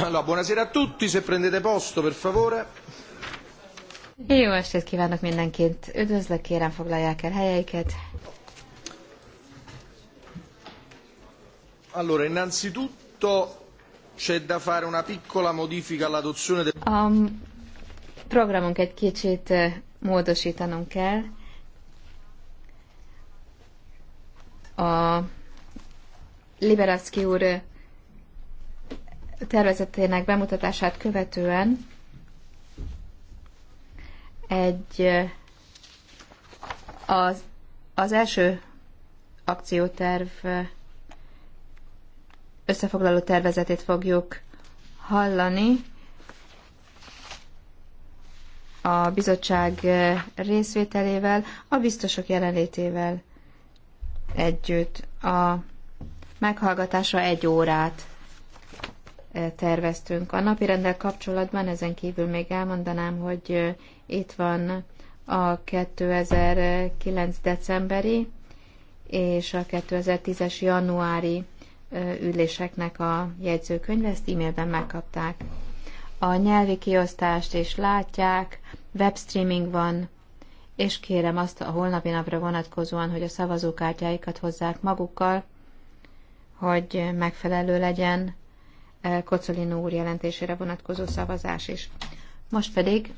Allora, buonasera a tutti, se prendete posto, per favore. Jó estét kívánok mindenkit. Üdvözlök, kérem foglalják el helyeiket. Allora, innanzitutto c'è da fare una piccola modifica all'adozione del... A programunk egy kicsit eh, módosítanunk kell. A Liberacki úr eh, tervezetének bemutatását követően egy az, az első akcióterv összefoglaló tervezetét fogjuk hallani a bizottság részvételével, a biztosok jelenlétével együtt. A meghallgatásra egy órát terveztünk. A napi rendel kapcsolatban ezen kívül még elmondanám, hogy itt van a 2009. decemberi és a 2010-es januári üléseknek a jegyzőkönyve, ezt e-mailben megkapták. A nyelvi kiosztást is látják, webstreaming van, és kérem azt a holnapi napra vonatkozóan, hogy a szavazókártyáikat hozzák magukkal, hogy megfelelő legyen Kocolino úr jelentésére vonatkozó szavazás is. Most pedig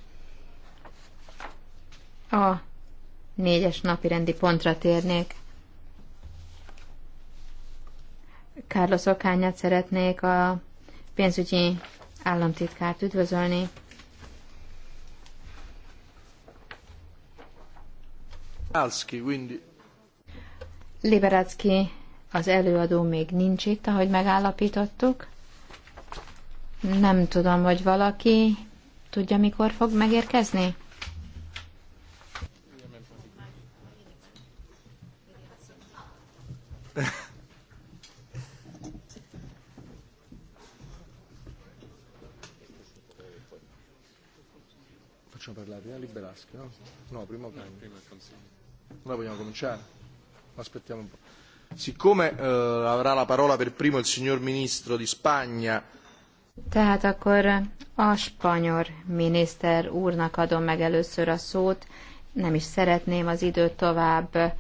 a négyes napi rendi pontra térnék. Carlos Okányát szeretnék a pénzügyi államtitkárt üdvözölni. Liberacki az előadó még nincs itt, ahogy megállapítottuk. Nem tudom, hogy valaki tudja, mikor fog megérkezni. Facciamo parlare a Liberaschi, no? No, prima o poi. Noi vogliamo cominciare? Aspettiamo un po'. Siccome eh, avrà la parola per primo il signor Ministro di Spagna, tehát akkor a spanyol miniszter úrnak adom meg először a szót. Nem is szeretném az időt tovább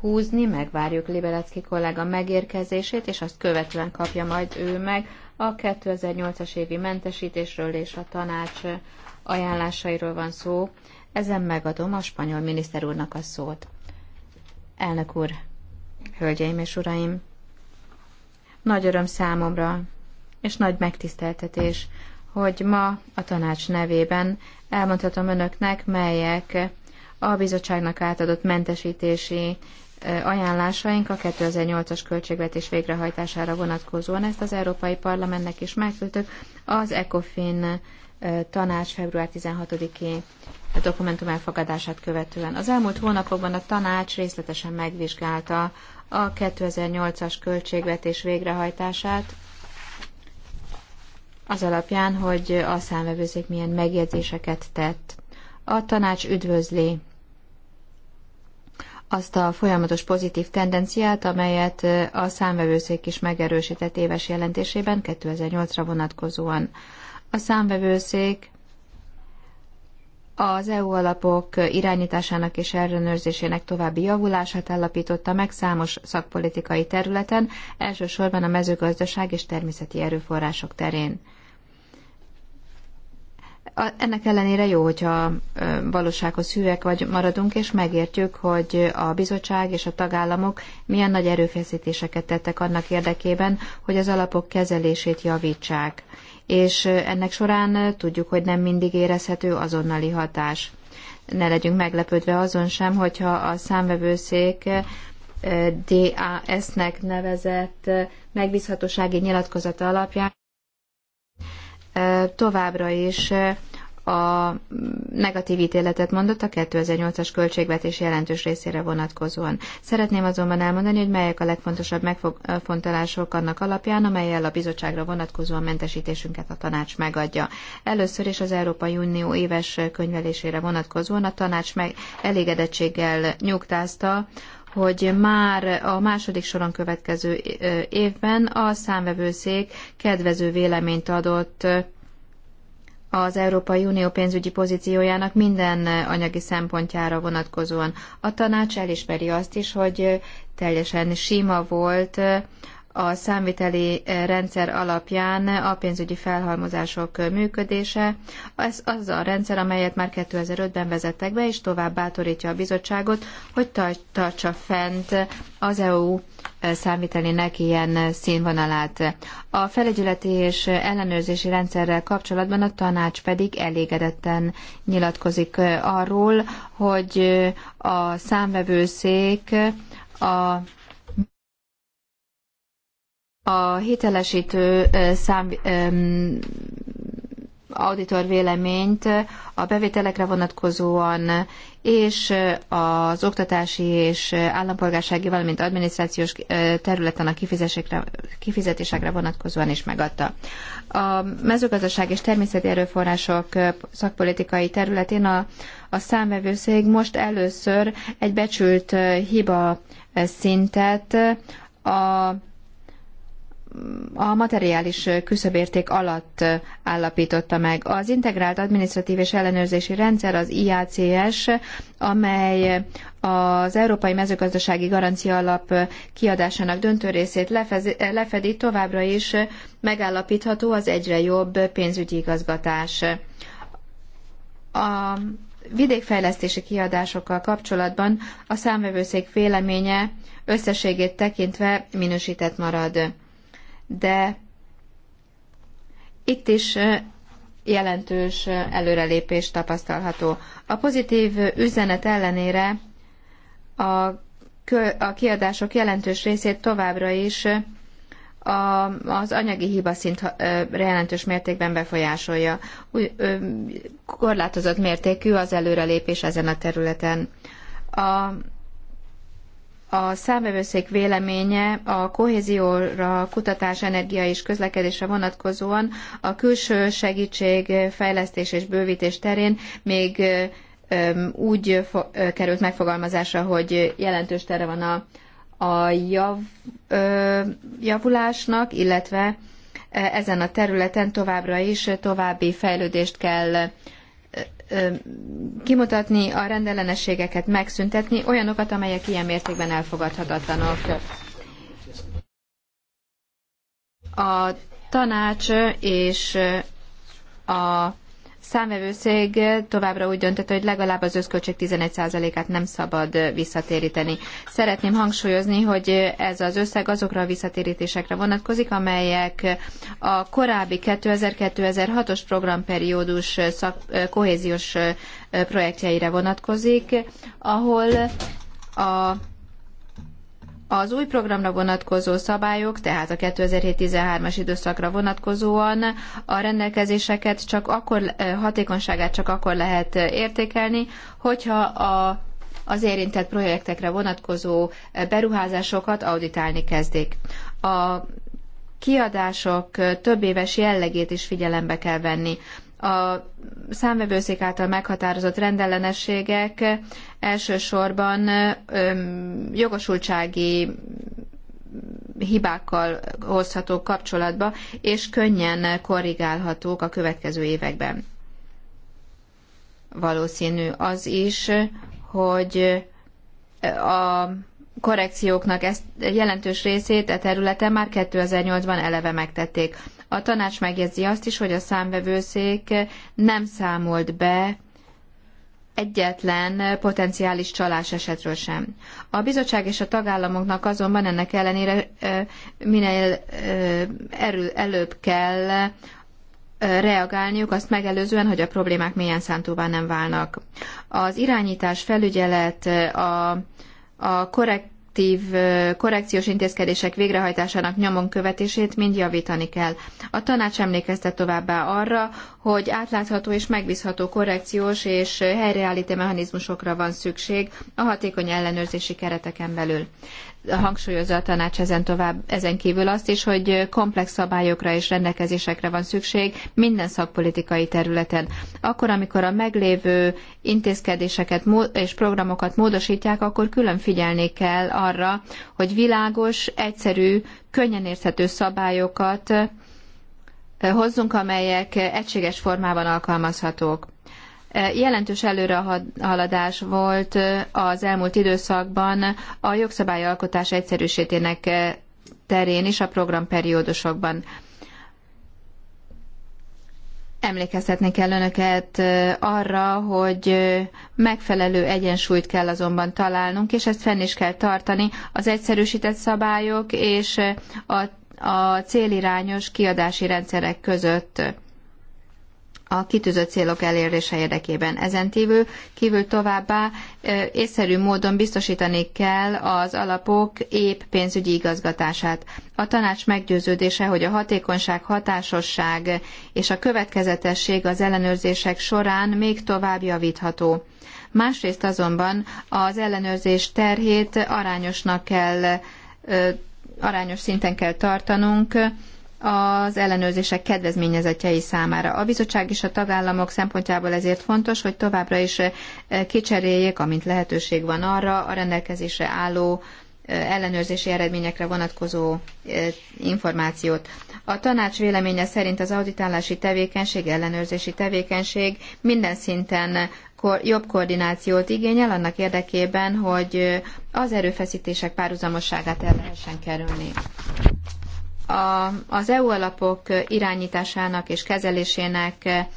húzni, megvárjuk Liberecki kollega megérkezését, és azt követően kapja majd ő meg a 2008-as évi mentesítésről és a tanács ajánlásairól van szó. Ezen megadom a spanyol miniszter úrnak a szót. Elnök úr, hölgyeim és uraim, nagy öröm számomra, és nagy megtiszteltetés, hogy ma a tanács nevében elmondhatom önöknek, melyek a bizottságnak átadott mentesítési ajánlásaink a 2008-as költségvetés végrehajtására vonatkozóan. Ezt az Európai Parlamentnek is megküldtük az ECOFIN tanács február 16-i dokumentum elfogadását követően. Az elmúlt hónapokban a tanács részletesen megvizsgálta a 2008-as költségvetés végrehajtását az alapján, hogy a számvevőszék milyen megjegyzéseket tett. A tanács üdvözli azt a folyamatos pozitív tendenciát, amelyet a számvevőszék is megerősített éves jelentésében 2008-ra vonatkozóan. A számvevőszék az EU alapok irányításának és ellenőrzésének további javulását állapította meg számos szakpolitikai területen, elsősorban a mezőgazdaság és természeti erőforrások terén ennek ellenére jó, hogyha valósághoz hűek vagy maradunk, és megértjük, hogy a bizottság és a tagállamok milyen nagy erőfeszítéseket tettek annak érdekében, hogy az alapok kezelését javítsák. És ennek során tudjuk, hogy nem mindig érezhető azonnali hatás. Ne legyünk meglepődve azon sem, hogyha a számvevőszék DAS-nek nevezett megbízhatósági nyilatkozata alapján továbbra is a negatív ítéletet mondott a 2008-as költségvetés jelentős részére vonatkozóan. Szeretném azonban elmondani, hogy melyek a legfontosabb megfontolások annak alapján, amelyel a bizottságra vonatkozóan mentesítésünket a tanács megadja. Először is az Európai Unió éves könyvelésére vonatkozóan a tanács meg elégedettséggel nyugtázta hogy már a második soron következő évben a számvevőszék kedvező véleményt adott az Európai Unió pénzügyi pozíciójának minden anyagi szempontjára vonatkozóan. A tanács elismeri azt is, hogy teljesen sima volt a számviteli eh, rendszer alapján a pénzügyi felhalmozások működése. Ez az a rendszer, amelyet már 2005-ben vezettek be, és tovább bátorítja a bizottságot, hogy tartsa fent az EU eh, számvitelének ilyen színvonalát. A felügyeleti és ellenőrzési rendszerrel kapcsolatban a tanács pedig elégedetten nyilatkozik eh, arról, hogy a számvevőszék a a hitelesítő szám, auditor véleményt a bevételekre vonatkozóan és az oktatási és állampolgársági, valamint adminisztrációs területen a kifizetésekre vonatkozóan is megadta. A mezőgazdaság és természeti erőforrások szakpolitikai területén a, a számvevőszék most először egy becsült hiba szintet a a materiális küszöbérték alatt állapította meg. Az integrált adminisztratív és ellenőrzési rendszer, az IACS, amely az Európai Mezőgazdasági Garancia Alap kiadásának döntő részét lefedi, továbbra is megállapítható az egyre jobb pénzügyi igazgatás. A vidékfejlesztési kiadásokkal kapcsolatban a számvevőszék véleménye összességét tekintve minősített marad de itt is jelentős előrelépés tapasztalható. A pozitív üzenet ellenére a, a kiadások jelentős részét továbbra is a, az anyagi hiba szint jelentős mértékben befolyásolja. Új, ö, korlátozott mértékű az előrelépés ezen a területen. A a számvevőszék véleménye a kohézióra, kutatás, energia és közlekedésre vonatkozóan a külső segítség, fejlesztés és bővítés terén még úgy került megfogalmazásra, hogy jelentős tere van a, a jav, javulásnak, illetve ezen a területen továbbra is további fejlődést kell kimutatni, a rendellenességeket megszüntetni, olyanokat, amelyek ilyen mértékben elfogadhatatlanok. A tanács és a számvevőszég továbbra úgy döntött, hogy legalább az összköltség 11%-át nem szabad visszatéríteni. Szeretném hangsúlyozni, hogy ez az összeg azokra a visszatérítésekre vonatkozik, amelyek a korábbi 2002 2006 os programperiódus szak, kohéziós projektjeire vonatkozik, ahol a az új programra vonatkozó szabályok, tehát a 2007-13-as időszakra vonatkozóan a rendelkezéseket csak akkor, hatékonyságát csak akkor lehet értékelni, hogyha a, az érintett projektekre vonatkozó beruházásokat auditálni kezdik. A kiadások több éves jellegét is figyelembe kell venni a számvevőszék által meghatározott rendellenességek elsősorban jogosultsági hibákkal hozhatók kapcsolatba, és könnyen korrigálhatók a következő években. Valószínű az is, hogy a korrekcióknak ezt jelentős részét e területen már 2008-ban eleve megtették. A tanács megjegyzi azt is, hogy a számvevőszék nem számolt be egyetlen potenciális csalás esetről sem. A bizottság és a tagállamoknak azonban ennek ellenére minél erő, előbb kell reagálniuk, azt megelőzően, hogy a problémák milyen szántóvá nem válnak. Az irányítás, felügyelet, a a korrektív, korrekciós intézkedések végrehajtásának nyomon követését mind javítani kell. A tanács emlékeztet továbbá arra, hogy átlátható és megbízható korrekciós és helyreállító mechanizmusokra van szükség a hatékony ellenőrzési kereteken belül hangsúlyozza a tanács ezen tovább, ezen kívül azt is, hogy komplex szabályokra és rendelkezésekre van szükség minden szakpolitikai területen. Akkor, amikor a meglévő intézkedéseket és programokat módosítják, akkor külön figyelni kell arra, hogy világos, egyszerű, könnyen érthető szabályokat hozzunk, amelyek egységes formában alkalmazhatók. Jelentős előrehaladás volt az elmúlt időszakban a jogszabályalkotás egyszerűsítének terén is a programperiódusokban. Emlékeztetni kell önöket arra, hogy megfelelő egyensúlyt kell azonban találnunk, és ezt fenn is kell tartani az egyszerűsített szabályok és a, a célirányos kiadási rendszerek között a kitűzött célok elérése érdekében. Ezen tívül, kívül továbbá észszerű módon biztosítani kell az alapok épp pénzügyi igazgatását. A tanács meggyőződése, hogy a hatékonyság, hatásosság és a következetesség az ellenőrzések során még tovább javítható. Másrészt azonban az ellenőrzés terhét arányosnak kell, arányos szinten kell tartanunk, az ellenőrzések kedvezményezetjei számára. A bizottság és a tagállamok szempontjából ezért fontos, hogy továbbra is eh, kicseréljék, amint lehetőség van arra, a rendelkezésre álló eh, ellenőrzési eredményekre vonatkozó eh, információt. A tanács véleménye szerint az auditálási tevékenység, ellenőrzési tevékenység minden szinten jobb koordinációt igényel annak érdekében, hogy az erőfeszítések párhuzamosságát el lehessen kerülni a, az EU alapok irányításának és kezelésének e,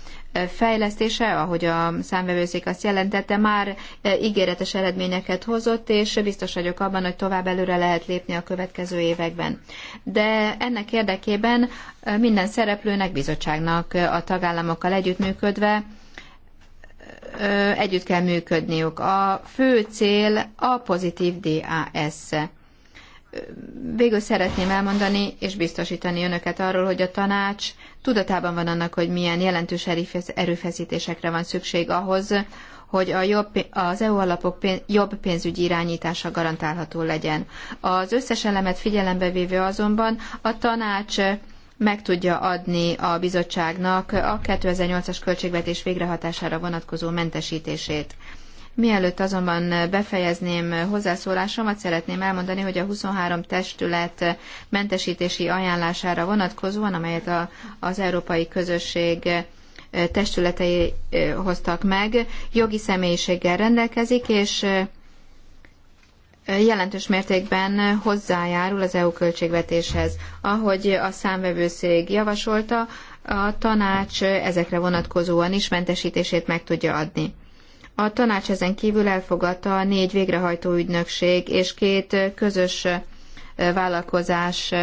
fejlesztése, ahogy a számvevőszék azt jelentette, már e, ígéretes eredményeket hozott, és biztos vagyok abban, hogy tovább előre lehet lépni a következő években. De ennek érdekében e, minden szereplőnek, bizottságnak a tagállamokkal együttműködve együtt kell működniük. A fő cél a pozitív DAS. Végül szeretném elmondani és biztosítani önöket arról, hogy a tanács tudatában van annak, hogy milyen jelentős erőfeszítésekre van szükség ahhoz, hogy a jobb, az EU alapok pénz, jobb pénzügyi irányítása garantálható legyen. Az összes elemet figyelembe véve azonban a tanács meg tudja adni a bizottságnak a 2008-as költségvetés végrehajtására vonatkozó mentesítését. Mielőtt azonban befejezném hozzászólásomat, szeretném elmondani, hogy a 23 testület mentesítési ajánlására vonatkozóan, amelyet a, az Európai Közösség eh, testületei eh, hoztak meg, jogi személyiséggel rendelkezik, és eh, jelentős mértékben hozzájárul az EU költségvetéshez. Ahogy a számvevőszég javasolta, a tanács ezekre vonatkozóan is mentesítését meg tudja adni. A tanács ezen kívül elfogadta a négy végrehajtó ügynökség és két közös vállalkozás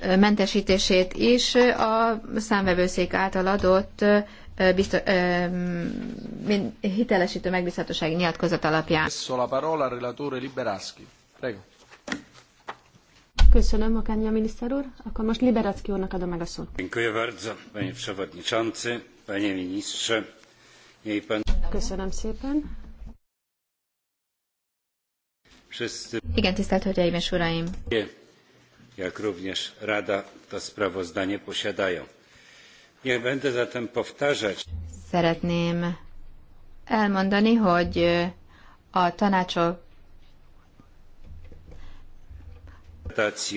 mentesítését is a számvevőszék által adott biztos, hitelesítő megbízhatósági nyilatkozat alapján. Szóla parola, relatore Köszönöm, Akányi miniszter úr. Akkor most Liberacki úrnak adom meg a szót. Dziękuję panie przewodniczący, panie ministrze éppen. Köszönöm szépen. Igen, tisztelt Hölgyeim és Uraim! Jak również Rada to sprawozdanie posiadają. Nie będę zatem powtarzać. Szeretném elmondani, hogy e, a tanácsok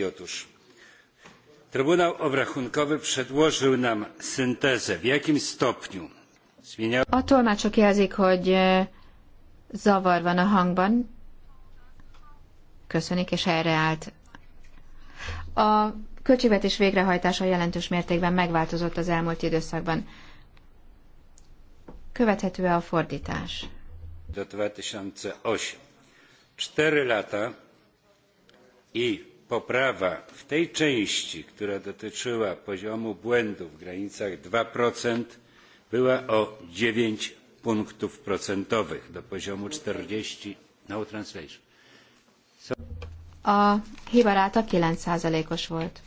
Otóż Trybunał Obrachunkowy przedłożył nam syntezę, w jakim stopniu a tolmácsok jelzik, hogy zavar van a hangban. Köszönik, és erre állt. A költségvetés végrehajtása jelentős mértékben megváltozott az elmúlt időszakban. követhető a fordítás? 2008. 4 lata i poprawa w tej części, która dotyczyła poziomu błędu w granicach 2%, była o dziewięć punktów procentowych do poziomu czterdzieści no translation. A hibaráta 9 százalékos volt.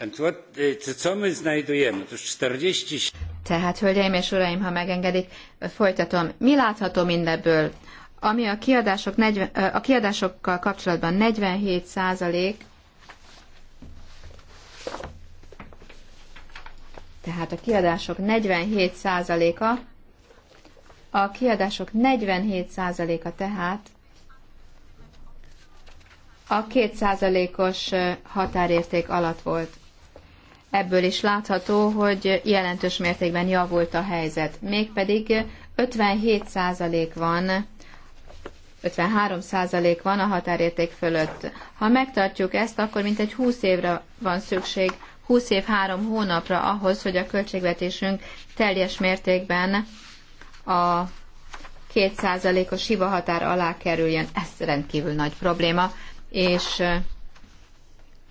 And what, eh, co my znajdujemy? Otóż 40... Tehát, hölgyeim és uraim, ha megengedik, folytatom. Mi látható mindebből? ami a, kiadások 40, a kiadásokkal kapcsolatban 47 százalék, tehát a kiadások 47 százaléka, a kiadások 47 százaléka tehát a 2%-os határérték alatt volt. Ebből is látható, hogy jelentős mértékben javult a helyzet. Mégpedig 57% van 53% van a határérték fölött. Ha megtartjuk ezt, akkor mintegy 20 évre van szükség, 20 év 3 hónapra ahhoz, hogy a költségvetésünk teljes mértékben a 2%-os hiba határ alá kerüljön. Ez rendkívül nagy probléma, és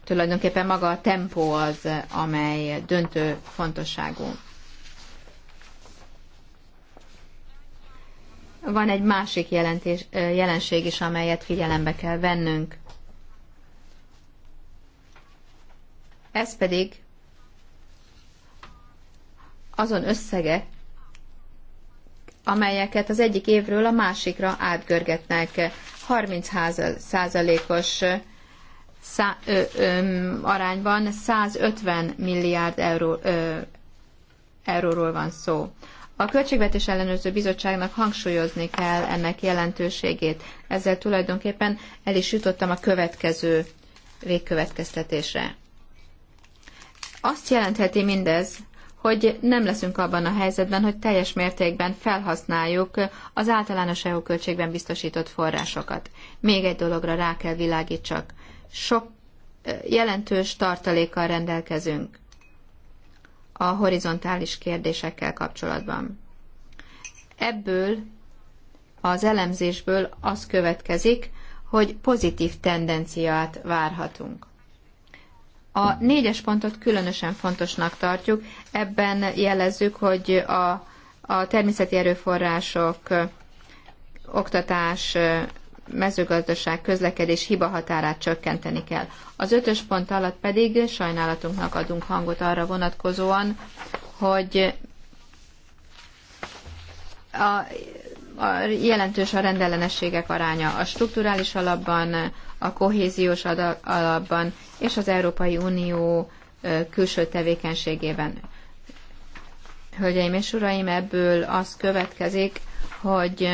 tulajdonképpen maga a tempó az, amely döntő fontosságú. van egy másik jelentés, jelenség is, amelyet figyelembe kell vennünk. Ez pedig azon összege, amelyeket az egyik évről a másikra átgörgetnek. 30 százalékos szá, ö, ö, arányban 150 milliárd euró, ö, euróról van szó. A Költségvetés Ellenőrző Bizottságnak hangsúlyozni kell ennek jelentőségét. Ezzel tulajdonképpen el is jutottam a következő végkövetkeztetésre. Azt jelentheti mindez, hogy nem leszünk abban a helyzetben, hogy teljes mértékben felhasználjuk az általános EU költségben biztosított forrásokat. Még egy dologra rá kell világítsak. Sok eh, jelentős tartalékkal rendelkezünk a horizontális kérdésekkel kapcsolatban. Ebből az elemzésből az következik, hogy pozitív tendenciát várhatunk. A négyes pontot különösen fontosnak tartjuk, ebben jelezzük, hogy a, a természeti erőforrások, oktatás, mezőgazdaság közlekedés hiba határát csökkenteni kell. Az ötös pont alatt pedig sajnálatunknak adunk hangot arra vonatkozóan, hogy a, a jelentős a rendellenességek aránya a strukturális alapban, a kohéziós alapban és az Európai Unió külső tevékenységében. Hölgyeim és uraim, ebből az következik, hogy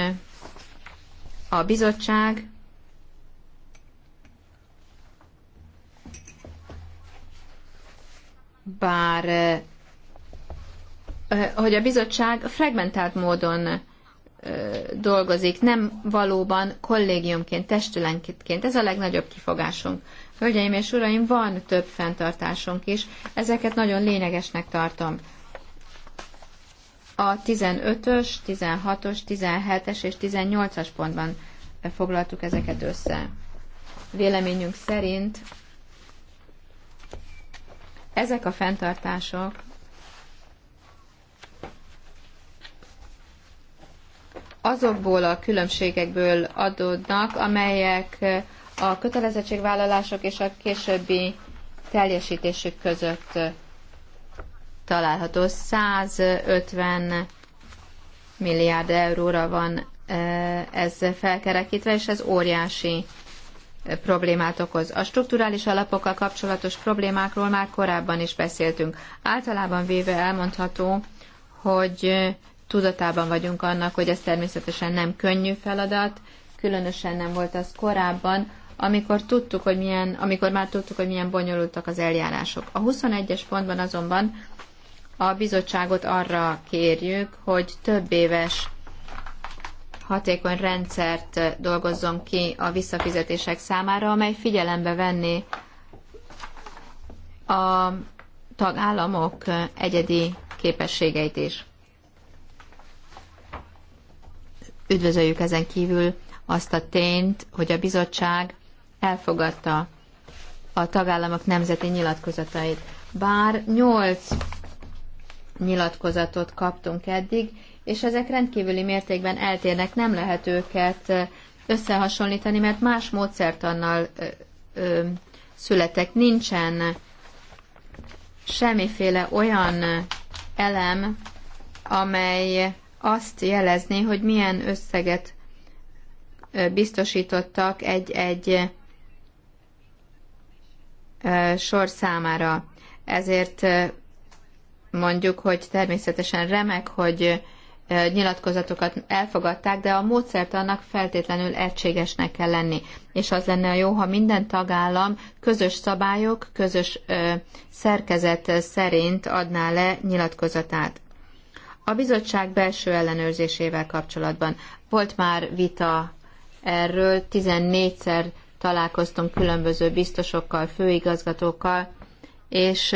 a bizottság bár eh, eh, hogy a bizottság fragmentált módon eh, dolgozik, nem valóban kollégiumként, testülenként. Ez a legnagyobb kifogásunk. Hölgyeim és uraim, van több fenntartásunk is, ezeket nagyon lényegesnek tartom a 15-ös, 16-os, 17-es és 18-as pontban foglaltuk ezeket össze. Véleményünk szerint ezek a fenntartások azokból a különbségekből adódnak, amelyek a kötelezettségvállalások és a későbbi teljesítésük között található. 150 milliárd euróra van e, ez felkerekítve, és ez óriási e, problémát okoz. A strukturális alapokkal kapcsolatos problémákról már korábban is beszéltünk. Általában véve elmondható, hogy e, tudatában vagyunk annak, hogy ez természetesen nem könnyű feladat, különösen nem volt az korábban, amikor, tudtuk, hogy milyen, amikor már tudtuk, hogy milyen bonyolultak az eljárások. A 21-es pontban azonban a bizottságot arra kérjük, hogy több éves hatékony rendszert dolgozzon ki a visszafizetések számára, amely figyelembe venni a tagállamok egyedi képességeit is. Üdvözöljük ezen kívül azt a tényt, hogy a bizottság elfogadta a tagállamok nemzeti nyilatkozatait. Bár nyolc nyilatkozatot kaptunk eddig, és ezek rendkívüli mértékben eltérnek, nem lehet őket összehasonlítani, mert más módszertannal ö, ö, születek. Nincsen semmiféle olyan elem, amely azt jelezné, hogy milyen összeget biztosítottak egy-egy sor számára. Ezért mondjuk, hogy természetesen remek, hogy nyilatkozatokat elfogadták, de a módszert annak feltétlenül egységesnek kell lenni. És az lenne a jó, ha minden tagállam közös szabályok, közös szerkezet szerint adná le nyilatkozatát. A bizottság belső ellenőrzésével kapcsolatban volt már vita erről, 14-szer találkoztunk különböző biztosokkal, főigazgatókkal, és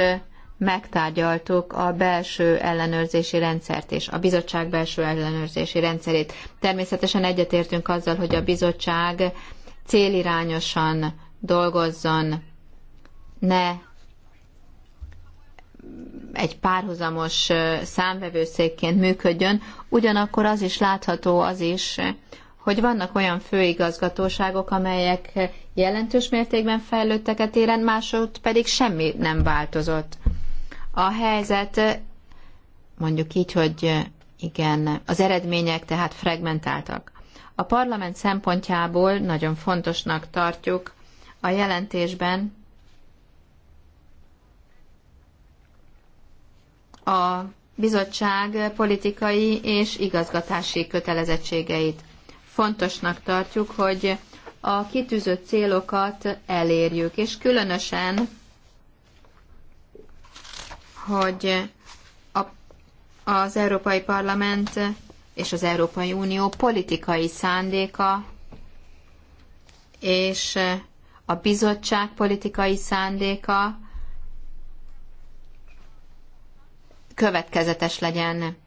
megtárgyaltuk a belső ellenőrzési rendszert és a bizottság belső ellenőrzési rendszerét. Természetesen egyetértünk azzal, hogy a bizottság célirányosan dolgozzon, ne egy párhuzamos számvevőszékként működjön, ugyanakkor az is látható az is, hogy vannak olyan főigazgatóságok, amelyek jelentős mértékben fejlődtek a téren, másod pedig semmi nem változott. A helyzet mondjuk így, hogy igen, az eredmények tehát fragmentáltak. A parlament szempontjából nagyon fontosnak tartjuk a jelentésben a bizottság politikai és igazgatási kötelezettségeit. Fontosnak tartjuk, hogy a kitűzött célokat elérjük, és különösen hogy a, az Európai Parlament és az Európai Unió politikai szándéka és a bizottság politikai szándéka következetes legyen.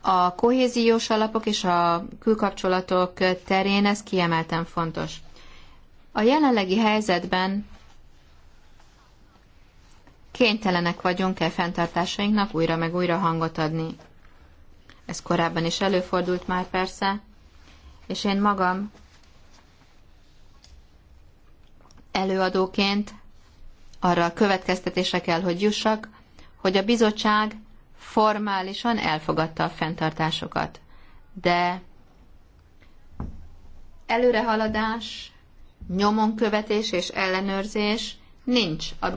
A kohéziós alapok és a külkapcsolatok terén ez kiemelten fontos. A jelenlegi helyzetben kénytelenek vagyunk-e fenntartásainknak újra meg újra hangot adni. Ez korábban is előfordult már persze, és én magam előadóként arra a következtetése kell, hogy jussak, hogy a bizottság formálisan elfogadta a fenntartásokat. De előrehaladás, nyomon követés és ellenőrzés nincs. A,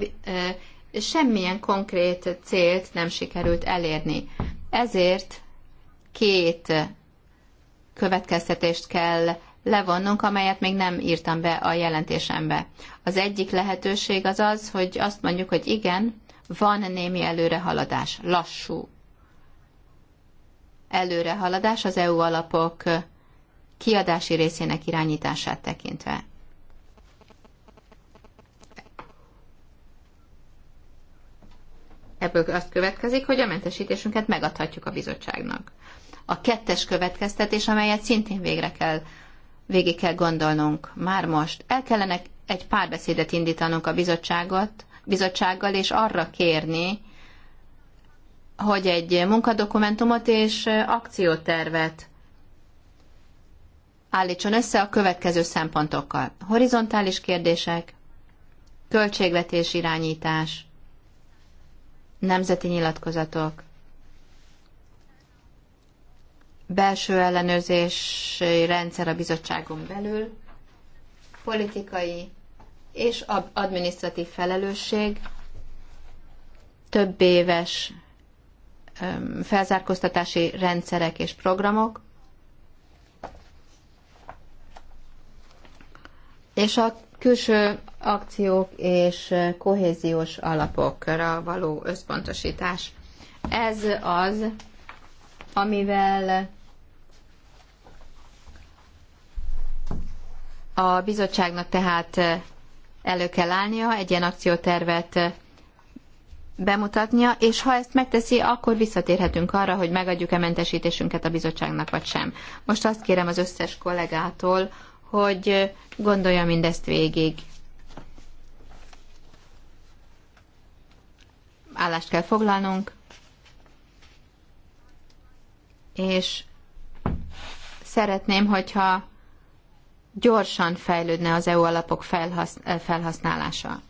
semmilyen konkrét célt nem sikerült elérni. Ezért két következtetést kell levonnunk, amelyet még nem írtam be a jelentésembe. Az egyik lehetőség az az, hogy azt mondjuk, hogy igen, van némi előrehaladás, lassú előrehaladás az EU alapok kiadási részének irányítását tekintve. Ebből azt következik, hogy a mentesítésünket megadhatjuk a bizottságnak. A kettes következtetés, amelyet szintén végre kell, végig kell gondolnunk már most. El kellene egy párbeszédet indítanunk a bizottságot, bizottsággal, és arra kérni, hogy egy munkadokumentumot és akciótervet állítson össze a következő szempontokkal. Horizontális kérdések, költségvetés irányítás, nemzeti nyilatkozatok, belső ellenőrzési rendszer a bizottságon belül, politikai és adminisztratív felelősség, több éves felzárkóztatási rendszerek és programok, és a külső akciók és kohéziós alapokra való összpontosítás. Ez az, amivel a bizottságnak tehát elő kell állnia, egy ilyen akciótervet bemutatnia, és ha ezt megteszi, akkor visszatérhetünk arra, hogy megadjuk-e mentesítésünket a bizottságnak, vagy sem. Most azt kérem az összes kollégától, hogy gondolja mindezt végig. állást kell foglalnunk, és szeretném, hogyha gyorsan fejlődne az EU alapok felhasználása,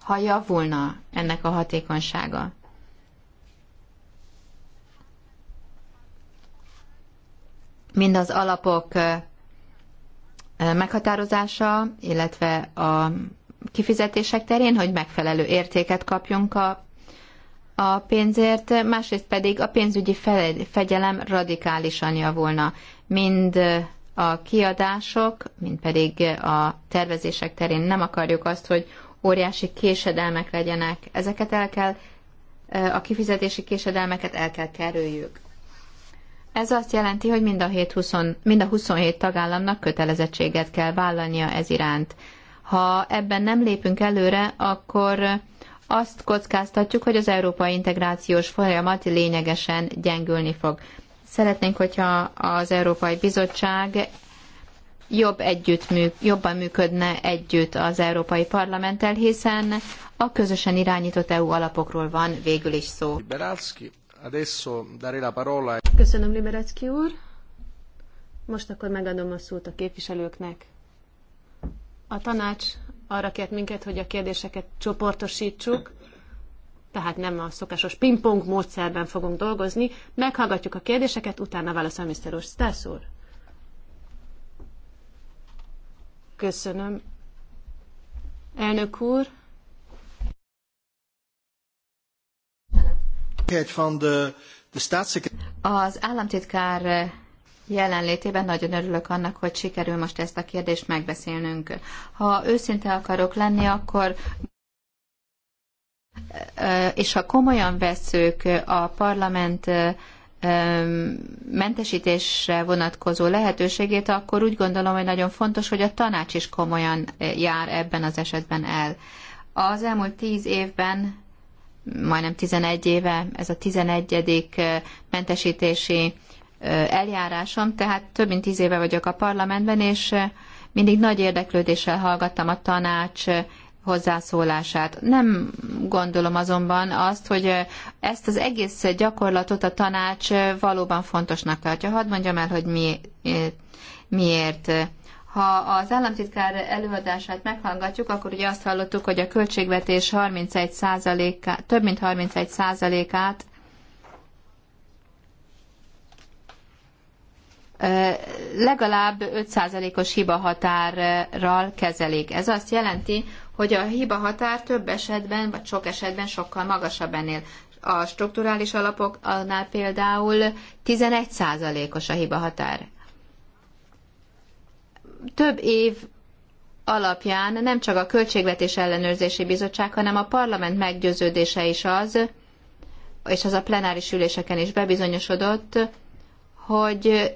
ha javulna ennek a hatékonysága. Mind az alapok meghatározása, illetve a kifizetések terén, hogy megfelelő értéket kapjunk a, a pénzért, másrészt pedig a pénzügyi fegyelem radikálisan javulna, mind a kiadások, mint pedig a tervezések terén nem akarjuk azt, hogy óriási késedelmek legyenek. Ezeket el kell, a kifizetési késedelmeket el kell kerüljük. Ez azt jelenti, hogy mind a, 7, 20, mind a 27 tagállamnak kötelezettséget kell vállalnia ez iránt. Ha ebben nem lépünk előre, akkor azt kockáztatjuk, hogy az európai integrációs folyamat lényegesen gyengülni fog. Szeretnénk, hogyha az Európai Bizottság jobb együttműk, jobban működne együtt az Európai Parlamenttel, hiszen a közösen irányított EU alapokról van végül is szó. Köszönöm, Liberecki úr. Most akkor megadom a szót a képviselőknek. A tanács arra kért minket, hogy a kérdéseket csoportosítsuk, tehát nem a szokásos pingpong módszerben fogunk dolgozni. Meghallgatjuk a kérdéseket, utána válaszol Mr. úr. Stász úr? Köszönöm. Elnök úr? Az államtitkár jelenlétében nagyon örülök annak, hogy sikerül most ezt a kérdést megbeszélnünk. Ha őszinte akarok lenni, akkor és ha komolyan veszük a parlament mentesítésre vonatkozó lehetőségét, akkor úgy gondolom, hogy nagyon fontos, hogy a tanács is komolyan jár ebben az esetben el. Az elmúlt tíz évben, majdnem 11 éve, ez a 11. mentesítési eljárásom, tehát több mint tíz éve vagyok a parlamentben, és mindig nagy érdeklődéssel hallgattam a tanács hozzászólását. Nem gondolom azonban azt, hogy ezt az egész gyakorlatot a tanács valóban fontosnak tartja. Hadd mondjam el, hogy mi, miért. Ha az államtitkár előadását meghallgatjuk, akkor ugye azt hallottuk, hogy a költségvetés 31 több mint 31 százalékát legalább 5%-os hibahatárral kezelik. Ez azt jelenti, hogy a hibahatár több esetben, vagy sok esetben sokkal magasabb ennél. A strukturális alapoknál például 11%-os a hibahatár. Több év alapján nem csak a Költségvetés Ellenőrzési Bizottság, hanem a parlament meggyőződése is az, és az a plenáris üléseken is bebizonyosodott, hogy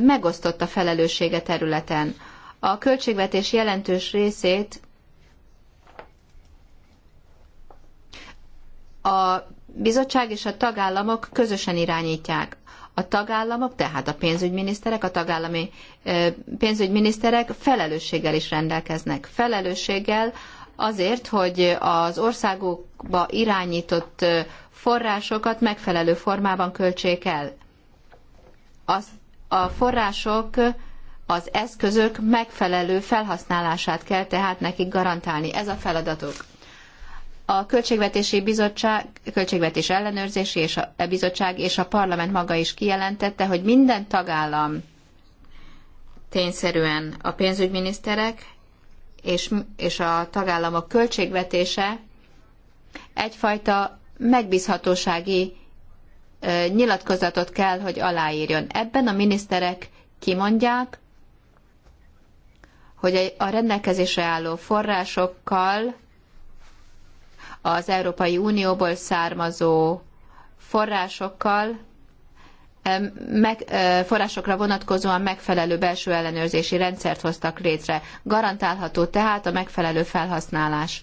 megosztott a felelőssége területen. A költségvetés jelentős részét a bizottság és a tagállamok közösen irányítják. A tagállamok, tehát a pénzügyminiszterek, a tagállami pénzügyminiszterek felelősséggel is rendelkeznek. Felelősséggel azért, hogy az országokba irányított forrásokat megfelelő formában költsék el. Azt a források, az eszközök megfelelő felhasználását kell tehát nekik garantálni. Ez a feladatok. A Költségvetési Bizottság, Költségvetés Ellenőrzési és a e Bizottság és a Parlament maga is kijelentette, hogy minden tagállam tényszerűen a pénzügyminiszterek és, és a tagállamok költségvetése egyfajta megbízhatósági nyilatkozatot kell, hogy aláírjon. Ebben a miniszterek kimondják, hogy a rendelkezésre álló forrásokkal az Európai Unióból származó forrásokkal meg, forrásokra vonatkozóan megfelelő belső ellenőrzési rendszert hoztak létre. Garantálható tehát a megfelelő felhasználás.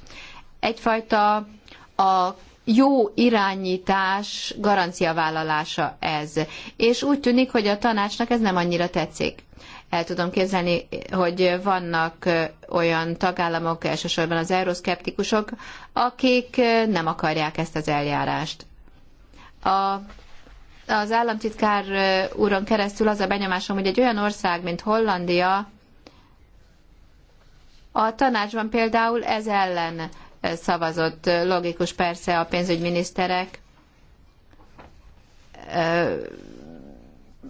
Egyfajta a jó irányítás garanciavállalása ez. És úgy tűnik, hogy a tanácsnak ez nem annyira tetszik. El tudom képzelni, hogy vannak olyan tagállamok, elsősorban az euroszkeptikusok, akik nem akarják ezt az eljárást. A az államtitkár úron keresztül az a benyomásom, hogy egy olyan ország, mint Hollandia, a tanácsban például ez ellen szavazott. Logikus persze a pénzügyminiszterek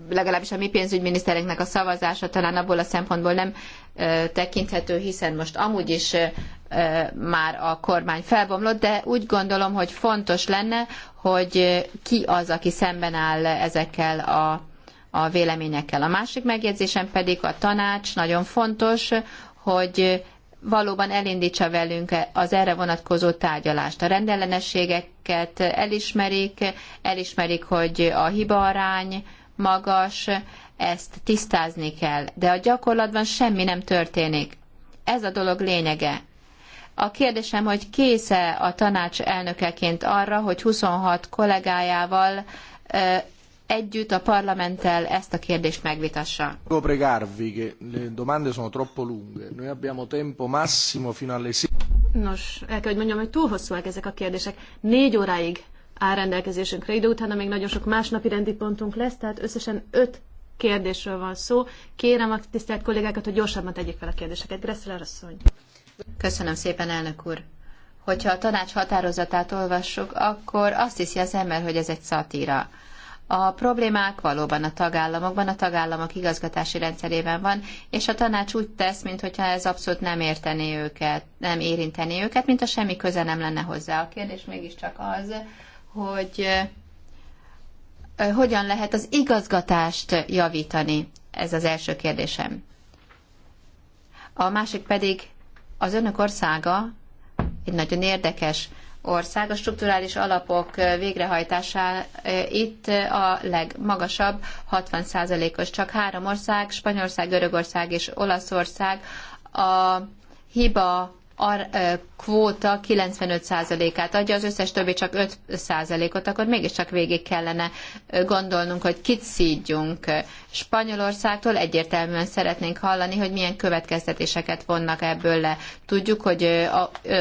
legalábbis a mi pénzügyminisztereknek a szavazása talán abból a szempontból nem tekinthető, hiszen most amúgy is már a kormány felbomlott, de úgy gondolom, hogy fontos lenne, hogy ki az, aki szemben áll ezekkel a, a véleményekkel. A másik megjegyzésem pedig a tanács, nagyon fontos, hogy valóban elindítsa velünk az erre vonatkozó tárgyalást. A rendellenességeket elismerik, elismerik, hogy a hibaarány magas, ezt tisztázni kell, de a gyakorlatban semmi nem történik. Ez a dolog lényege. A kérdésem, hogy késze a tanács elnökeként arra, hogy 26 kollégájával együtt a parlamenttel ezt a kérdést megvitassa. pregarvi che le domande sono troppo lunghe. Noi abbiamo tempo massimo fino alle Nos, el kell, hogy mondjam, hogy túl hosszúak ezek a kérdések. Négy óráig áll rendelkezésünkre idő, utána még nagyon sok más napi rendi pontunk lesz, tehát összesen öt kérdésről van szó. Kérem a tisztelt kollégákat, hogy gyorsabban tegyék fel a kérdéseket. Gressler asszony. Köszönöm szépen, elnök úr. Hogyha a tanács határozatát olvassuk, akkor azt hiszi az ember, hogy ez egy szatíra. A problémák valóban a tagállamokban, a tagállamok igazgatási rendszerében van, és a tanács úgy tesz, mintha ez abszolút nem értené őket, nem érinteni őket, mint a semmi köze nem lenne hozzá. A kérdés mégiscsak az, hogy hogyan lehet az igazgatást javítani? Ez az első kérdésem. A másik pedig az önök országa egy nagyon érdekes ország. A strukturális alapok végrehajtásá itt a legmagasabb, 60%-os. Csak három ország, Spanyolország, Görögország és Olaszország a hiba a e, kvóta 95%-át adja, az összes többi csak 5%-ot, akkor mégiscsak végig kellene e, gondolnunk, hogy kit szídjunk. Spanyolországtól egyértelműen szeretnénk hallani, hogy milyen következtetéseket vonnak ebből le. Tudjuk, hogy e,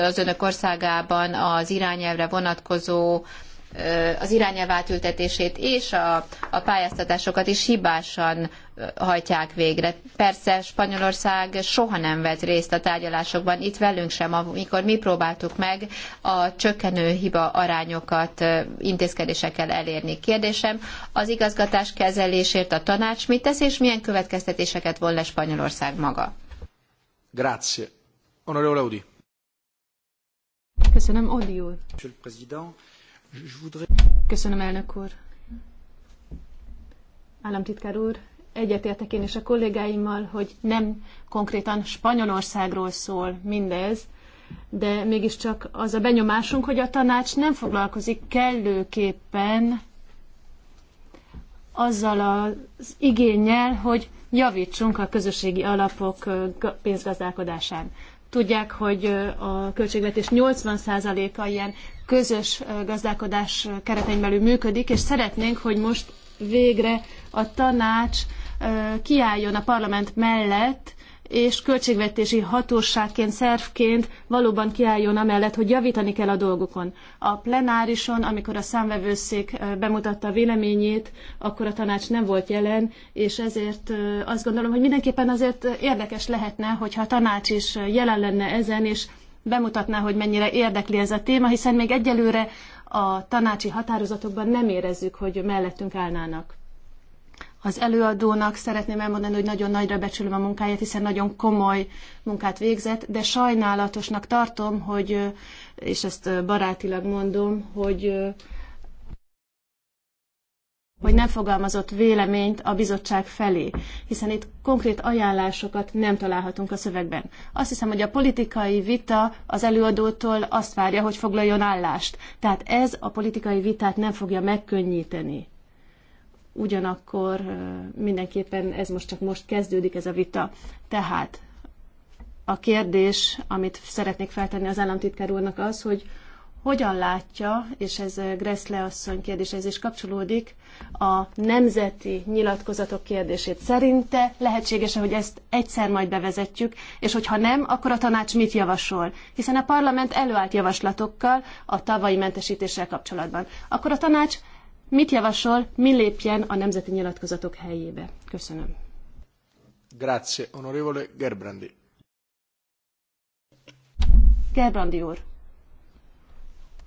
az önök országában az irányelvre vonatkozó az irányelv átültetését és a, a pályáztatásokat is hibásan hajtják végre. Persze Spanyolország soha nem vett részt a tárgyalásokban, itt velünk sem, amikor mi próbáltuk meg a csökkenő hiba arányokat intézkedésekkel elérni. Kérdésem, az igazgatás kezelésért a tanács mit tesz, és milyen következtetéseket von le Spanyolország maga? Grazie. Onorevole Audi. Köszönöm, Audi úr. Köszönöm, elnök úr. Államtitkár úr, egyetértek én és a kollégáimmal, hogy nem konkrétan Spanyolországról szól mindez, de mégiscsak az a benyomásunk, hogy a tanács nem foglalkozik kellőképpen azzal az igényel, hogy javítsunk a közösségi alapok pénzgazdálkodásán. Tudják, hogy a költségvetés 80%-a ilyen közös gazdálkodás keretein belül működik, és szeretnénk, hogy most végre a tanács kiálljon a parlament mellett, és költségvetési hatóságként, szervként valóban kiálljon amellett, hogy javítani kell a dolgokon. A plenárison, amikor a számvevőszék bemutatta a véleményét, akkor a tanács nem volt jelen, és ezért azt gondolom, hogy mindenképpen azért érdekes lehetne, hogyha a tanács is jelen lenne ezen, és bemutatná, hogy mennyire érdekli ez a téma, hiszen még egyelőre a tanácsi határozatokban nem érezzük, hogy mellettünk állnának. Az előadónak szeretném elmondani, hogy nagyon nagyra becsülöm a munkáját, hiszen nagyon komoly munkát végzett, de sajnálatosnak tartom, hogy, és ezt barátilag mondom, hogy hogy nem fogalmazott véleményt a bizottság felé, hiszen itt konkrét ajánlásokat nem találhatunk a szövegben. Azt hiszem, hogy a politikai vita az előadótól azt várja, hogy foglaljon állást. Tehát ez a politikai vitát nem fogja megkönnyíteni. Ugyanakkor mindenképpen ez most csak most kezdődik ez a vita. Tehát a kérdés, amit szeretnék feltenni az államtitkár úrnak az, hogy hogyan látja, és ez eh, greszle asszony ez is kapcsolódik, a nemzeti nyilatkozatok kérdését. Szerinte lehetséges hogy ezt egyszer majd bevezetjük, és hogyha nem, akkor a tanács mit javasol? Hiszen a parlament előállt javaslatokkal a tavalyi mentesítéssel kapcsolatban. Akkor a tanács mit javasol, mi lépjen a nemzeti nyilatkozatok helyébe? Köszönöm. Grazie, onorevole Gerbrandi. Gerbrandi úr.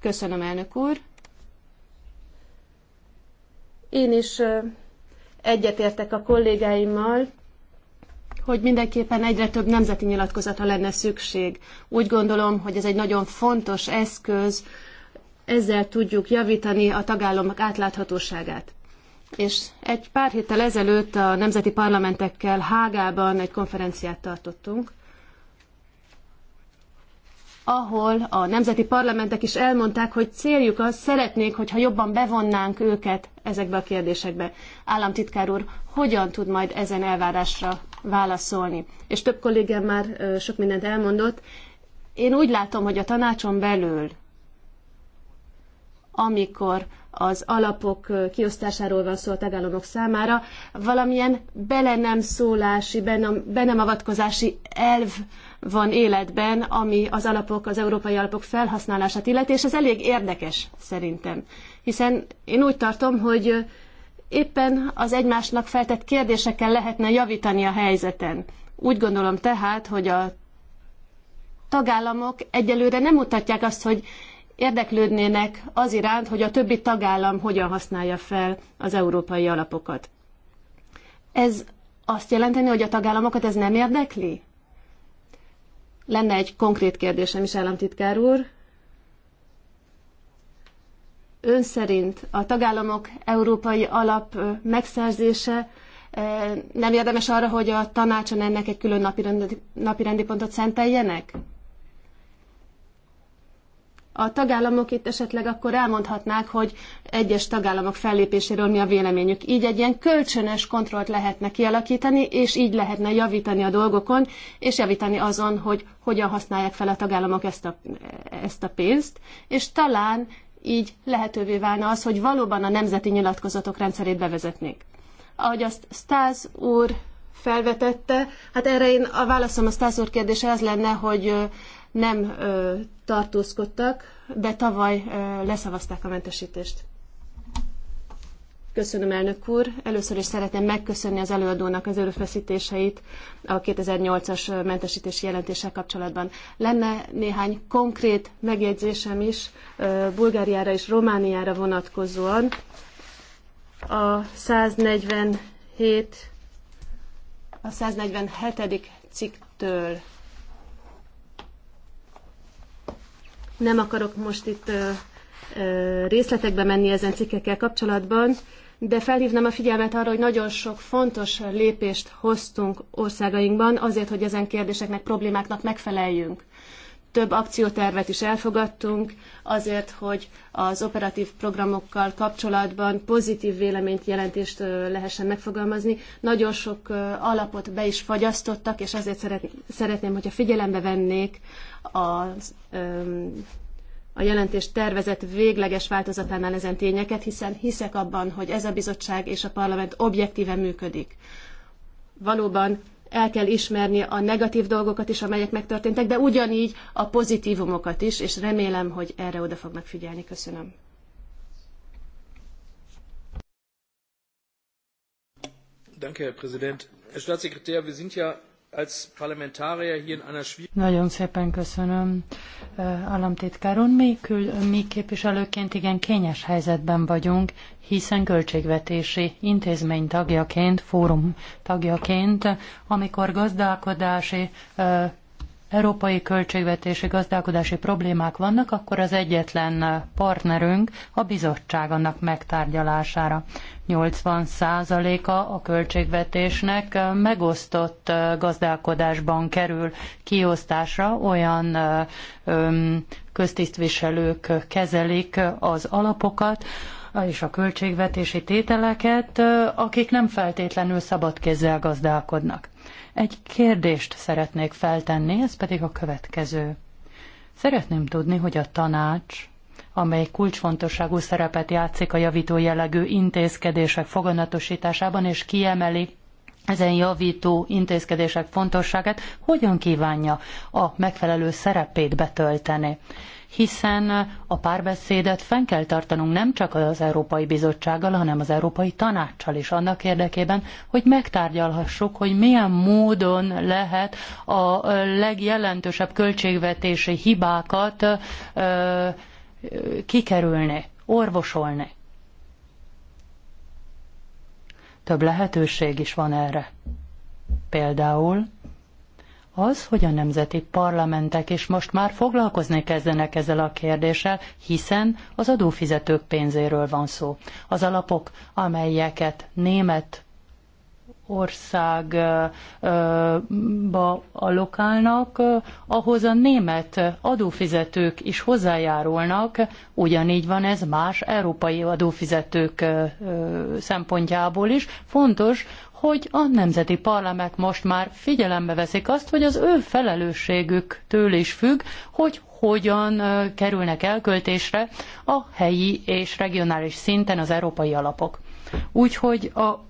Köszönöm, elnök úr. Én is egyetértek a kollégáimmal, hogy mindenképpen egyre több nemzeti nyilatkozata lenne szükség. Úgy gondolom, hogy ez egy nagyon fontos eszköz, ezzel tudjuk javítani a tagállamok átláthatóságát. És egy pár héttel ezelőtt a nemzeti parlamentekkel Hágában egy konferenciát tartottunk, ahol a nemzeti parlamentek is elmondták, hogy céljuk az, szeretnék, hogyha jobban bevonnánk őket ezekbe a kérdésekbe. Államtitkár úr, hogyan tud majd ezen elvárásra válaszolni? És több kollégám már sok mindent elmondott. Én úgy látom, hogy a tanácson belül, amikor az alapok kiosztásáról van szó a tagállamok számára, valamilyen bele nem szólási, be nem, be nem avatkozási elv van életben, ami az alapok, az európai alapok felhasználását illeti, és ez elég érdekes szerintem. Hiszen én úgy tartom, hogy éppen az egymásnak feltett kérdésekkel lehetne javítani a helyzeten. Úgy gondolom tehát, hogy a tagállamok egyelőre nem mutatják azt, hogy érdeklődnének az iránt, hogy a többi tagállam hogyan használja fel az európai alapokat. Ez azt jelenteni, hogy a tagállamokat ez nem érdekli? Lenne egy konkrét kérdésem is, államtitkár úr. Ön szerint a tagállamok európai alap megszerzése nem érdemes arra, hogy a tanácson ennek egy külön napirendi, napirendi pontot szenteljenek? a tagállamok itt esetleg akkor elmondhatnák, hogy egyes tagállamok fellépéséről mi a véleményük. Így egy ilyen kölcsönös kontrollt lehetne kialakítani, és így lehetne javítani a dolgokon, és javítani azon, hogy hogyan használják fel a tagállamok ezt a, ezt a pénzt, és talán így lehetővé válna az, hogy valóban a nemzeti nyilatkozatok rendszerét bevezetnék. Ahogy azt Stáz úr felvetette, hát erre én a válaszom a Stáz úr kérdése az lenne, hogy nem ö, tartózkodtak, de tavaly ö, leszavazták a mentesítést. Köszönöm, elnök úr. Először is szeretném megköszönni az előadónak az erőfeszítéseit a 2008-as mentesítési jelentéssel kapcsolatban. Lenne néhány konkrét megjegyzésem is Bulgáriára és Romániára vonatkozóan. A 147 a 147. cikktől Nem akarok most itt részletekbe menni ezen cikkekkel kapcsolatban, de felhívnám a figyelmet arra, hogy nagyon sok fontos lépést hoztunk országainkban azért, hogy ezen kérdéseknek, problémáknak megfeleljünk. Több akciótervet is elfogadtunk azért, hogy az operatív programokkal kapcsolatban pozitív véleményt, jelentést lehessen megfogalmazni. Nagyon sok alapot be is fagyasztottak, és azért szeretném, hogyha figyelembe vennék az, a jelentés tervezett végleges változatánál ezen tényeket, hiszen hiszek abban, hogy ez a bizottság és a parlament objektíven működik. Valóban el kell ismerni a negatív dolgokat is, amelyek megtörténtek, de ugyanígy a pozitívumokat is, és remélem, hogy erre oda fognak figyelni. Köszönöm. Danke, Herr Präsident. Herr Staatssekretär, wir sind ja nagyon szépen köszönöm, államtitkár úr. Mi, kül, mi képviselőként igen kényes helyzetben vagyunk, hiszen költségvetési intézmény tagjaként, fórum tagjaként, amikor gazdálkodási európai költségvetési gazdálkodási problémák vannak, akkor az egyetlen partnerünk a bizottság annak megtárgyalására. 80%-a a költségvetésnek megosztott gazdálkodásban kerül kiosztásra, olyan köztisztviselők kezelik az alapokat, és a költségvetési tételeket, akik nem feltétlenül szabad kézzel gazdálkodnak. Egy kérdést szeretnék feltenni, ez pedig a következő. Szeretném tudni, hogy a tanács, amely kulcsfontosságú szerepet játszik a javító jellegű intézkedések foganatosításában, és kiemeli ezen javító intézkedések fontosságát, hogyan kívánja a megfelelő szerepét betölteni hiszen a párbeszédet fenn kell tartanunk nem csak az Európai Bizottsággal, hanem az Európai Tanácssal is annak érdekében, hogy megtárgyalhassuk, hogy milyen módon lehet a legjelentősebb költségvetési hibákat kikerülni, orvosolni. Több lehetőség is van erre. Például az, hogy a nemzeti parlamentek is most már foglalkozni kezdenek ezzel a kérdéssel, hiszen az adófizetők pénzéről van szó. Az alapok, amelyeket német országba allokálnak, ahhoz a német adófizetők is hozzájárulnak, ugyanígy van ez más európai adófizetők szempontjából is. Fontos, hogy a nemzeti parlament most már figyelembe veszik azt, hogy az ő felelősségüktől is függ, hogy hogyan kerülnek elköltésre a helyi és regionális szinten az európai alapok. Úgyhogy a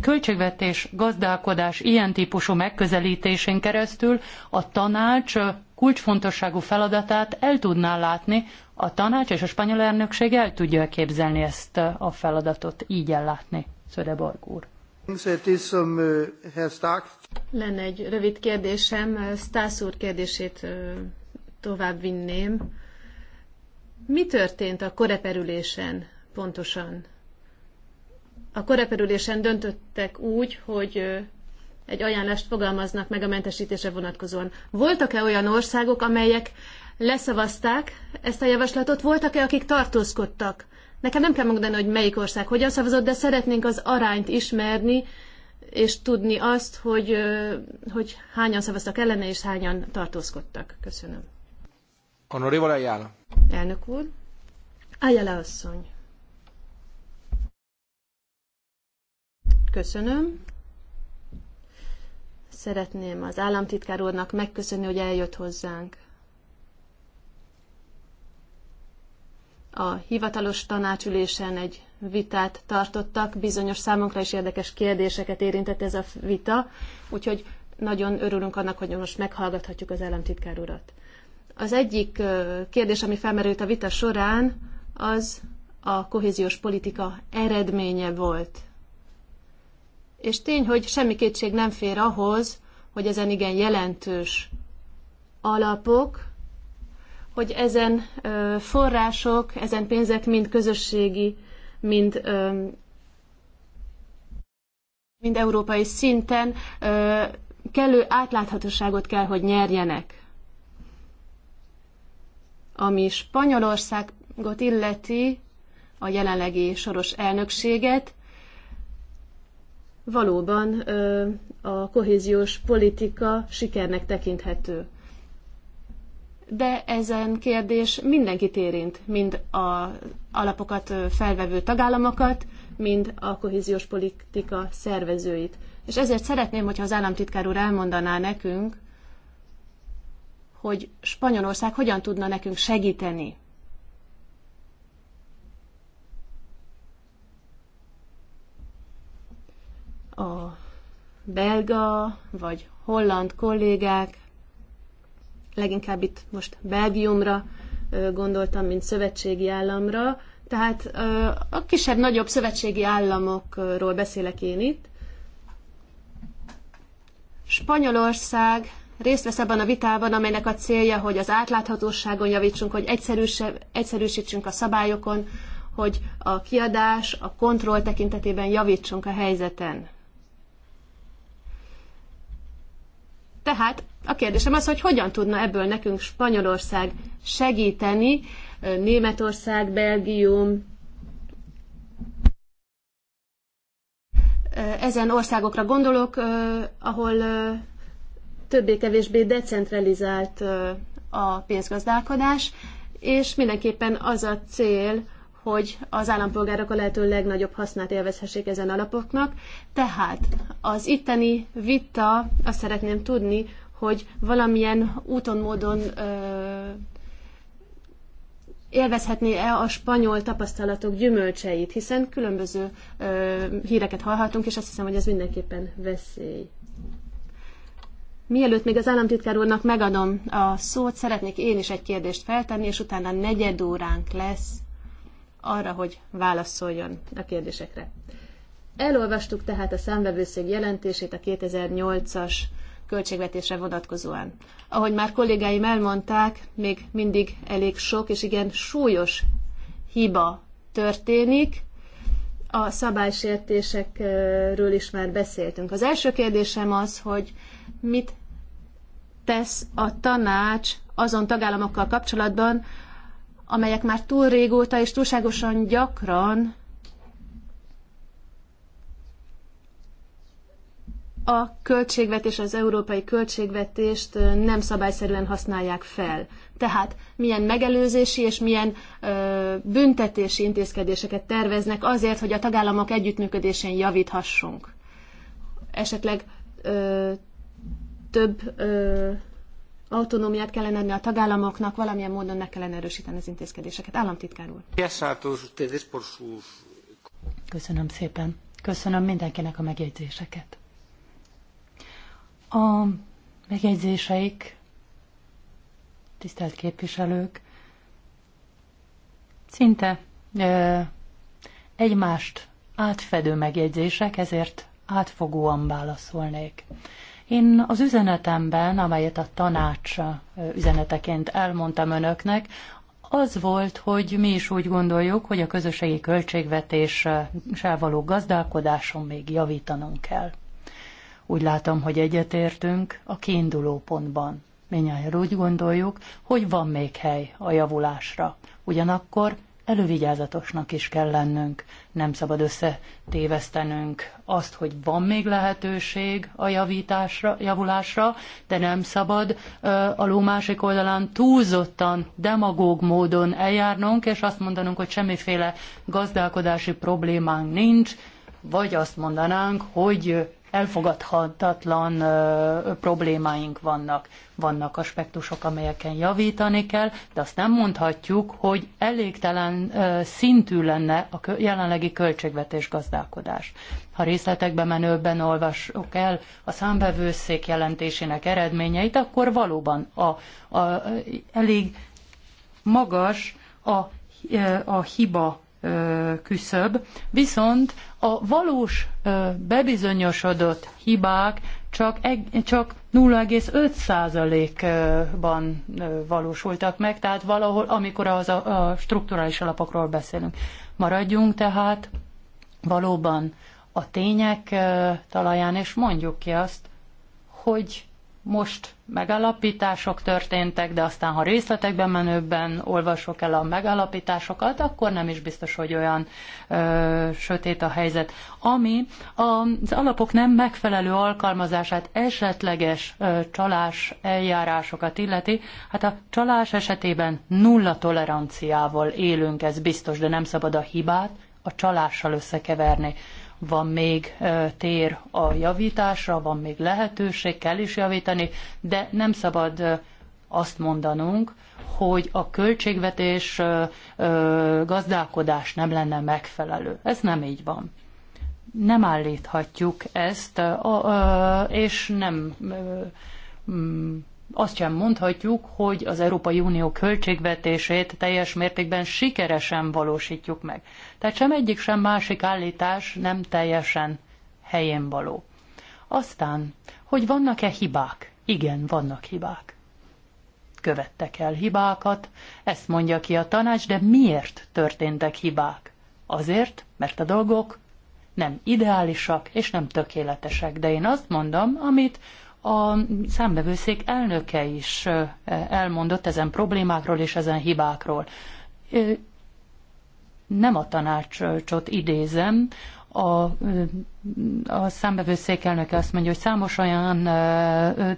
költségvetés gazdálkodás ilyen típusú megközelítésén keresztül a tanács kulcsfontosságú feladatát el tudná látni, a tanács és a spanyol elnökség el tudja képzelni ezt a feladatot így ellátni, Szödeborg úr. Er øh, Lenne egy rövid kérdésem, Stász úr kérdését tovább vinném. Mi történt a koreperülésen pontosan? A koreperülésen döntöttek úgy, hogy egy ajánlást fogalmaznak meg a mentesítése vonatkozóan. Voltak-e olyan országok, amelyek leszavazták ezt a javaslatot? Voltak-e, akik tartózkodtak? Nekem nem kell mondani, hogy melyik ország hogyan szavazott, de szeretnénk az arányt ismerni, és tudni azt, hogy, hogy hányan szavaztak ellene, és hányan tartózkodtak. Köszönöm. Honorable Ayala. Elnök úr. Ayala asszony. Köszönöm. Szeretném az államtitkár úrnak megköszönni, hogy eljött hozzánk. a hivatalos tanácsülésen egy vitát tartottak, bizonyos számunkra is érdekes kérdéseket érintett ez a vita, úgyhogy nagyon örülünk annak, hogy most meghallgathatjuk az államtitkár urat. Az egyik kérdés, ami felmerült a vita során, az a kohéziós politika eredménye volt. És tény, hogy semmi kétség nem fér ahhoz, hogy ezen igen jelentős alapok hogy ezen források, ezen pénzek mind közösségi, mind mind európai szinten kellő átláthatóságot kell, hogy nyerjenek. Ami Spanyolországot illeti, a jelenlegi soros elnökséget, valóban a kohéziós politika sikernek tekinthető de ezen kérdés mindenkit érint, mind a alapokat felvevő tagállamokat, mind a kohéziós politika szervezőit. És ezért szeretném, hogyha az államtitkár úr elmondaná nekünk, hogy Spanyolország hogyan tudna nekünk segíteni. A belga vagy holland kollégák leginkább itt most Belgiumra gondoltam, mint szövetségi államra. Tehát a kisebb-nagyobb szövetségi államokról beszélek én itt. Spanyolország részt vesz abban a vitában, amelynek a célja, hogy az átláthatóságon javítsunk, hogy egyszerűsítsünk a szabályokon, hogy a kiadás, a kontroll tekintetében javítsunk a helyzeten. Tehát a kérdésem az, hogy hogyan tudna ebből nekünk Spanyolország segíteni, Németország, Belgium, ezen országokra gondolok, ahol többé-kevésbé decentralizált a pénzgazdálkodás, és mindenképpen az a cél, hogy az állampolgárok a lehető legnagyobb hasznát élvezhessék ezen alapoknak. Tehát az itteni vita, azt szeretném tudni, hogy valamilyen úton, módon ö, élvezhetné-e a spanyol tapasztalatok gyümölcseit, hiszen különböző ö, híreket hallhatunk, és azt hiszem, hogy ez mindenképpen veszély. Mielőtt még az államtitkár úrnak megadom a szót, szeretnék én is egy kérdést feltenni, és utána negyed óránk lesz arra, hogy válaszoljon a kérdésekre. Elolvastuk tehát a számbevőszék jelentését a 2008-as költségvetésre vonatkozóan. Ahogy már kollégáim elmondták, még mindig elég sok és igen súlyos hiba történik. A szabálysértésekről is már beszéltünk. Az első kérdésem az, hogy mit tesz a tanács azon tagállamokkal kapcsolatban, amelyek már túl régóta és túlságosan gyakran a költségvetés, az európai költségvetést nem szabályszerűen használják fel. Tehát milyen megelőzési és milyen ö, büntetési intézkedéseket terveznek azért, hogy a tagállamok együttműködésén javíthassunk. Esetleg ö, több ö, autonómiát kellene adni a tagállamoknak, valamilyen módon meg kellene erősíteni az intézkedéseket. Államtitkár úr. Hát Köszönöm szépen. Köszönöm mindenkinek a megjegyzéseket. A megjegyzéseik, tisztelt képviselők, szinte ö, egymást átfedő megjegyzések, ezért átfogóan válaszolnék. Én az üzenetemben, amelyet a tanács üzeneteként elmondtam önöknek, az volt, hogy mi is úgy gondoljuk, hogy a közösségi költségvetéssel való gazdálkodáson még javítanunk kell. Úgy látom, hogy egyetértünk a kiinduló pontban. Minnyáján úgy gondoljuk, hogy van még hely a javulásra. Ugyanakkor elővigyázatosnak is kell lennünk, nem szabad összetévesztenünk azt, hogy van még lehetőség a javításra, javulásra, de nem szabad a ló másik oldalán túlzottan, demagóg módon eljárnunk, és azt mondanunk, hogy semmiféle gazdálkodási problémánk nincs, vagy azt mondanánk, hogy elfogadhatatlan ö, problémáink vannak. Vannak aspektusok, amelyeken javítani kell, de azt nem mondhatjuk, hogy elégtelen ö, szintű lenne a kö, jelenlegi költségvetés gazdálkodás. Ha részletekbe menőben olvasok el a számbevőszék jelentésének eredményeit, akkor valóban a, a, a elég magas a, a hiba küszöb, viszont a valós bebizonyosodott hibák csak, csak 0,5%-ban valósultak meg, tehát valahol, amikor az a, a strukturális alapokról beszélünk. Maradjunk tehát valóban a tények talaján, és mondjuk ki azt, hogy most megalapítások történtek, de aztán ha részletekben menőbben olvasok el a megállapításokat, akkor nem is biztos, hogy olyan ö, sötét a helyzet. Ami az alapok nem megfelelő alkalmazását, esetleges ö, csalás eljárásokat illeti, hát a csalás esetében nulla toleranciával élünk, ez biztos, de nem szabad a hibát a csalással összekeverni van még tér a javításra, van még lehetőség, kell is javítani, de nem szabad azt mondanunk, hogy a költségvetés gazdálkodás nem lenne megfelelő. Ez nem így van. Nem állíthatjuk ezt, és nem azt sem mondhatjuk, hogy az Európai Unió költségvetését teljes mértékben sikeresen valósítjuk meg. Tehát sem egyik, sem másik állítás nem teljesen helyén való. Aztán, hogy vannak-e hibák? Igen, vannak hibák. Követtek el hibákat, ezt mondja ki a tanács, de miért történtek hibák? Azért, mert a dolgok nem ideálisak és nem tökéletesek, de én azt mondom, amit a számbevőszék elnöke is elmondott ezen problémákról és ezen hibákról. Nem a tanácsot idézem, a, a számbevőszék elnöke azt mondja, hogy számos olyan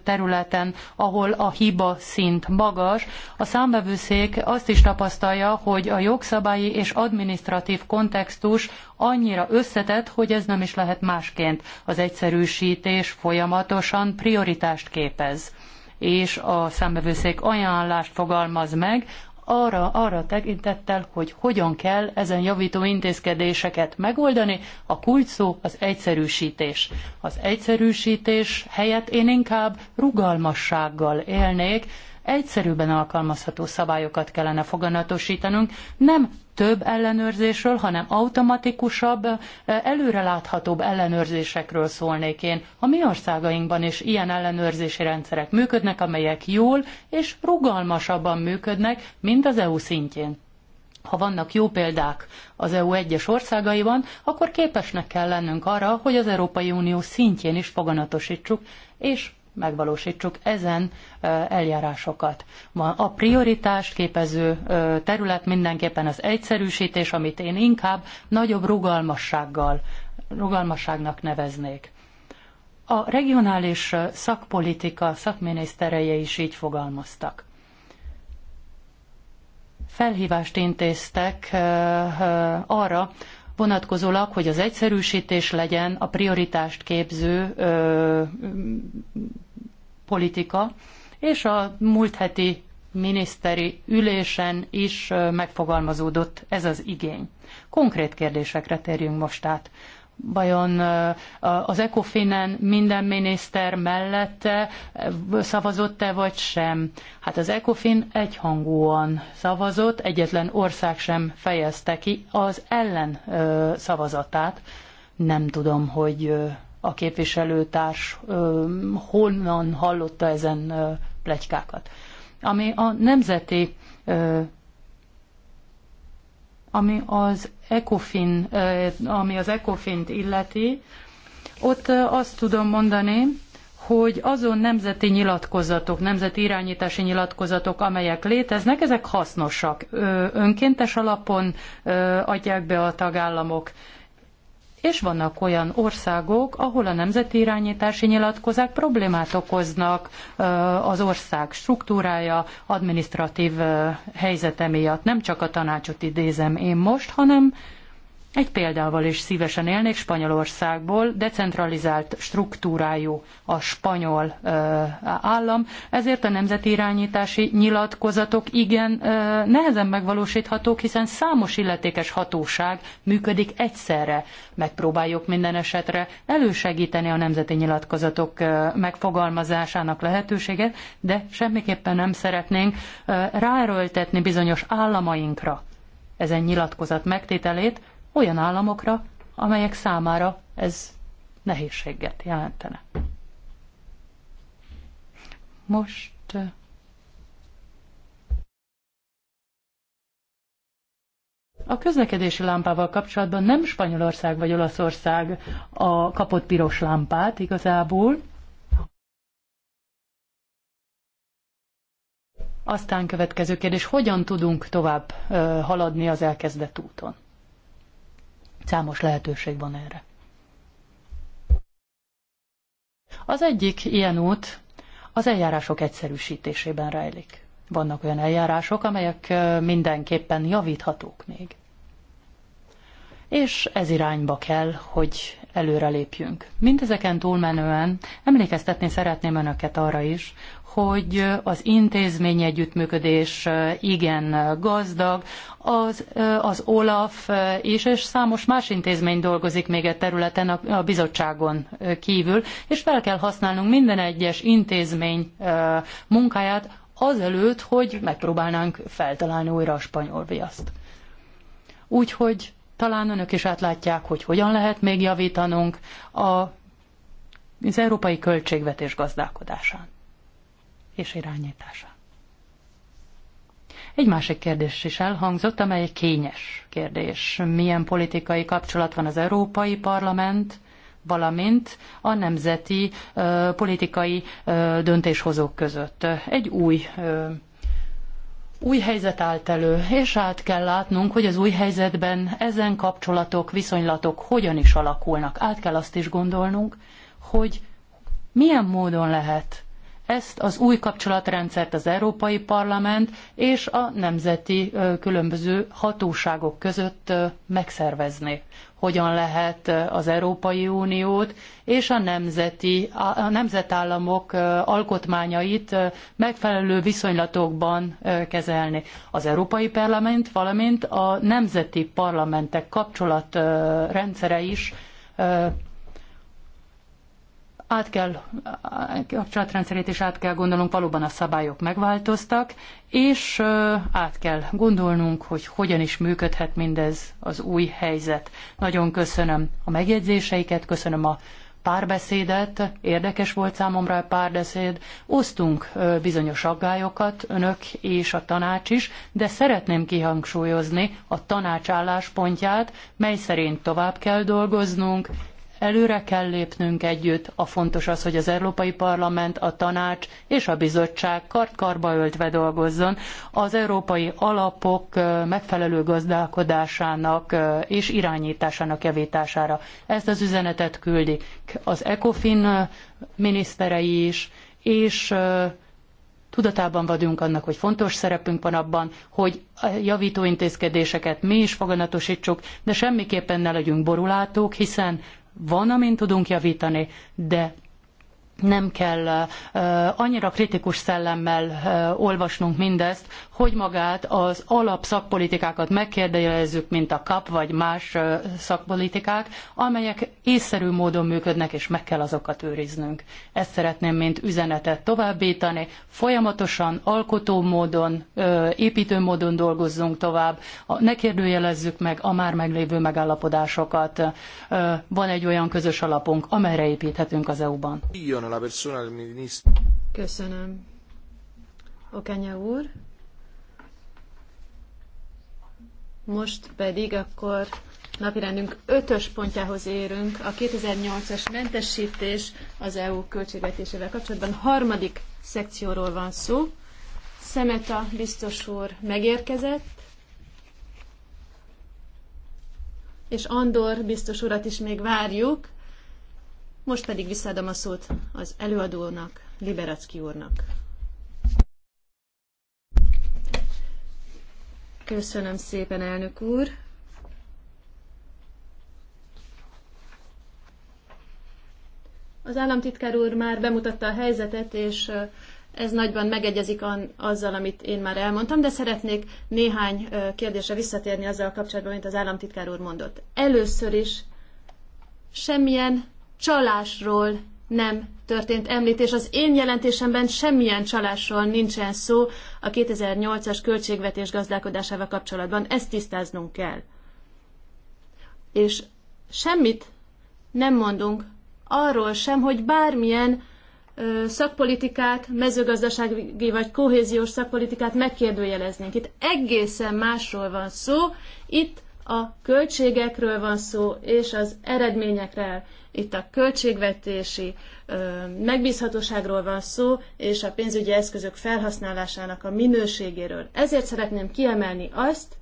területen, ahol a hiba szint magas, a számbevőszék azt is tapasztalja, hogy a jogszabályi és administratív kontextus annyira összetett, hogy ez nem is lehet másként. Az egyszerűsítés folyamatosan prioritást képez és a számbevőszék ajánlást fogalmaz meg, arra, arra tekintettel, hogy hogyan kell ezen javító intézkedéseket megoldani, a kulcs szó az egyszerűsítés. Az egyszerűsítés helyett én inkább rugalmassággal élnék, egyszerűbben alkalmazható szabályokat kellene foganatosítanunk, nem több ellenőrzésről, hanem automatikusabb, eh, előreláthatóbb ellenőrzésekről szólnék én. A mi országainkban is ilyen ellenőrzési rendszerek működnek, amelyek jól és rugalmasabban működnek, mint az EU szintjén ha vannak jó példák az EU egyes országaiban, akkor képesnek kell lennünk arra, hogy az Európai Unió szintjén is foganatosítsuk, és megvalósítsuk ezen eljárásokat. A prioritást képező terület mindenképpen az egyszerűsítés, amit én inkább nagyobb rugalmassággal, rugalmasságnak neveznék. A regionális szakpolitika szakminisztereje is így fogalmaztak. Felhívást intéztek arra, vonatkozólag, hogy az egyszerűsítés legyen a prioritást képző ö, politika, és a múlt heti miniszteri ülésen is megfogalmazódott ez az igény. Konkrét kérdésekre térjünk most át vajon az ECOFIN-en minden miniszter mellette szavazott-e vagy sem. Hát az ECOFIN egyhangúan szavazott, egyetlen ország sem fejezte ki az ellen szavazatát. Nem tudom, hogy a képviselőtárs honnan hallotta ezen plegykákat. Ami a nemzeti ami az ECOFIN, ami az ecofin illeti, ott azt tudom mondani, hogy azon nemzeti nyilatkozatok, nemzeti irányítási nyilatkozatok, amelyek léteznek, ezek hasznosak. Önkéntes alapon adják be a tagállamok és vannak olyan országok, ahol a nemzeti irányítási nyilatkozák problémát okoznak az ország struktúrája, administratív helyzete miatt. Nem csak a tanácsot idézem én most, hanem egy példával is szívesen élnék Spanyolországból, decentralizált struktúrájú a spanyol ö, állam, ezért a nemzeti irányítási nyilatkozatok igen ö, nehezen megvalósíthatók, hiszen számos illetékes hatóság működik egyszerre. Megpróbáljuk minden esetre elősegíteni a nemzeti nyilatkozatok ö, megfogalmazásának lehetőséget, de semmiképpen nem szeretnénk ö, ráerőltetni bizonyos államainkra ezen nyilatkozat megtételét, olyan államokra, amelyek számára ez nehézséget jelentene. Most A közlekedési lámpával kapcsolatban nem Spanyolország vagy Olaszország a kapott piros lámpát igazából. Aztán következő kérdés, hogyan tudunk tovább haladni az elkezdett úton? Számos lehetőség van erre. Az egyik ilyen út az eljárások egyszerűsítésében rejlik. Vannak olyan eljárások, amelyek mindenképpen javíthatók még és ez irányba kell, hogy előrelépjünk. Mindezeken túlmenően emlékeztetni szeretném Önöket arra is, hogy az intézmény együttműködés eh, igen gazdag, az, eh, az OLAF eh, is, és számos más intézmény dolgozik még egy területen a, bizottságon kívül, és fel kell használnunk minden egyes intézmény munkáját azelőtt, hogy megpróbálnánk feltalálni újra a spanyol viaszt. Úgyhogy talán önök is átlátják, hogy hogyan lehet még javítanunk a, az európai költségvetés gazdálkodásán és irányításán. Egy másik kérdés is elhangzott, amely egy kényes kérdés. Milyen politikai kapcsolat van az Európai Parlament, valamint a nemzeti ö, politikai ö, döntéshozók között. Egy új ö, új helyzet állt elő, és át kell látnunk, hogy az új helyzetben ezen kapcsolatok, viszonylatok hogyan is alakulnak. Át kell azt is gondolnunk, hogy milyen módon lehet ezt az új kapcsolatrendszert az Európai Parlament és a nemzeti különböző hatóságok között megszervezni. Hogyan lehet az Európai Uniót és a, nemzeti, a nemzetállamok alkotmányait megfelelő viszonylatokban kezelni. Az Európai Parlament, valamint a nemzeti parlamentek kapcsolatrendszere is át kell, a kapcsolatrendszerét is át kell gondolnunk, valóban a szabályok megváltoztak, és át kell gondolnunk, hogy hogyan is működhet mindez az új helyzet. Nagyon köszönöm a megjegyzéseiket, köszönöm a párbeszédet, érdekes volt számomra a párbeszéd, osztunk bizonyos aggályokat, önök és a tanács is, de szeretném kihangsúlyozni a tanács álláspontját, mely szerint tovább kell dolgoznunk, Előre kell lépnünk együtt, a fontos az, hogy az Európai Parlament, a Tanács és a Bizottság kart-karba öltve dolgozzon az európai alapok megfelelő gazdálkodásának és irányításának javítására. Ezt az üzenetet küldik az ECOFIN miniszterei is, és tudatában vagyunk annak, hogy fontos szerepünk van abban, hogy a javító intézkedéseket mi is foganatosítsuk, de semmiképpen ne legyünk borulátók, hiszen van, amin tudunk javítani, de nem kell annyira kritikus szellemmel olvasnunk mindezt, hogy magát az alapszakpolitikákat megkérdőjelezzük, mint a KAP vagy más szakpolitikák, amelyek észszerű módon működnek, és meg kell azokat őriznünk. Ezt szeretném, mint üzenetet továbbítani. Folyamatosan, alkotó módon, építő módon dolgozzunk tovább. Ne kérdőjelezzük meg a már meglévő megállapodásokat. Van egy olyan közös alapunk, amelyre építhetünk az EU-ban. Köszönöm la persona del ministro. Köszönöm. Okanya úr. Most pedig akkor napirendünk ötös pontjához érünk, a 2008-as mentesítés az EU költségvetésével kapcsolatban. Harmadik szekcióról van szó. Szemeta biztos úr megérkezett, és Andor biztos urat is még várjuk, most pedig visszaadom a szót az előadónak, Liberacki úrnak. Köszönöm szépen, elnök úr! Az államtitkár úr már bemutatta a helyzetet, és ez nagyban megegyezik azzal, amit én már elmondtam, de szeretnék néhány kérdésre visszatérni azzal kapcsolatban, amit az államtitkár úr mondott. Először is semmilyen csalásról nem történt említés. Az én jelentésemben semmilyen csalásról nincsen szó a 2008-as költségvetés gazdálkodásával kapcsolatban. Ezt tisztáznunk kell. És semmit nem mondunk arról sem, hogy bármilyen ö, szakpolitikát, mezőgazdasági vagy kohéziós szakpolitikát megkérdőjeleznénk. Itt egészen másról van szó. Itt a költségekről van szó, és az eredményekről. Itt a költségvetési megbízhatóságról van szó, és a pénzügyi eszközök felhasználásának a minőségéről. Ezért szeretném kiemelni azt,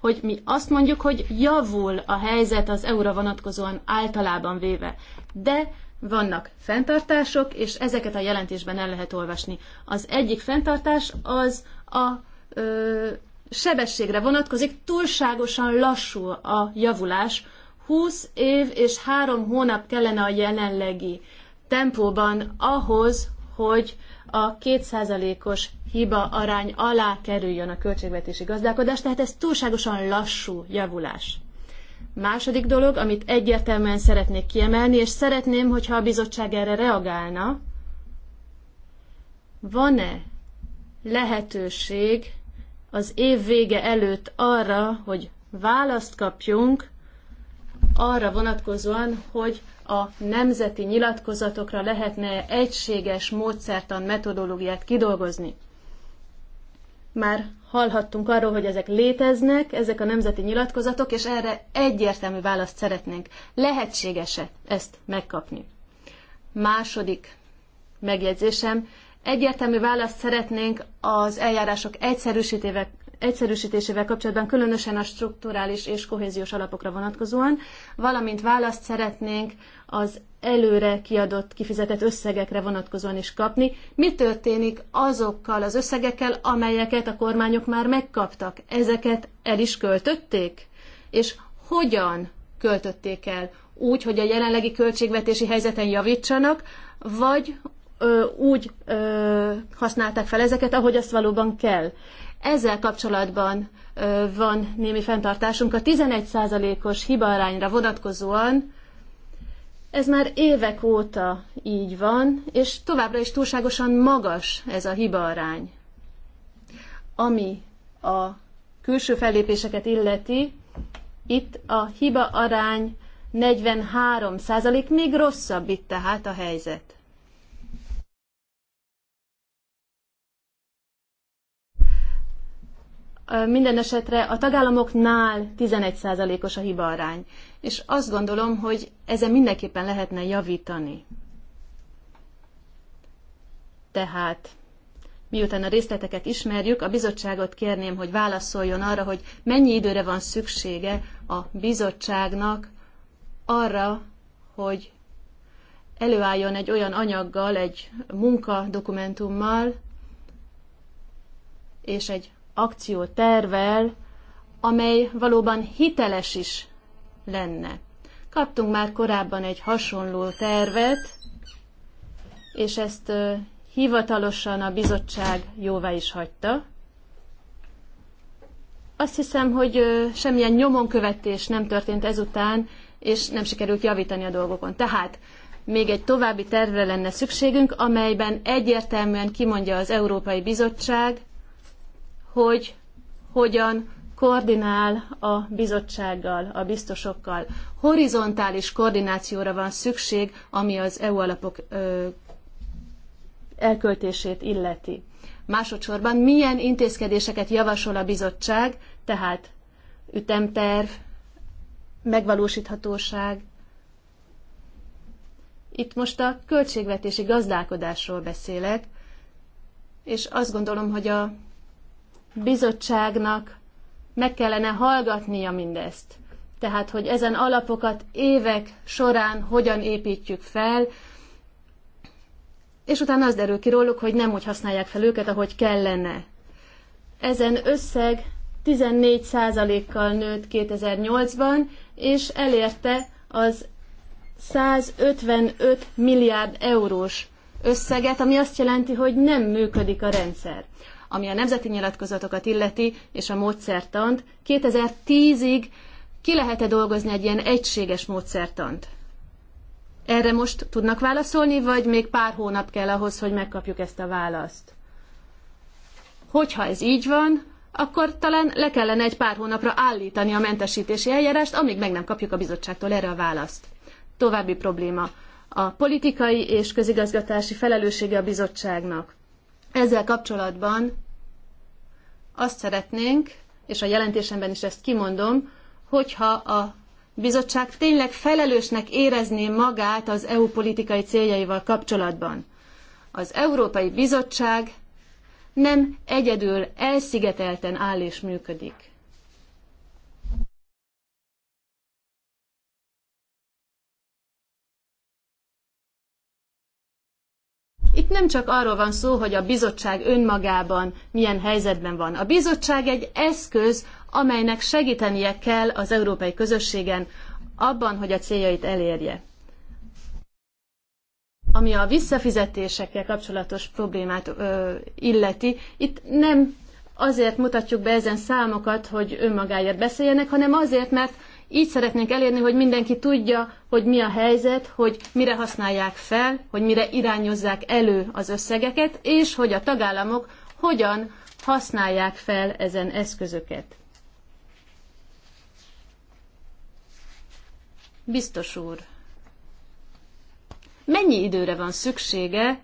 hogy mi azt mondjuk, hogy javul a helyzet az euróra vonatkozóan általában véve. De vannak fenntartások, és ezeket a jelentésben el lehet olvasni. Az egyik fenntartás az a ö, sebességre vonatkozik, túlságosan lassú a javulás. 20 év és 3 hónap kellene a jelenlegi tempóban ahhoz, hogy a 2%-os hiba arány alá kerüljön a költségvetési gazdálkodás, tehát ez túlságosan lassú javulás. Második dolog, amit egyértelműen szeretnék kiemelni, és szeretném, hogyha a bizottság erre reagálna, van-e lehetőség az év vége előtt arra, hogy választ kapjunk arra vonatkozóan, hogy a nemzeti nyilatkozatokra lehetne egységes módszertan metodológiát kidolgozni. Már hallhattunk arról, hogy ezek léteznek, ezek a nemzeti nyilatkozatok, és erre egyértelmű választ szeretnénk. Lehetséges-e ezt megkapni? Második megjegyzésem, egyértelmű választ szeretnénk az eljárások egyszerűsítével, egyszerűsítésével kapcsolatban, különösen a strukturális és kohéziós alapokra vonatkozóan, valamint választ szeretnénk az előre kiadott, kifizetett összegekre vonatkozóan is kapni. Mi történik azokkal az összegekkel, amelyeket a kormányok már megkaptak? Ezeket el is költötték? És hogyan költötték el? Úgy, hogy a jelenlegi költségvetési helyzeten javítsanak, vagy ö, úgy ö, használták fel ezeket, ahogy azt valóban kell. Ezzel kapcsolatban ö, van némi fenntartásunk a 11%-os hibaarányra vonatkozóan, ez már évek óta így van, és továbbra is túlságosan magas ez a hibaarány. Ami a külső fellépéseket illeti, itt a hiba arány 43 százalék, még rosszabb itt tehát a helyzet. minden esetre a tagállamoknál 11%-os a arány. És azt gondolom, hogy ezen mindenképpen lehetne javítani. Tehát, miután a részleteket ismerjük, a bizottságot kérném, hogy válaszoljon arra, hogy mennyi időre van szüksége a bizottságnak arra, hogy előálljon egy olyan anyaggal, egy munkadokumentummal, és egy akciótervvel, amely valóban hiteles is lenne. Kaptunk már korábban egy hasonló tervet, és ezt hivatalosan a bizottság jóvá is hagyta. Azt hiszem, hogy semmilyen nyomonkövetés nem történt ezután, és nem sikerült javítani a dolgokon. Tehát még egy további tervre lenne szükségünk, amelyben egyértelműen kimondja az Európai Bizottság, hogy hogyan koordinál a bizottsággal, a biztosokkal. Horizontális koordinációra van szükség, ami az EU alapok ö, elköltését illeti. Másodszorban milyen intézkedéseket javasol a bizottság, tehát ütemterv, megvalósíthatóság. Itt most a költségvetési gazdálkodásról beszélek, és azt gondolom, hogy a bizottságnak meg kellene hallgatnia mindezt. Tehát, hogy ezen alapokat évek során hogyan építjük fel, és utána az derül ki róluk, hogy nem úgy használják fel őket, ahogy kellene. Ezen összeg 14%-kal nőtt 2008-ban, és elérte az 155 milliárd eurós összeget, ami azt jelenti, hogy nem működik a rendszer ami a nemzeti nyilatkozatokat illeti, és a módszertant. 2010-ig ki lehet-e dolgozni egy ilyen egységes módszertant? Erre most tudnak válaszolni, vagy még pár hónap kell ahhoz, hogy megkapjuk ezt a választ? Hogyha ez így van, akkor talán le kellene egy pár hónapra állítani a mentesítési eljárást, amíg meg nem kapjuk a bizottságtól erre a választ. További probléma. A politikai és közigazgatási felelőssége a bizottságnak. Ezzel kapcsolatban azt szeretnénk, és a jelentésemben is ezt kimondom, hogyha a bizottság tényleg felelősnek érezné magát az EU politikai céljaival kapcsolatban. Az Európai Bizottság nem egyedül elszigetelten áll és működik. nem csak arról van szó, hogy a bizottság önmagában milyen helyzetben van. A bizottság egy eszköz, amelynek segítenie kell az európai közösségen abban, hogy a céljait elérje. Ami a visszafizetésekkel kapcsolatos problémát ö, illeti, itt nem azért mutatjuk be ezen számokat, hogy önmagáért beszéljenek, hanem azért, mert így szeretnénk elérni, hogy mindenki tudja, hogy mi a helyzet, hogy mire használják fel, hogy mire irányozzák elő az összegeket, és hogy a tagállamok hogyan használják fel ezen eszközöket. Biztos úr, mennyi időre van szüksége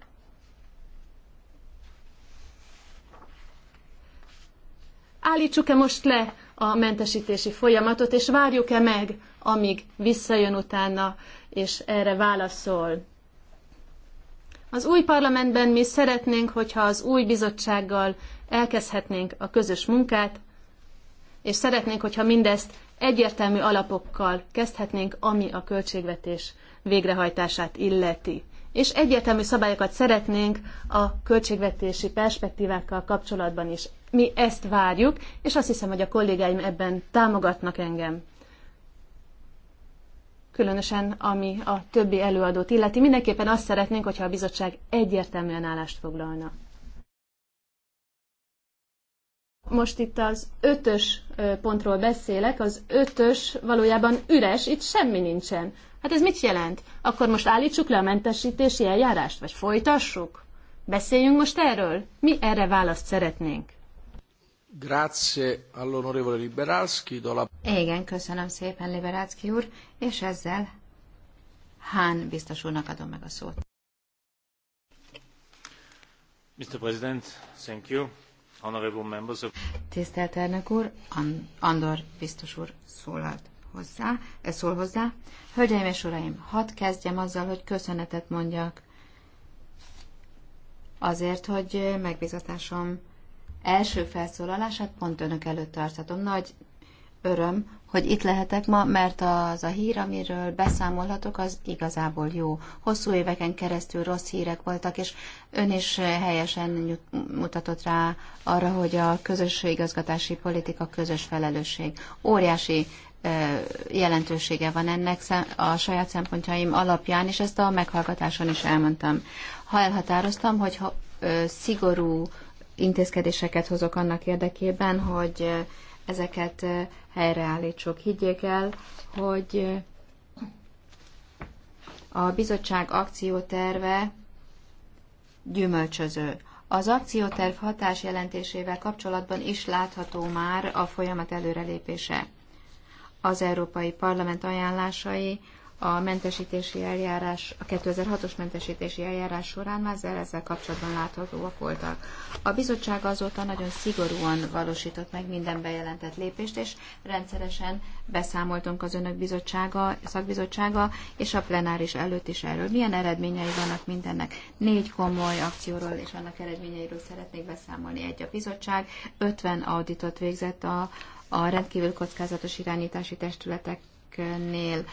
állítsuk-e most le a mentesítési folyamatot, és várjuk-e meg, amíg visszajön utána, és erre válaszol. Az új parlamentben mi szeretnénk, hogyha az új bizottsággal elkezdhetnénk a közös munkát, és szeretnénk, hogyha mindezt egyértelmű alapokkal kezdhetnénk, ami a költségvetés végrehajtását illeti. És egyértelmű szabályokat szeretnénk a költségvetési perspektívákkal kapcsolatban is mi ezt várjuk, és azt hiszem, hogy a kollégáim ebben támogatnak engem. Különösen, ami a többi előadót illeti, mindenképpen azt szeretnénk, hogyha a bizottság egyértelműen állást foglalna. Most itt az ötös pontról beszélek, az ötös valójában üres, itt semmi nincsen. Hát ez mit jelent? Akkor most állítsuk le a mentesítési eljárást, vagy folytassuk? Beszéljünk most erről? Mi erre választ szeretnénk? Grazie all'onorevole Liberalski. La... Igen, köszönöm szépen, Liberalski úr, és ezzel Hán biztos úrnak adom meg a szót. Mr. President, thank you. Honorable members of... Tisztelt elnök úr, Andor biztos úr szólalt hozzá, ez eh, szól hozzá. Hölgyeim és uraim, hadd kezdjem azzal, hogy köszönetet mondjak azért, hogy eh, megbizatásom első felszólalását pont önök előtt tartatom. Nagy öröm, hogy itt lehetek ma, mert az a hír, amiről beszámolhatok, az igazából jó. Hosszú éveken keresztül rossz hírek voltak, és ön is helyesen mutatott rá arra, hogy a közös igazgatási politika közös felelősség. Óriási jelentősége van ennek a saját szempontjaim alapján, és ezt a meghallgatáson is elmondtam. Ha elhatároztam, hogy ha, szigorú intézkedéseket hozok annak érdekében, hogy ezeket helyreállítsuk. Higgyék el, hogy a bizottság akcióterve gyümölcsöző. Az akcióterv hatás jelentésével kapcsolatban is látható már a folyamat előrelépése. Az Európai Parlament ajánlásai a mentesítési eljárás, a 2006-os mentesítési eljárás során már ezzel kapcsolatban láthatóak voltak. A bizottság azóta nagyon szigorúan valósított meg minden bejelentett lépést, és rendszeresen beszámoltunk az önök bizottsága, szakbizottsága és a plenáris előtt is erről. Milyen eredményei vannak mindennek? Négy komoly akcióról és annak eredményeiről szeretnék beszámolni. Egy a bizottság 50 auditot végzett a, a rendkívül kockázatos irányítási nél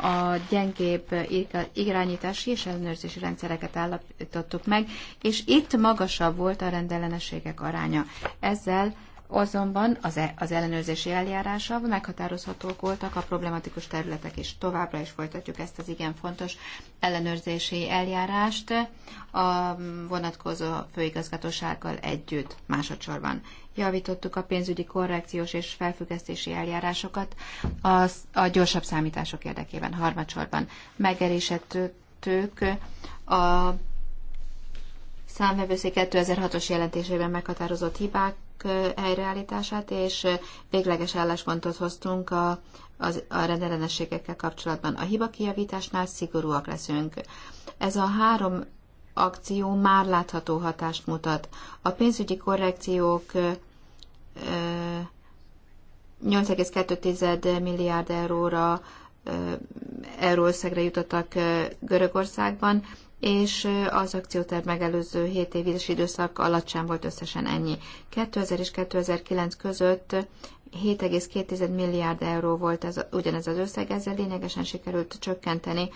a gyengébb irányítási és ellenőrzési rendszereket állapítottuk meg, és itt magasabb volt a rendellenességek aránya. Ezzel Azonban az, e, az ellenőrzési eljárással meghatározhatók voltak a problematikus területek, és továbbra is folytatjuk ezt az igen fontos ellenőrzési eljárást a vonatkozó főigazgatósággal együtt másodszorban. Javítottuk a pénzügyi korrekciós és felfüggesztési eljárásokat az, a gyorsabb számítások érdekében harmadsorban. Megerésettük a számvevőszék 2006-os jelentésében meghatározott hibák helyreállítását, és végleges álláspontot hoztunk a, az, a rendellenességekkel kapcsolatban. A hiba kijavításnál szigorúak leszünk. Ez a három akció már látható hatást mutat. A pénzügyi korrekciók 8,2 milliárd euróra eurószegre jutottak Görögországban, és az akcióterv megelőző 7 éves időszak alatt sem volt összesen ennyi. 2000 és 2009 között 7,2 milliárd euró volt ez, ugyanez az összeg, ezzel lényegesen sikerült csökkenteni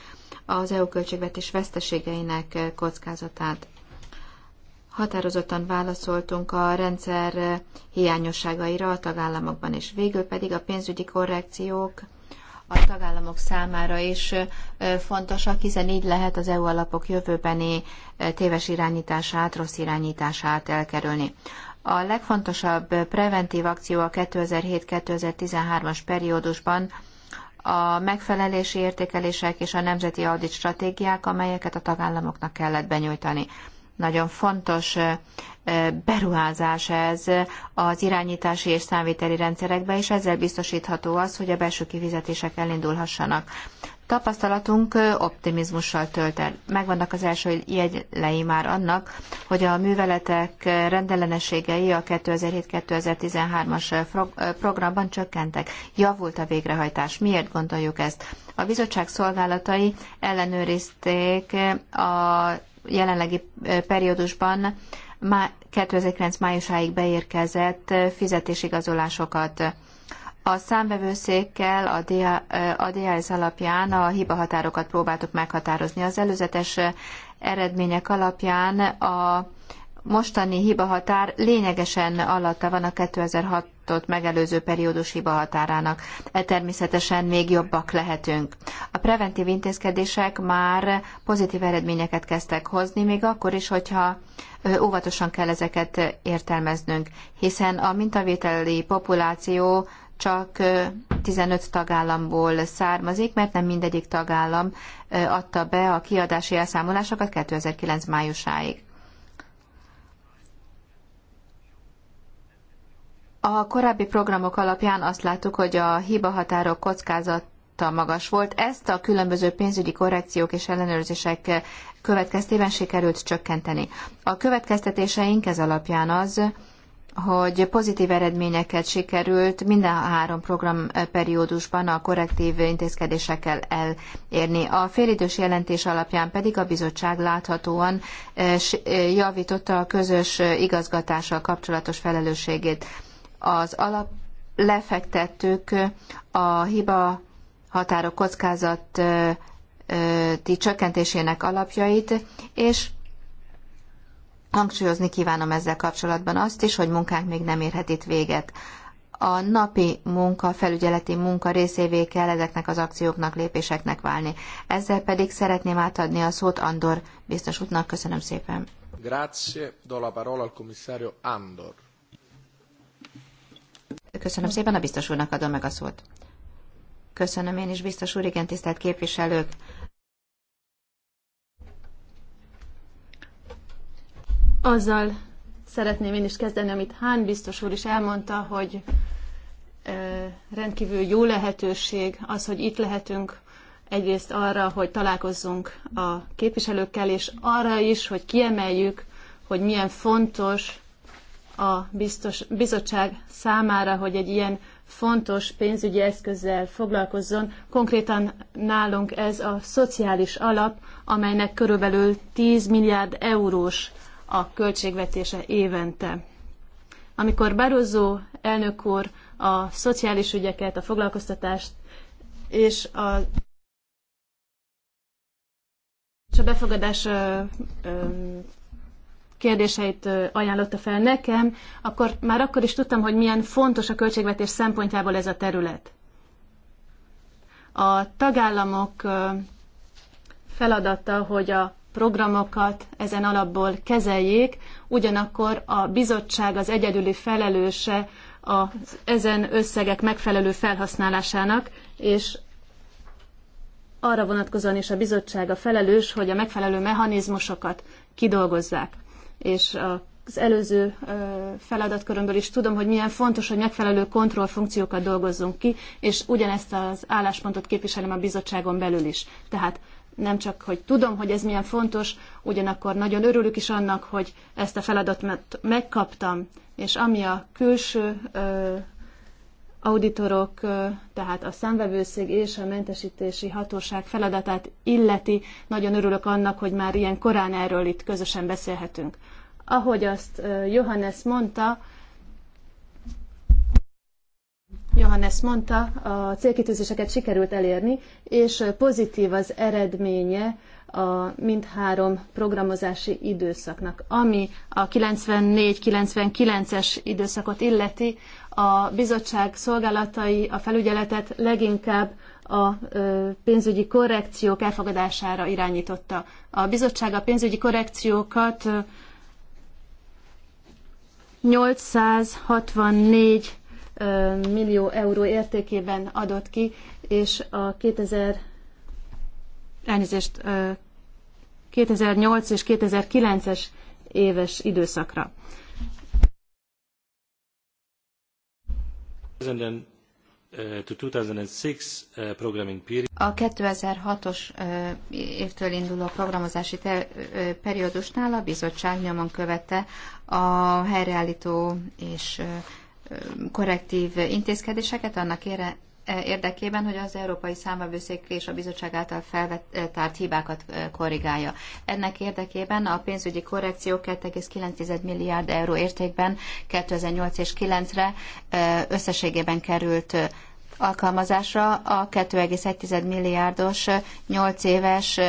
az EU költségvetés veszteségeinek kockázatát. Határozottan válaszoltunk a rendszer hiányosságaira a tagállamokban, és végül pedig a pénzügyi korrekciók a tagállamok számára is fontosak, hiszen így lehet az EU alapok jövőbeni téves irányítását, rossz irányítását elkerülni. A legfontosabb preventív akció a 2007-2013-as periódusban a megfelelési értékelések és a nemzeti audit stratégiák, amelyeket a tagállamoknak kellett benyújtani. Nagyon fontos beruházás ez az irányítási és számviteli rendszerekbe, és ezzel biztosítható az, hogy a belső kifizetések elindulhassanak. Tapasztalatunk optimizmussal tölt el. Megvannak az első jegylei már annak, hogy a műveletek rendellenességei a 2007-2013-as programban csökkentek. Javult a végrehajtás. Miért gondoljuk ezt? A bizottság szolgálatai ellenőrizték a jelenlegi periódusban 2009 májusáig beérkezett fizetésigazolásokat. A számvevőszékkel a, DA, a DAS alapján a hibahatárokat próbáltuk meghatározni. Az előzetes eredmények alapján a mostani hibahatár lényegesen alatta van a 2006 megszabott megelőző periódus hiba határának. E természetesen még jobbak lehetünk. A preventív intézkedések már pozitív eredményeket kezdtek hozni, még akkor is, hogyha óvatosan kell ezeket értelmeznünk, hiszen a mintavételi populáció csak 15 tagállamból származik, mert nem mindegyik tagállam adta be a kiadási elszámolásokat 2009 májusáig. A korábbi programok alapján azt láttuk, hogy a hibahatárok kockázata magas volt. Ezt a különböző pénzügyi korrekciók és ellenőrzések következtében sikerült csökkenteni. A következtetéseink ez alapján az, hogy pozitív eredményeket sikerült minden három programperiódusban a korrektív intézkedésekkel elérni. A félidős jelentés alapján pedig a bizottság láthatóan eh, eh, javította a közös eh, igazgatással kapcsolatos felelősségét az alap lefektettük a hiba határok kockázati csökkentésének alapjait, és hangsúlyozni kívánom ezzel kapcsolatban azt is, hogy munkánk még nem érhet itt véget. A napi munka, felügyeleti munka részévé kell ezeknek az akcióknak, lépéseknek válni. Ezzel pedig szeretném átadni a szót Andor biztos útnak. Köszönöm szépen. Grazie, do la parola al commissario Andor. Köszönöm szépen, a biztos úrnak adom meg a szót. Köszönöm én is, biztos úr, igen, tisztelt képviselők. Azzal szeretném én is kezdeni, amit Hán biztos úr is elmondta, hogy rendkívül jó lehetőség az, hogy itt lehetünk egyrészt arra, hogy találkozzunk a képviselőkkel, és arra is, hogy kiemeljük, hogy milyen fontos a biztos, bizottság számára, hogy egy ilyen fontos pénzügyi eszközzel foglalkozzon. Konkrétan nálunk ez a szociális alap, amelynek körülbelül 10 milliárd eurós a költségvetése évente. Amikor barozó elnök úr a szociális ügyeket, a foglalkoztatást és a és a befogadás ö, ö, kérdéseit ajánlotta fel nekem, akkor már akkor is tudtam, hogy milyen fontos a költségvetés szempontjából ez a terület. A tagállamok feladata, hogy a programokat ezen alapból kezeljék, ugyanakkor a bizottság az egyedüli felelőse az ezen összegek megfelelő felhasználásának, és arra vonatkozóan is a bizottság a felelős, hogy a megfelelő mechanizmusokat kidolgozzák és az előző feladatkörömből is tudom, hogy milyen fontos, hogy megfelelő kontrollfunkciókat dolgozzunk ki, és ugyanezt az álláspontot képviselem a bizottságon belül is. Tehát nem csak, hogy tudom, hogy ez milyen fontos, ugyanakkor nagyon örülök is annak, hogy ezt a feladatot megkaptam, és ami a külső ö, auditorok, ö, tehát a szemvevőszég és a mentesítési hatóság feladatát illeti, nagyon örülök annak, hogy már ilyen korán erről itt közösen beszélhetünk. Ahogy azt Johannes mondta, Johannes mondta, a célkitűzéseket sikerült elérni, és pozitív az eredménye a mindhárom programozási időszaknak. Ami a 94-99-es időszakot illeti, a bizottság szolgálatai a felügyeletet leginkább a pénzügyi korrekciók elfogadására irányította. A bizottság a pénzügyi korrekciókat 864 millió euró értékében adott ki, és a 2000 elnézést 2008 és 2009-es éves időszakra. 2006 eh, eh, A 2006-os eh, évtől induló programozási periódusnál a bizottság nyomon követte a helyreállító és korrektív intézkedéseket annak ére, E, érdekében, hogy az Európai Számvevőszék és a bizottság által feltárt e, hibákat e, korrigálja. Ennek érdekében a pénzügyi korrekció 2,9 milliárd euró értékben 2008 és 2009-re összességében került alkalmazásra a 2,1 milliárdos 8 éves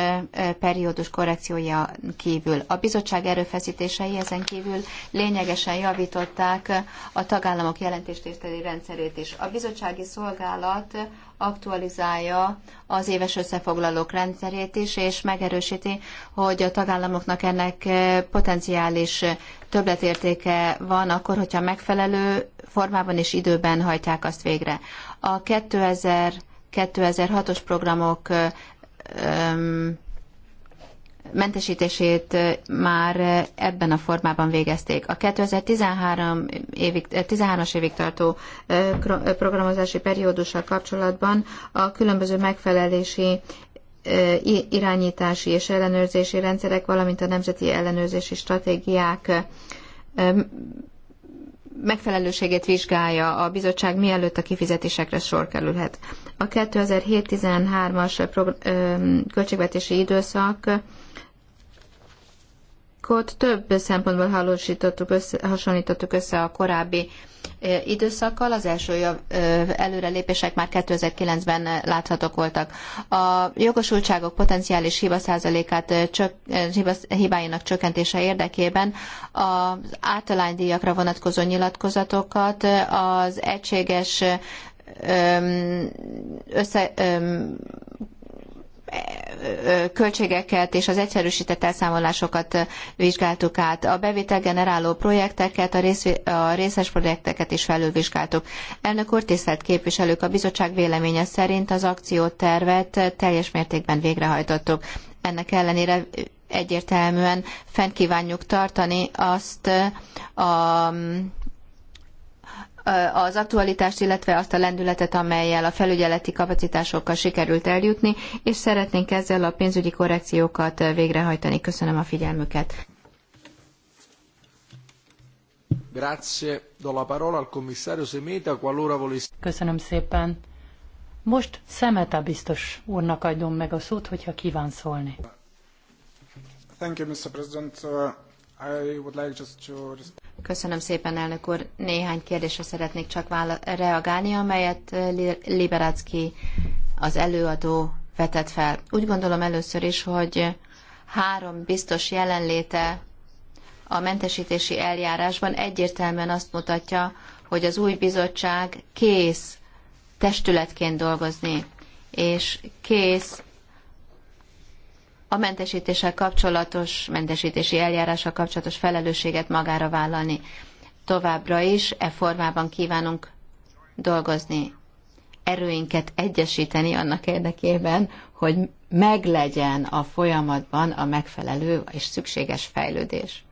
periódus korrekciója kívül. A bizottság erőfeszítései ezen kívül lényegesen javították a tagállamok jelentéstételi rendszerét is. A bizottsági szolgálat aktualizálja az éves összefoglalók rendszerét is, és megerősíti, hogy a tagállamoknak ennek potenciális többletértéke van, akkor, hogyha megfelelő formában és időben hajtják azt végre. A 2000-2006-os programok mentesítését már ebben a formában végezték. A 2013 évig, 13-as évig tartó programozási periódussal kapcsolatban a különböző megfelelési irányítási és ellenőrzési rendszerek, valamint a nemzeti ellenőrzési stratégiák megfelelőségét vizsgálja a bizottság, mielőtt a kifizetésekre sor kerülhet. A 2007-13-as költségvetési időszak Kód több szempontból hallósítottuk össze, hasonlítottuk össze a korábbi időszakkal. Az első előrelépések már 2009-ben láthatók voltak. A jogosultságok potenciális hibaszázalékát csök, hibáinak csökkentése érdekében az általánydíjakra vonatkozó nyilatkozatokat az egységes össze, költségeket és az egyszerűsített elszámolásokat vizsgáltuk át. A bevételgeneráló projekteket, a, rész, a részes projekteket is felülvizsgáltuk. Elnök úr, tisztelt képviselők, a bizottság véleménye szerint az akciótervet teljes mértékben végrehajtottuk. Ennek ellenére egyértelműen fenn kívánjuk tartani azt a az aktualitást, illetve azt a lendületet, amelyel a felügyeleti kapacitásokkal sikerült eljutni, és szeretnénk ezzel a pénzügyi korrekciókat végrehajtani. Köszönöm a figyelmüket. Grazie. Do la parola al commissario Semeta, qualora Köszönöm szépen. Most Szemeta biztos úrnak adom meg a szót, hogyha kíván szólni. Thank you, Mr. President. Uh, Köszönöm szépen, elnök úr. Néhány kérdésre szeretnék csak vála- reagálni, amelyet eh, Liberácki az előadó vetett fel. Úgy gondolom először is, hogy három biztos jelenléte a mentesítési eljárásban egyértelműen azt mutatja, hogy az új bizottság kész testületként dolgozni, és kész a mentesítéssel kapcsolatos, mentesítési eljárással kapcsolatos felelősséget magára vállalni. Továbbra is e formában kívánunk dolgozni, erőinket egyesíteni annak érdekében, hogy meglegyen a folyamatban a megfelelő és szükséges fejlődés.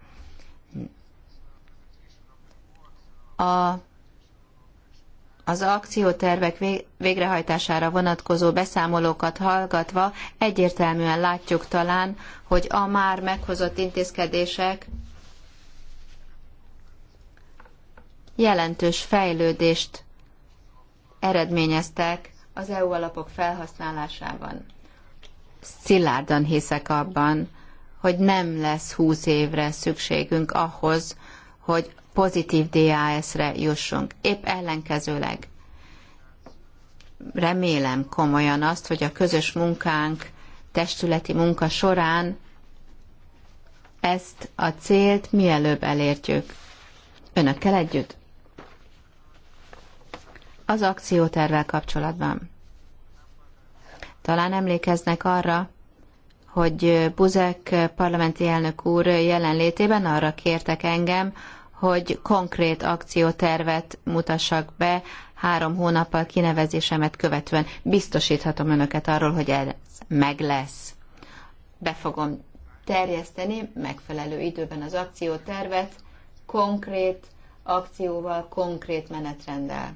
A az akciótervek végrehajtására vonatkozó beszámolókat hallgatva egyértelműen látjuk talán, hogy a már meghozott intézkedések jelentős fejlődést eredményeztek az EU alapok felhasználásában. Szilárdan hiszek abban, hogy nem lesz húsz évre szükségünk ahhoz, hogy pozitív DAS-re jussunk. Épp ellenkezőleg remélem komolyan azt, hogy a közös munkánk, testületi munka során ezt a célt mielőbb elértjük. Önökkel együtt? Az akciótervel kapcsolatban. Talán emlékeznek arra, hogy Buzek parlamenti elnök úr jelenlétében arra kértek engem, hogy konkrét akciótervet mutassak be három hónappal kinevezésemet követően. Biztosíthatom önöket arról, hogy ez meg lesz. Be fogom terjeszteni megfelelő időben az akciótervet, konkrét akcióval, konkrét menetrenddel.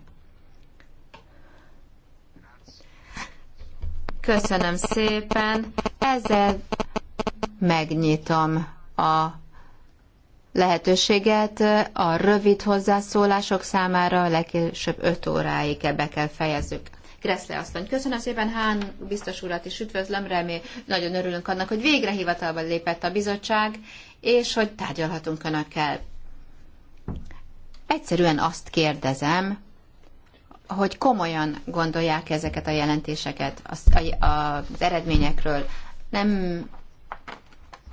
Köszönöm szépen. Ezzel megnyitom a lehetőséget a rövid hozzászólások számára legkésőbb 5 óráig be kell fejezzük. Kreszle asszony, köszönöm szépen Hán biztos urat is üdvözlöm, remélem, nagyon örülünk annak, hogy végre hivatalba lépett a bizottság, és hogy tárgyalhatunk önökkel. Egyszerűen azt kérdezem, hogy komolyan gondolják ezeket a jelentéseket az, az eredményekről. Nem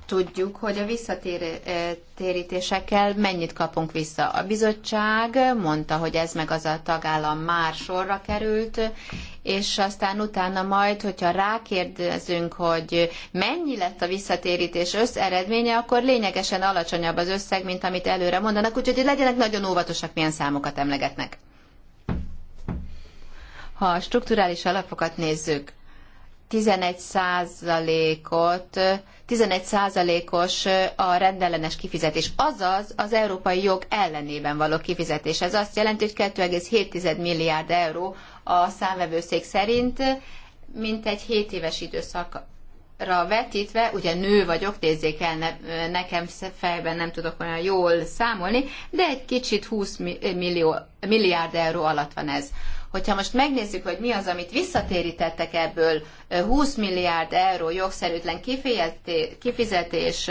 tudjuk, hogy a visszatérítésekkel mennyit kapunk vissza. A bizottság mondta, hogy ez meg az a tagállam már sorra került, és aztán utána majd, hogyha rákérdezünk, hogy mennyi lett a visszatérítés összeredménye, akkor lényegesen alacsonyabb az összeg, mint amit előre mondanak, úgyhogy legyenek nagyon óvatosak, milyen számokat emlegetnek. Ha a strukturális alapokat nézzük, 11 százalékot, 11 százalékos a rendellenes kifizetés, azaz az európai jog ellenében való kifizetés. Ez azt jelenti, hogy 2,7 milliárd euró a számvevőszék szerint, mint egy 7 éves időszakra vetítve, ugye nő vagyok, nézzék el, ne, nekem fejben nem tudok olyan jól számolni, de egy kicsit 20 millió, milliárd euró alatt van ez. Hogyha most megnézzük, hogy mi az, amit visszatérítettek ebből, 20 milliárd euró jogszerűtlen kifizetés,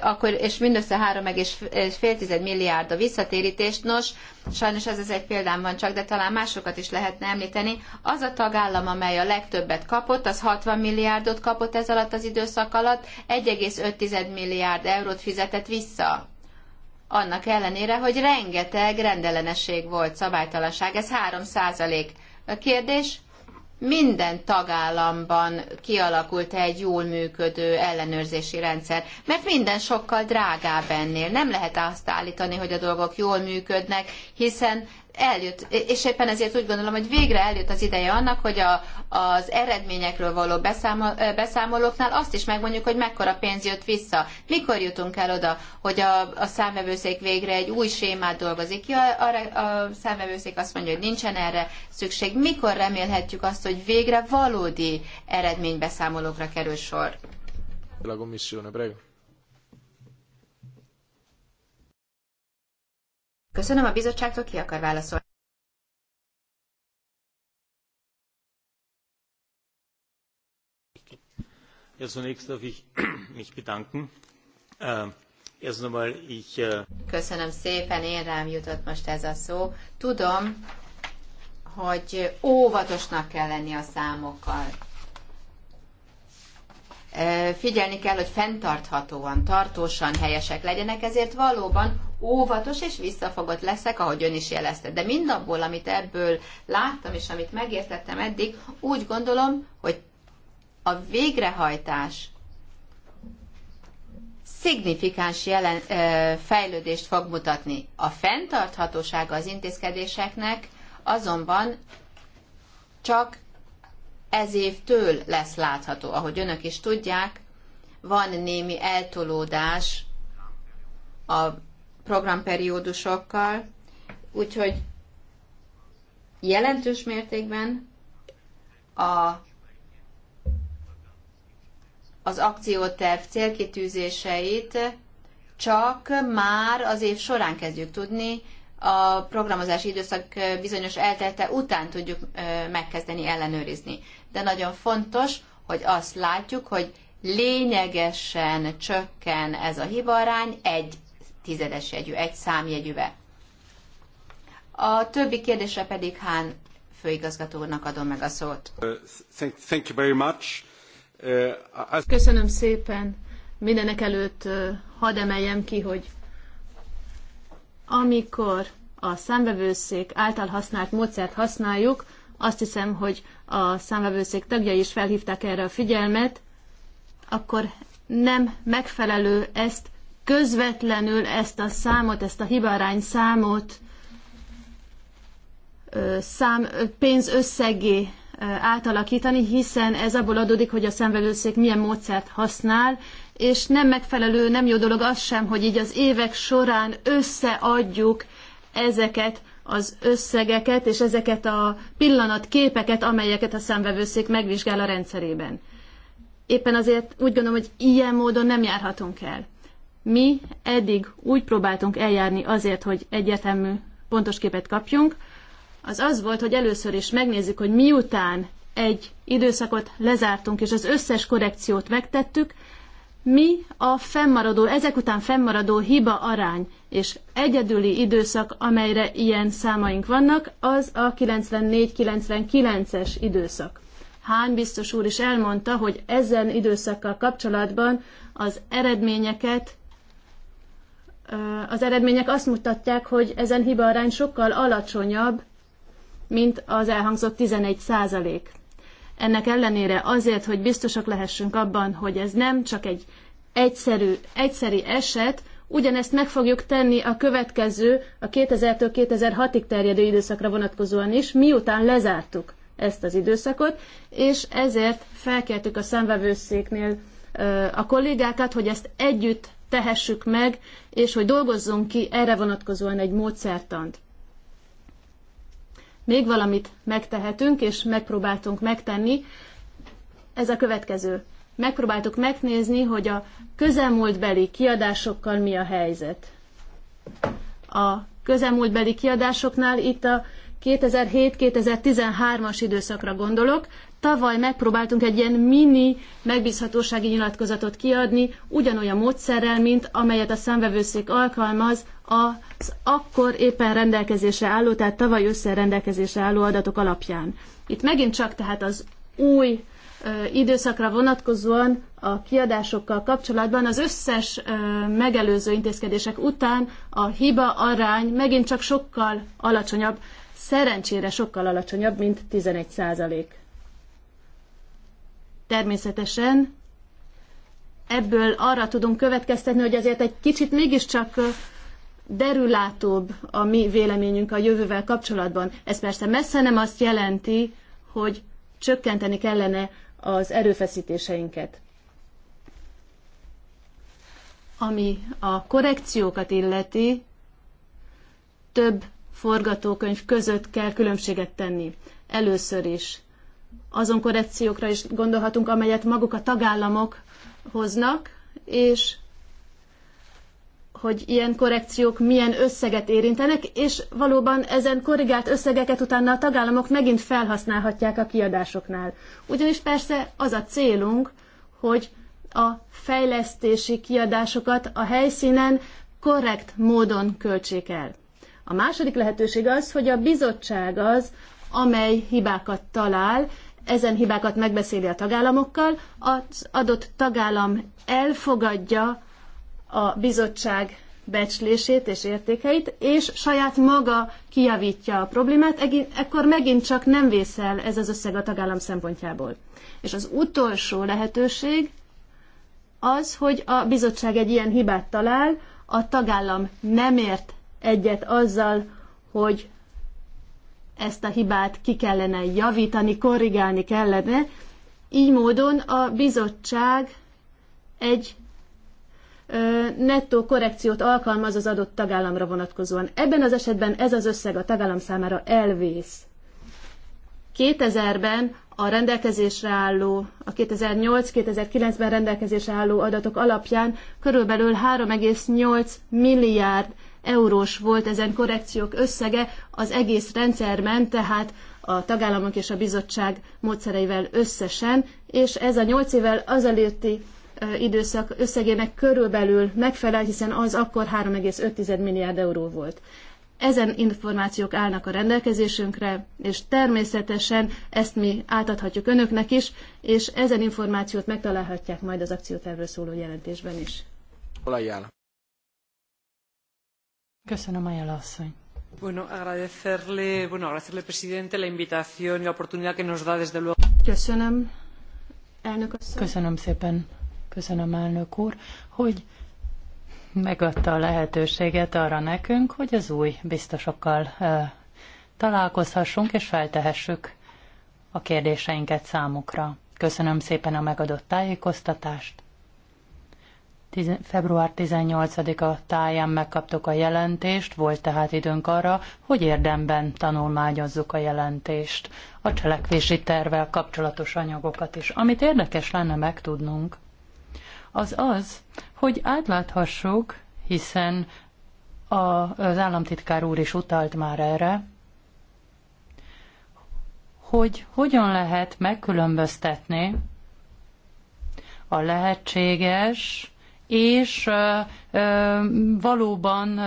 akkor, és mindössze 3,5 milliárd a visszatérítést, nos, sajnos ez az egy példám van csak, de talán másokat is lehetne említeni. Az a tagállam, amely a legtöbbet kapott, az 60 milliárdot kapott ez alatt az időszak alatt, 1,5 milliárd eurót fizetett vissza annak ellenére, hogy rengeteg rendellenesség volt, szabálytalanság, ez 3 százalék. A kérdés, minden tagállamban kialakult -e egy jól működő ellenőrzési rendszer, mert minden sokkal drágább ennél. Nem lehet azt állítani, hogy a dolgok jól működnek, hiszen eljött, és éppen ezért úgy gondolom, hogy végre eljött az ideje annak, hogy a, az eredményekről való beszámol, beszámolóknál azt is megmondjuk, hogy mekkora pénz jött vissza. Mikor jutunk el oda, hogy a, a számvevőszék végre egy új sémát dolgozik ki, a, a, a számvevőszék azt mondja, hogy nincsen erre szükség. Mikor remélhetjük azt, hogy végre valódi eredménybeszámolókra kerül sor? La commissione, prego. Köszönöm a bizottságtól, ki akar válaszolni. Ja, zunächst darf ich mich bedanken. Uh, erst einmal ich... Uh... Köszönöm szépen, én rám jutott most ez a szó. Tudom, hogy óvatosnak kell lenni a számokkal. Figyelni kell, hogy fenntarthatóan, tartósan helyesek legyenek, ezért valóban óvatos és visszafogott leszek, ahogy ön is jelezte. De mindabból, amit ebből láttam és amit megértettem eddig, úgy gondolom, hogy a végrehajtás szignifikáns jelen, ö, fejlődést fog mutatni. A fenntarthatósága az intézkedéseknek azonban csak ez évtől lesz látható. Ahogy önök is tudják, van némi eltolódás a programperiódusokkal, úgyhogy jelentős mértékben a, az akcióterv célkitűzéseit csak már az év során kezdjük tudni, a programozási időszak bizonyos eltelte után tudjuk megkezdeni ellenőrizni. De nagyon fontos, hogy azt látjuk, hogy lényegesen csökken ez a hibarány egy tizedes jegyű, egy számjegyűve. A többi kérdésre pedig Hán főigazgatónak adom meg a szót. Uh, thank you very much. Uh, Köszönöm szépen. Mindenek előtt uh, hadd emeljem ki, hogy amikor a számvevőszék által használt módszert használjuk, azt hiszem, hogy a számvevőszék tagjai is felhívták erre a figyelmet, akkor nem megfelelő ezt közvetlenül ezt a számot, ezt a hibarány számot szám, pénzösszegé átalakítani, hiszen ez abból adódik, hogy a szemvelőszék milyen módszert használ, és nem megfelelő, nem jó dolog az sem, hogy így az évek során összeadjuk ezeket az összegeket és ezeket a pillanatképeket, amelyeket a szemvevőszék megvizsgál a rendszerében. Éppen azért úgy gondolom, hogy ilyen módon nem járhatunk el. Mi eddig úgy próbáltunk eljárni azért, hogy egyetemű pontos képet kapjunk, az az volt, hogy először is megnézzük, hogy miután egy időszakot lezártunk, és az összes korrekciót megtettük, mi a fennmaradó, ezek után fennmaradó hiba arány, és egyedüli időszak, amelyre ilyen számaink vannak, az a 94-99-es időszak. Hán biztos úr is elmondta, hogy ezen időszakkal kapcsolatban az eredményeket az eredmények azt mutatják, hogy ezen arány sokkal alacsonyabb, mint az elhangzott 11 százalék. Ennek ellenére azért, hogy biztosak lehessünk abban, hogy ez nem csak egy egyszerű, egyszeri eset, ugyanezt meg fogjuk tenni a következő, a 2000-től 2006-ig terjedő időszakra vonatkozóan is, miután lezártuk ezt az időszakot, és ezért felkértük a szemvevőszéknél a kollégákat, hogy ezt együtt tehessük meg, és hogy dolgozzon ki erre vonatkozóan egy módszertant. Még valamit megtehetünk, és megpróbáltunk megtenni, ez a következő. Megpróbáltuk megnézni, hogy a közelmúltbeli kiadásokkal mi a helyzet. A közelmúltbeli kiadásoknál itt a 2007-2013-as időszakra gondolok, Tavaly megpróbáltunk egy ilyen mini megbízhatósági nyilatkozatot kiadni, ugyanolyan módszerrel, mint amelyet a számvevőszék alkalmaz az akkor éppen rendelkezésre álló, tehát tavaly össze rendelkezésre álló adatok alapján. Itt megint csak tehát az új időszakra vonatkozóan a kiadásokkal kapcsolatban az összes megelőző intézkedések után a hiba arány megint csak sokkal alacsonyabb, szerencsére sokkal alacsonyabb, mint 11 százalék. Természetesen ebből arra tudunk következtetni, hogy azért egy kicsit mégiscsak derülátóbb a mi véleményünk a jövővel kapcsolatban. Ez persze messze nem azt jelenti, hogy csökkenteni kellene az erőfeszítéseinket. Ami a korrekciókat illeti, több forgatókönyv között kell különbséget tenni. Először is azon korrekciókra is gondolhatunk, amelyet maguk a tagállamok hoznak, és hogy ilyen korrekciók milyen összeget érintenek, és valóban ezen korrigált összegeket utána a tagállamok megint felhasználhatják a kiadásoknál. Ugyanis persze az a célunk, hogy a fejlesztési kiadásokat a helyszínen korrekt módon költsék el. A második lehetőség az, hogy a bizottság az, amely hibákat talál, ezen hibákat megbeszéli a tagállamokkal, az adott tagállam elfogadja a bizottság becslését és értékeit, és saját maga kijavítja a problémát, ekkor megint csak nem vészel ez az összeg a tagállam szempontjából. És az utolsó lehetőség az, hogy a bizottság egy ilyen hibát talál, a tagállam nem ért egyet azzal, hogy ezt a hibát ki kellene javítani, korrigálni kellene. Így módon a bizottság egy nettó korrekciót alkalmaz az adott tagállamra vonatkozóan. Ebben az esetben ez az összeg a tagállam számára elvész. 2000-ben a rendelkezésre álló, a 2008-2009-ben rendelkezésre álló adatok alapján körülbelül 3,8 milliárd eurós volt ezen korrekciók összege az egész rendszerben, tehát a tagállamok és a bizottság módszereivel összesen, és ez a nyolc évvel azelőtti időszak összegének körülbelül megfelel, hiszen az akkor 3,5 milliárd euró volt. Ezen információk állnak a rendelkezésünkre, és természetesen ezt mi átadhatjuk önöknek is, és ezen információt megtalálhatják majd az akciótervről szóló jelentésben is. Olajjál. Köszönöm, Ayala asszony. Bueno, agradecerle, bueno, agradecerle, presidente, la invitación y la oportunidad que nos da desde luego. Köszönöm, elnök asszony. Köszönöm szépen, köszönöm, elnök úr, hogy megadta a lehetőséget arra nekünk, hogy az új biztosokkal találkozhassunk és feltehessük a kérdéseinket számukra. Köszönöm szépen a megadott tájékoztatást, február 18-a táján megkaptuk a jelentést, volt tehát időnk arra, hogy érdemben tanulmányozzuk a jelentést, a cselekvési tervvel kapcsolatos anyagokat is. Amit érdekes lenne megtudnunk, az az, hogy átláthassuk, hiszen a, az államtitkár úr is utalt már erre, hogy hogyan lehet megkülönböztetni a lehetséges és valóban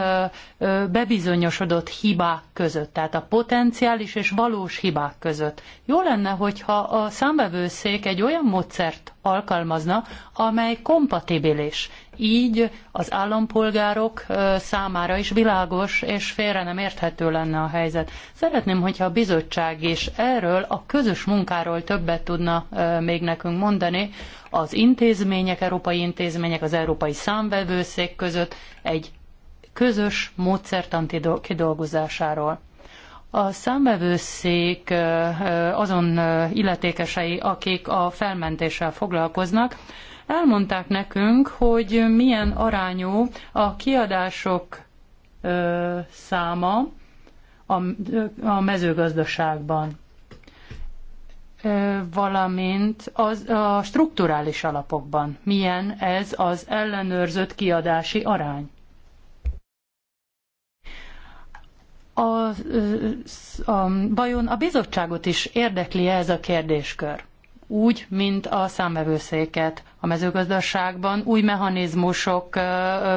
bebizonyosodott hibák között, tehát a potenciális és valós hibák között. Jó lenne, hogyha a számbevőszék egy olyan módszert alkalmazna, amely kompatibilis így az állampolgárok számára is világos és félre nem érthető lenne a helyzet. Szeretném, hogyha a bizottság is erről a közös munkáról többet tudna még nekünk mondani, az intézmények, európai intézmények, az európai számvevőszék között egy közös módszertan kidolgozásáról. A számvevőszék azon illetékesei, akik a felmentéssel foglalkoznak, Elmondták nekünk, hogy milyen arányú a kiadások ö, száma a, a mezőgazdaságban, ö, valamint az, a strukturális alapokban. Milyen ez az ellenőrzött kiadási arány? a, a, a, a bizottságot is érdekli -e ez a kérdéskör? úgy, mint a számvevőszéket. A mezőgazdaságban új mechanizmusok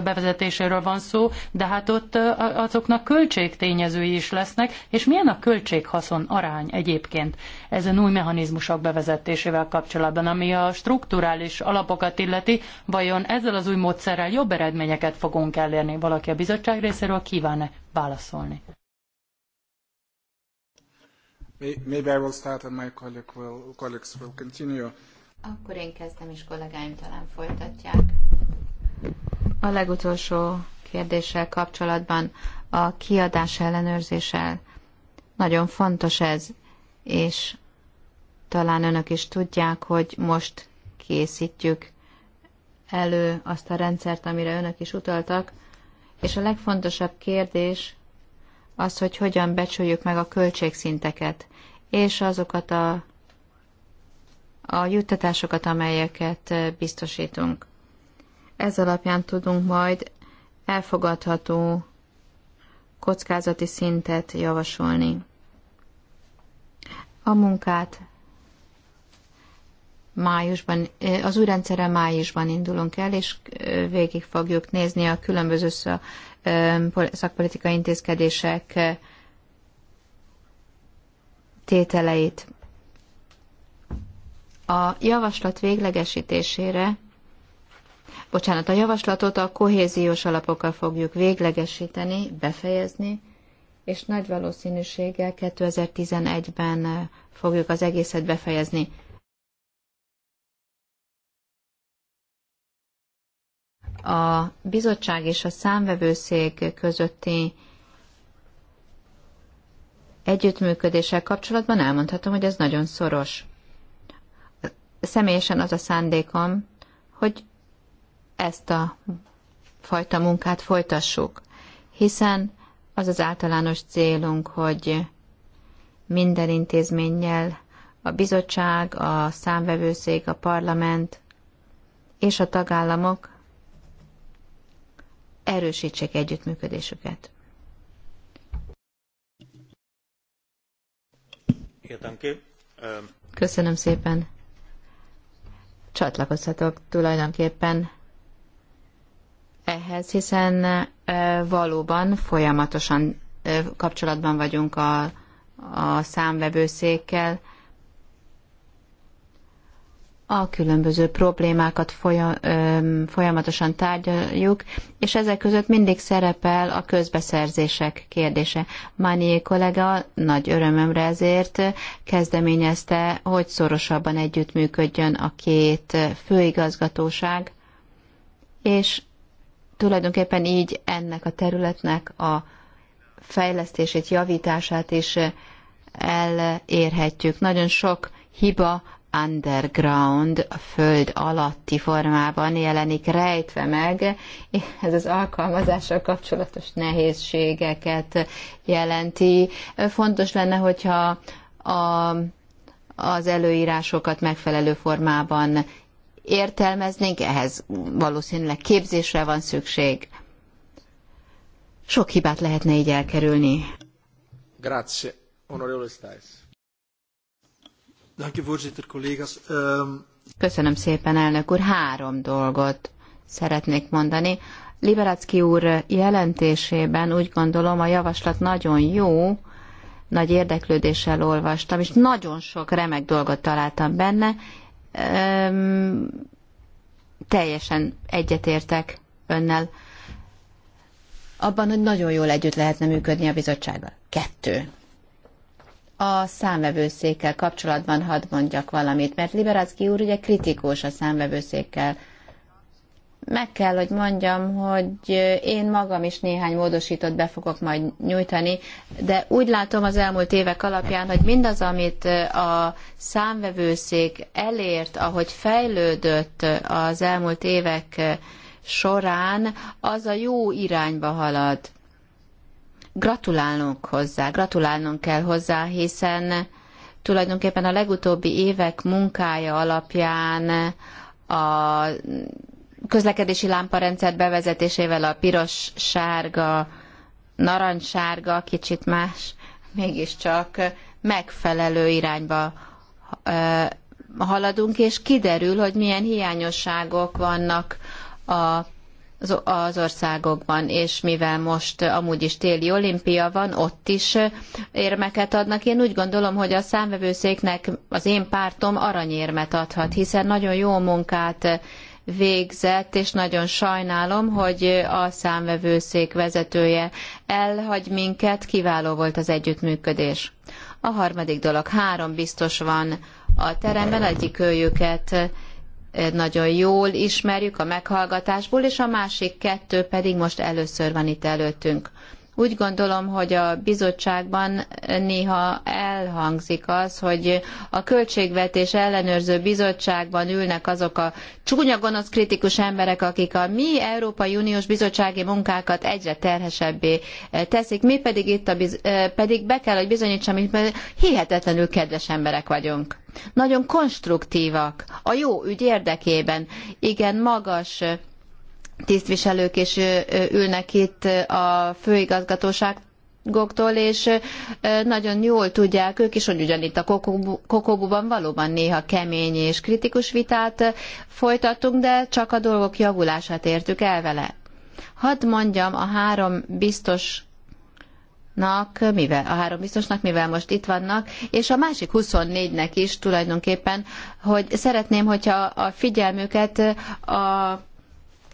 bevezetéséről van szó, de hát ott azoknak költségtényezői is lesznek, és milyen a költséghaszon arány egyébként ezen új mechanizmusok bevezetésével kapcsolatban, ami a strukturális alapokat illeti, vajon ezzel az új módszerrel jobb eredményeket fogunk elérni? Valaki a bizottság részéről kíván-e válaszolni? Maybe I will start and my colleague will, colleagues will continue. Akkor én kezdem, és kollégáim talán folytatják. A legutolsó kérdéssel kapcsolatban a kiadás ellenőrzéssel nagyon fontos ez, és talán önök is tudják, hogy most készítjük elő azt a rendszert, amire önök is utaltak, és a legfontosabb kérdés az, hogy hogyan becsüljük meg a költségszinteket és azokat a, a juttatásokat, amelyeket biztosítunk. Ez alapján tudunk majd elfogadható kockázati szintet javasolni. A munkát májusban, az új rendszerre májusban indulunk el, és végig fogjuk nézni a különböző szakpolitikai intézkedések tételeit. A javaslat véglegesítésére, bocsánat, a javaslatot a kohéziós alapokkal fogjuk véglegesíteni, befejezni, és nagy valószínűséggel 2011-ben eh, fogjuk az egészet befejezni. A bizottság és a számvevőszék közötti együttműködéssel kapcsolatban elmondhatom, hogy ez nagyon szoros. Személyesen az a szándékom, hogy ezt a fajta munkát folytassuk, hiszen az az általános célunk, hogy minden intézménnyel, a bizottság, a számvevőszék, a parlament és a tagállamok erősítsék együttműködésüket. Köszönöm szépen. Csatlakozhatok tulajdonképpen ehhez, hiszen valóban folyamatosan kapcsolatban vagyunk a, a számvevőszékkel, a különböző problémákat folyamatosan tárgyaljuk, és ezek között mindig szerepel a közbeszerzések kérdése. Manié kollega nagy örömömre ezért kezdeményezte, hogy szorosabban együttműködjön a két főigazgatóság, és tulajdonképpen így ennek a területnek a fejlesztését, javítását is elérhetjük. Nagyon sok hiba underground, a föld alatti formában jelenik rejtve meg. Ez az alkalmazással kapcsolatos nehézségeket jelenti. Fontos lenne, hogyha a, az előírásokat megfelelő formában értelmeznénk, ehhez valószínűleg képzésre van szükség. Sok hibát lehetne így elkerülni. Grazie, onorevole Stiles. Ehm, Köszönöm szépen, elnök úr. Három dolgot szeretnék mondani. Liberacki úr jelentésében úgy gondolom a javaslat nagyon jó, nagy érdeklődéssel olvastam, és nagyon sok remek dolgot találtam benne. Üm, ehm, teljesen egyetértek önnel abban, hogy nagyon jól együtt lehetne működni a bizottsággal. Kettő a számvevőszékkel kapcsolatban hadd mondjak valamit, mert Liberácki úr ugye kritikus a számvevőszékkel. Meg kell, hogy mondjam, hogy én magam is néhány módosítót be fogok majd nyújtani, de úgy látom az elmúlt évek alapján, hogy mindaz, amit a számvevőszék elért, ahogy fejlődött az elmúlt évek során, az a jó irányba halad Gratulálnunk hozzá, gratulálnunk kell hozzá, hiszen tulajdonképpen a legutóbbi évek munkája alapján a közlekedési lámparendszer bevezetésével a piros, sárga, narancssárga, kicsit más, mégiscsak megfelelő irányba haladunk, és kiderül, hogy milyen hiányosságok vannak a az országokban, és mivel most amúgy is téli olimpia van, ott is érmeket adnak. Én úgy gondolom, hogy a számvevőszéknek az én pártom aranyérmet adhat, hiszen nagyon jó munkát végzett, és nagyon sajnálom, hogy a számvevőszék vezetője elhagy minket, kiváló volt az együttműködés. A harmadik dolog, három biztos van a teremben, egyik őjüket Eh, nagyon jól ismerjük a meghallgatásból, és a másik kettő pedig most először van itt előttünk. Úgy gondolom, hogy a bizottságban néha elhangzik az, hogy a költségvetés ellenőrző bizottságban ülnek azok a csúnya gonosz kritikus emberek, akik a mi Európai Uniós bizottsági munkákat egyre terhesebbé teszik. Mi pedig itt a biz- eh, pedig be kell, hogy bizonyítsam, hogy hihetetlenül kedves emberek vagyunk. Nagyon konstruktívak, a jó ügy érdekében, igen magas tisztviselők is ülnek itt a főigazgatóság goktól, és nagyon jól tudják ők is, hogy ugyanitt a kokóbuban valóban néha kemény és kritikus vitát folytattunk, de csak a dolgok javulását értük el vele. Hadd mondjam a három biztosnak, mivel, a három biztosnak, mivel most itt vannak, és a másik 24-nek is tulajdonképpen, hogy szeretném, hogyha a figyelmüket a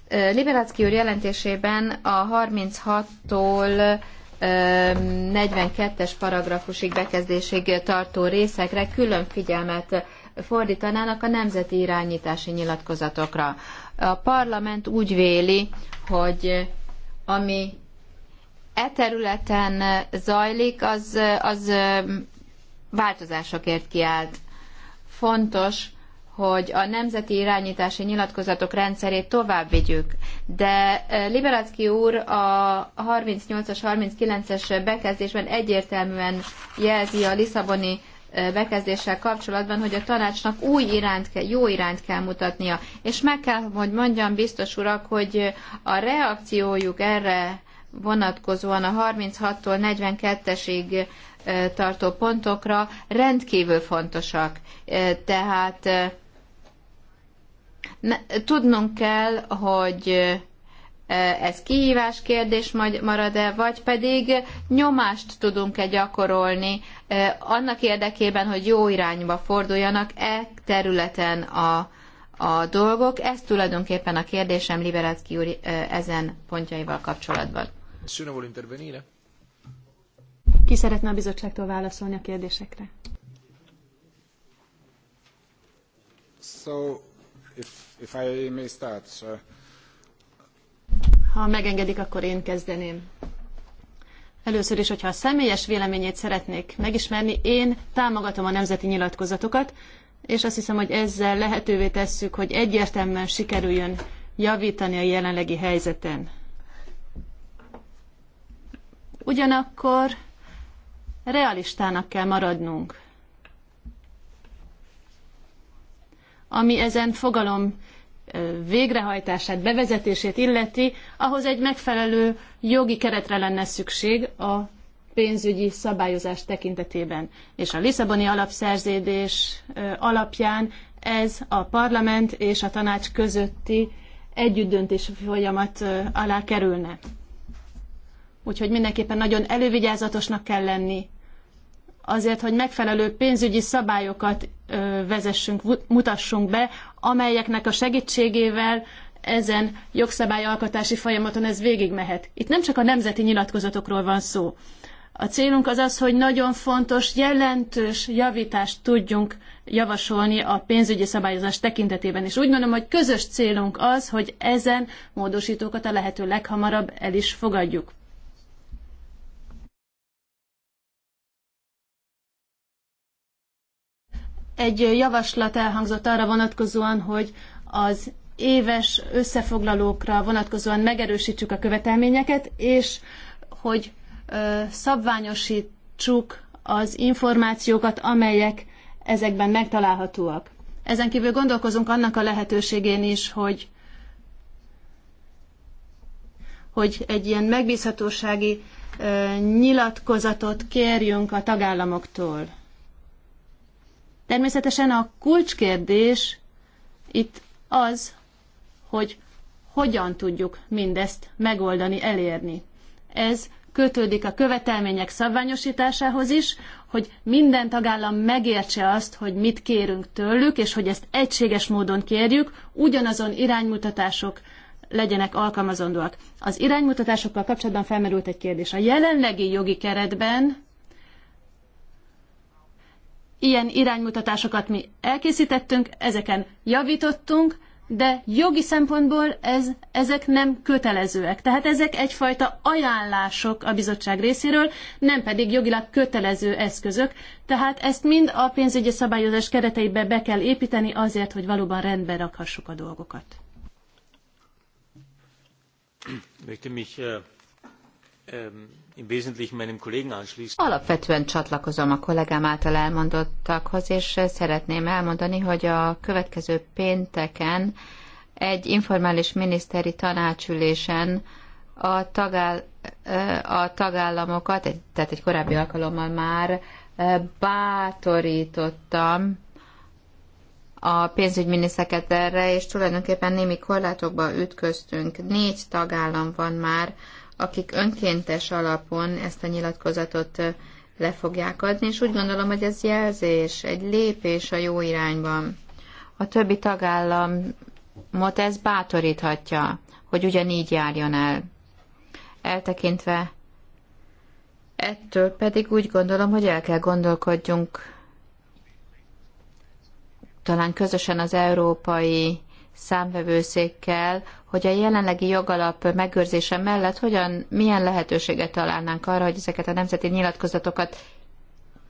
Liberácki úr jelentésében a 36-tól 42-es paragrafusig bekezdésig tartó részekre külön figyelmet fordítanának a nemzeti irányítási nyilatkozatokra. A parlament úgy véli, hogy ami e területen zajlik, az, az változásokért kiállt. Fontos, hogy a nemzeti irányítási nyilatkozatok rendszerét tovább vigyük. De e, Liberacki úr a 38-as, 39-es bekezdésben egyértelműen jelzi a Lisszaboni e, bekezdéssel kapcsolatban, hogy a tanácsnak új iránt, jó iránt kell mutatnia. És meg kell, hogy mondjam biztos urak, hogy a reakciójuk erre vonatkozóan a 36-tól 42-esig e, tartó pontokra rendkívül fontosak. Tehát Tudnunk kell, hogy ez kihívás kérdés marad-e, vagy pedig nyomást tudunk-e gyakorolni annak érdekében, hogy jó irányba forduljanak e területen a, a dolgok. Ez tulajdonképpen a kérdésem Liberecki úr ezen pontjaival kapcsolatban. Ki szeretne a bizottságtól válaszolni a kérdésekre? So, if ha megengedik, akkor én kezdeném. Először is, hogyha a személyes véleményét szeretnék megismerni, én támogatom a nemzeti nyilatkozatokat, és azt hiszem, hogy ezzel lehetővé tesszük, hogy egyértelműen sikerüljön javítani a jelenlegi helyzeten. Ugyanakkor realistának kell maradnunk. Ami ezen fogalom végrehajtását, bevezetését illeti, ahhoz egy megfelelő jogi keretre lenne szükség a pénzügyi szabályozás tekintetében. És a Lisszaboni alapszerződés alapján ez a parlament és a tanács közötti együttdöntés folyamat alá kerülne. Úgyhogy mindenképpen nagyon elővigyázatosnak kell lenni azért, hogy megfelelő pénzügyi szabályokat vezessünk, mutassunk be, amelyeknek a segítségével ezen jogszabályalkotási folyamaton ez végigmehet. Itt nem csak a nemzeti nyilatkozatokról van szó. A célunk az az, hogy nagyon fontos, jelentős javítást tudjunk javasolni a pénzügyi szabályozás tekintetében. És úgy gondolom, hogy közös célunk az, hogy ezen módosítókat a lehető leghamarabb el is fogadjuk. Egy javaslat elhangzott arra vonatkozóan, hogy az éves összefoglalókra vonatkozóan megerősítsük a követelményeket, és hogy ö, szabványosítsuk az információkat, amelyek ezekben megtalálhatóak. Ezen kívül gondolkozunk annak a lehetőségén is, hogy hogy egy ilyen megbízhatósági ö, nyilatkozatot kérjünk a tagállamoktól. Természetesen a kulcskérdés itt az, hogy hogyan tudjuk mindezt megoldani, elérni. Ez kötődik a követelmények szabványosításához is, hogy minden tagállam megértse azt, hogy mit kérünk tőlük, és hogy ezt egységes módon kérjük, ugyanazon iránymutatások legyenek alkalmazandóak. Az iránymutatásokkal kapcsolatban felmerült egy kérdés. A jelenlegi jogi keretben Ilyen iránymutatásokat mi elkészítettünk, ezeken javítottunk, de jogi szempontból ez, ezek nem kötelezőek. Tehát ezek egyfajta ajánlások a bizottság részéről, nem pedig jogilag kötelező eszközök. Tehát ezt mind a pénzügyi szabályozás kereteibe be kell építeni azért, hogy valóban rendbe rakhassuk a dolgokat. Möchte mich, äh, ähm, Alapvetően csatlakozom a kollégám által elmondottakhoz, és szeretném elmondani, hogy a következő pénteken egy informális miniszteri tanácsülésen a, tagáll, a tagállamokat, tehát egy korábbi alkalommal már bátorítottam a pénzügyminisztereket erre, és tulajdonképpen némi korlátokba ütköztünk. Négy tagállam van már, akik önkéntes alapon ezt a nyilatkozatot le fogják adni, és úgy gondolom, hogy ez jelzés, egy lépés a jó irányban. A többi tagállamot ez bátoríthatja, hogy ugyanígy járjon el. Eltekintve ettől pedig úgy gondolom, hogy el kell gondolkodjunk talán közösen az európai számvevőszékkel, hogy a jelenlegi jogalap megőrzése mellett hogyan, milyen lehetőséget találnánk arra, hogy ezeket a nemzeti nyilatkozatokat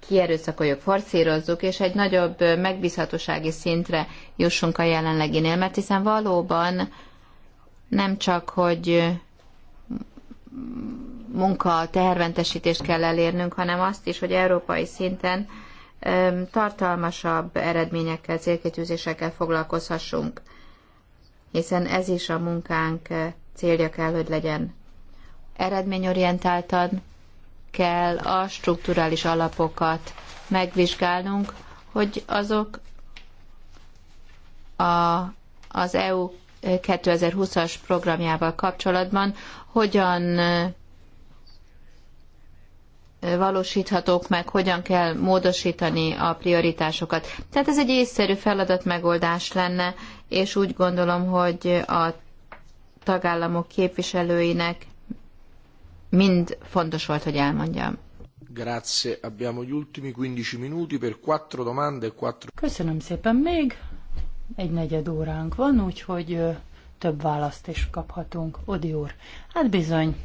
kierőszakoljuk, forszírozzuk, és egy nagyobb megbízhatósági szintre jussunk a jelenleginél, mert hiszen valóban nem csak, hogy munka tehermentesítést kell elérnünk, hanem azt is, hogy európai szinten tartalmasabb eredményekkel, célkitűzésekkel foglalkozhassunk hiszen ez is a munkánk eh, célja kell, hogy legyen. Eredményorientáltan kell a strukturális alapokat megvizsgálnunk, hogy azok a, az EU 2020-as programjával kapcsolatban hogyan eh, valósíthatók meg, hogyan kell módosítani a prioritásokat. Tehát ez egy észszerű feladatmegoldás lenne, és úgy gondolom, hogy a tagállamok képviselőinek mind fontos volt, hogy elmondjam. Grazie, abbiamo gli ultimi 15 minuti per quattro domande e quattro. Köszönöm szépen, még egy negyed óránk van, úgyhogy több választ is kaphatunk. Odi úr, hát bizony,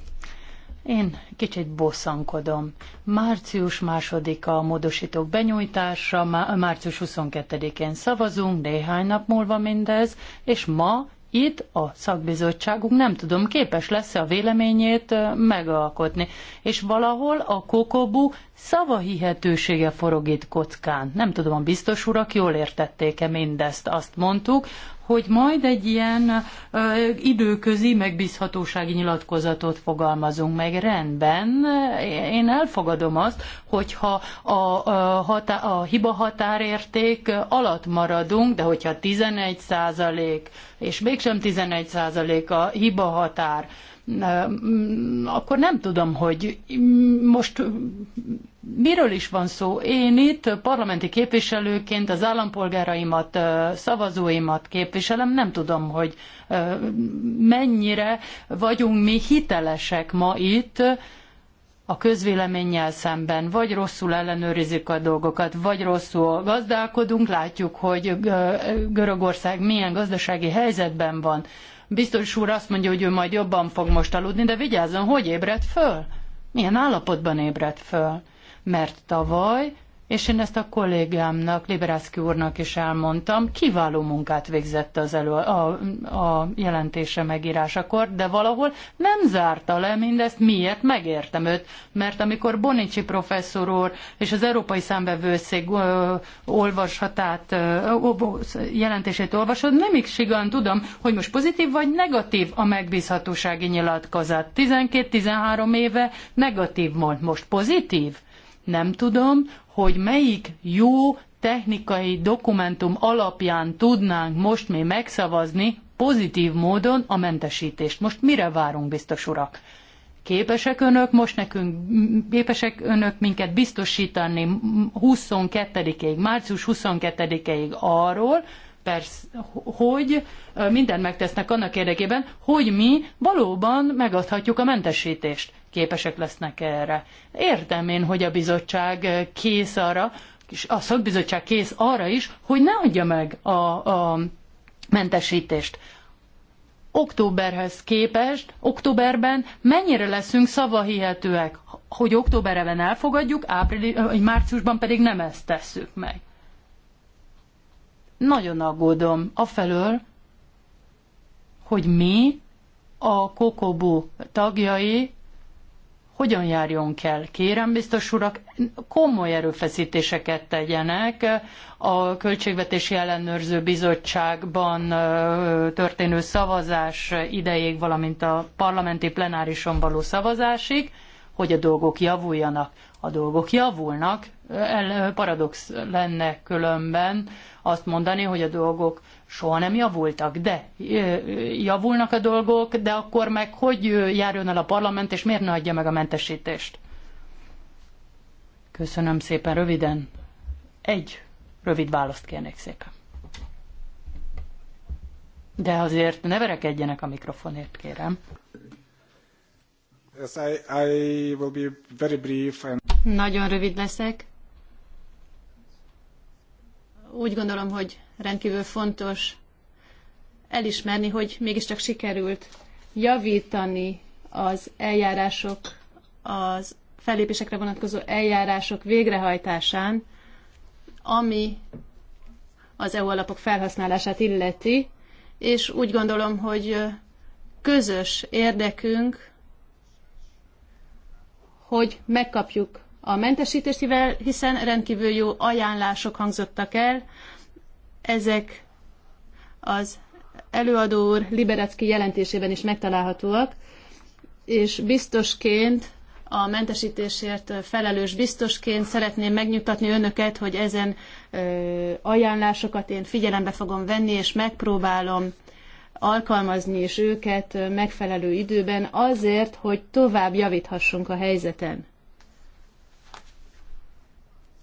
én kicsit bosszankodom. Március második a módosítók benyújtása, március 22-én szavazunk, néhány nap múlva mindez, és ma itt a szakbizottságunk nem tudom, képes lesz-e a véleményét megalkotni. És valahol a kokobu szavahihetősége forog itt kockán. Nem tudom, a biztos urak jól értették-e mindezt. Azt mondtuk, hogy majd egy ilyen ö, időközi megbízhatósági nyilatkozatot fogalmazunk meg. Rendben, én elfogadom azt, hogyha a, a, hatá, a hiba határérték alatt maradunk, de hogyha 11 százalék, és mégsem 11 százalék a hiba határ, Mm, akkor nem tudom, hogy most miről is van szó. Én itt parlamenti képviselőként az állampolgáraimat, szavazóimat képviselem, nem tudom, hogy mennyire vagyunk mi hitelesek ma itt, a közvéleménnyel szemben, vagy rosszul ellenőrizik a dolgokat, vagy rosszul gazdálkodunk, látjuk, hogy Görögország milyen gazdasági helyzetben van. Biztos úr azt mondja, hogy ő majd jobban fog most aludni, de vigyázzon, hogy ébred föl? Milyen állapotban ébred föl? Mert tavaly és én ezt a kollégámnak, Liberászki úrnak is elmondtam, kiváló munkát végzett az elő a, a jelentése megírásakor, de valahol nem zárta le mindezt, miért megértem őt, mert amikor Bonicsi professzor úr és az Európai Számbevőszék olvashatát, ö, ö, jelentését olvasod, nem igazán tudom, hogy most pozitív vagy negatív a megbízhatósági nyilatkozat. 12-13 éve negatív volt, most pozitív? Nem tudom, hogy melyik jó technikai dokumentum alapján tudnánk most még megszavazni pozitív módon a mentesítést. Most mire várunk, biztos urak? Képesek önök most nekünk, képesek önök minket biztosítani 22-ig, március 22-ig arról, persze, hogy mindent megtesznek annak érdekében, hogy mi valóban megadhatjuk a mentesítést képesek lesznek erre. Értem én, hogy a bizottság kész arra, és a szakbizottság kész arra is, hogy ne adja meg a, a mentesítést. Októberhez képest, októberben mennyire leszünk szavahihetőek, hogy októberben elfogadjuk, április, márciusban pedig nem ezt tesszük meg. Nagyon aggódom afelől, hogy mi, a kokobó tagjai hogyan járjon kell. Kérem biztos urak, komoly erőfeszítéseket tegyenek a Költségvetési Ellenőrző Bizottságban történő szavazás idejéig, valamint a parlamenti plenárison való szavazásig, hogy a dolgok javuljanak. A dolgok javulnak, paradox lenne különben azt mondani, hogy a dolgok soha nem javultak, de javulnak a dolgok, de akkor meg hogy járjon el a parlament, és miért ne adja meg a mentesítést? Köszönöm szépen, röviden. Egy rövid választ kérnék szépen. De azért ne verekedjenek a mikrofonért, kérem. Yes, I, I will be very brief and... Nagyon rövid leszek. Úgy gondolom, hogy rendkívül fontos elismerni, hogy mégiscsak sikerült javítani az eljárások, az fellépésekre vonatkozó eljárások végrehajtásán, ami az EU alapok felhasználását illeti, és úgy gondolom, hogy közös érdekünk, hogy megkapjuk a mentesítést, hiszen rendkívül jó ajánlások hangzottak el ezek az előadó úr Liberecki jelentésében is megtalálhatóak, és biztosként a mentesítésért felelős biztosként szeretném megnyugtatni önöket, hogy ezen ajánlásokat én figyelembe fogom venni, és megpróbálom alkalmazni és őket megfelelő időben azért, hogy tovább javíthassunk a helyzeten,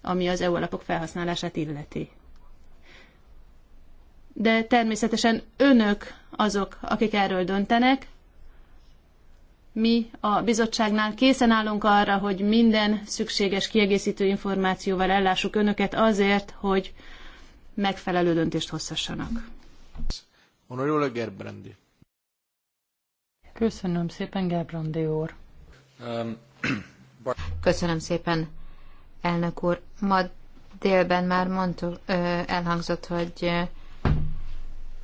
ami az EU alapok felhasználását illeti de természetesen önök azok, akik erről döntenek. Mi a bizottságnál készen állunk arra, hogy minden szükséges kiegészítő információval ellássuk önöket azért, hogy megfelelő döntést hozhassanak. Honorable Gerbrandi. Köszönöm szépen, Gerbrandi úr. Um, Köszönöm szépen, elnök úr. Ma délben már mondtuk, elhangzott, hogy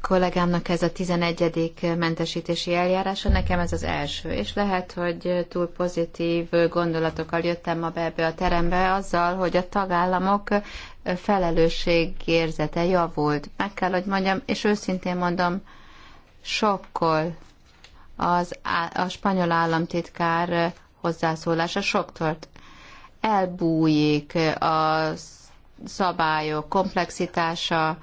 kollégámnak ez a 11. mentesítési eljárása, nekem ez az első, és lehet, hogy túl pozitív gondolatokkal jöttem ma be ebbe a terembe azzal, hogy a tagállamok felelősségérzete javult. Meg kell, hogy mondjam, és őszintén mondom, sokkol az, a spanyol államtitkár hozzászólása, soktolt elbújik a szabályok komplexitása,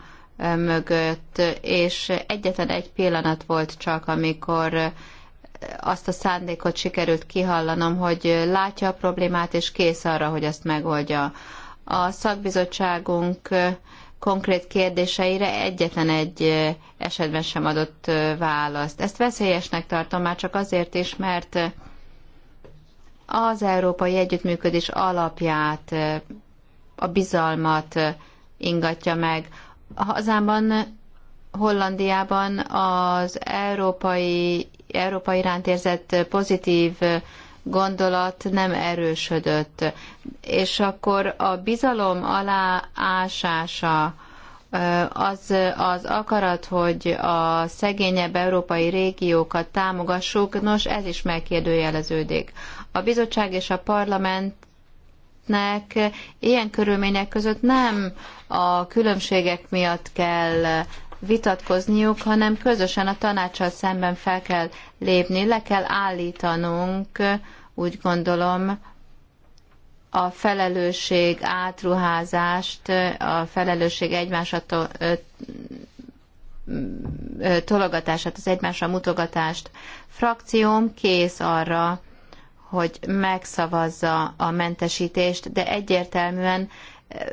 mögött, és egyetlen egy pillanat volt csak, amikor azt a szándékot sikerült kihallanom, hogy látja a problémát, és kész arra, hogy azt megoldja. A szakbizottságunk konkrét kérdéseire egyetlen egy esetben sem adott választ. Ezt veszélyesnek tartom már csak azért is, mert az európai együttműködés alapját, a bizalmat ingatja meg. Hazámban, Hollandiában az európai, európai iránt érzett pozitív gondolat nem erősödött. És akkor a bizalom ásása az, az akarat, hogy a szegényebb európai régiókat támogassuk, nos, ez is megkérdőjeleződik. A bizottság és a parlament embereknek ilyen körülmények között nem a különbségek miatt kell vitatkozniuk, hanem közösen a tanácssal szemben fel kell lépni, le kell állítanunk, úgy gondolom, a felelősség átruházást, a felelősség egymásra tologatását, az egymásra mutogatást. Frakcióm kész arra, hogy megszavazza a mentesítést, de egyértelműen eh,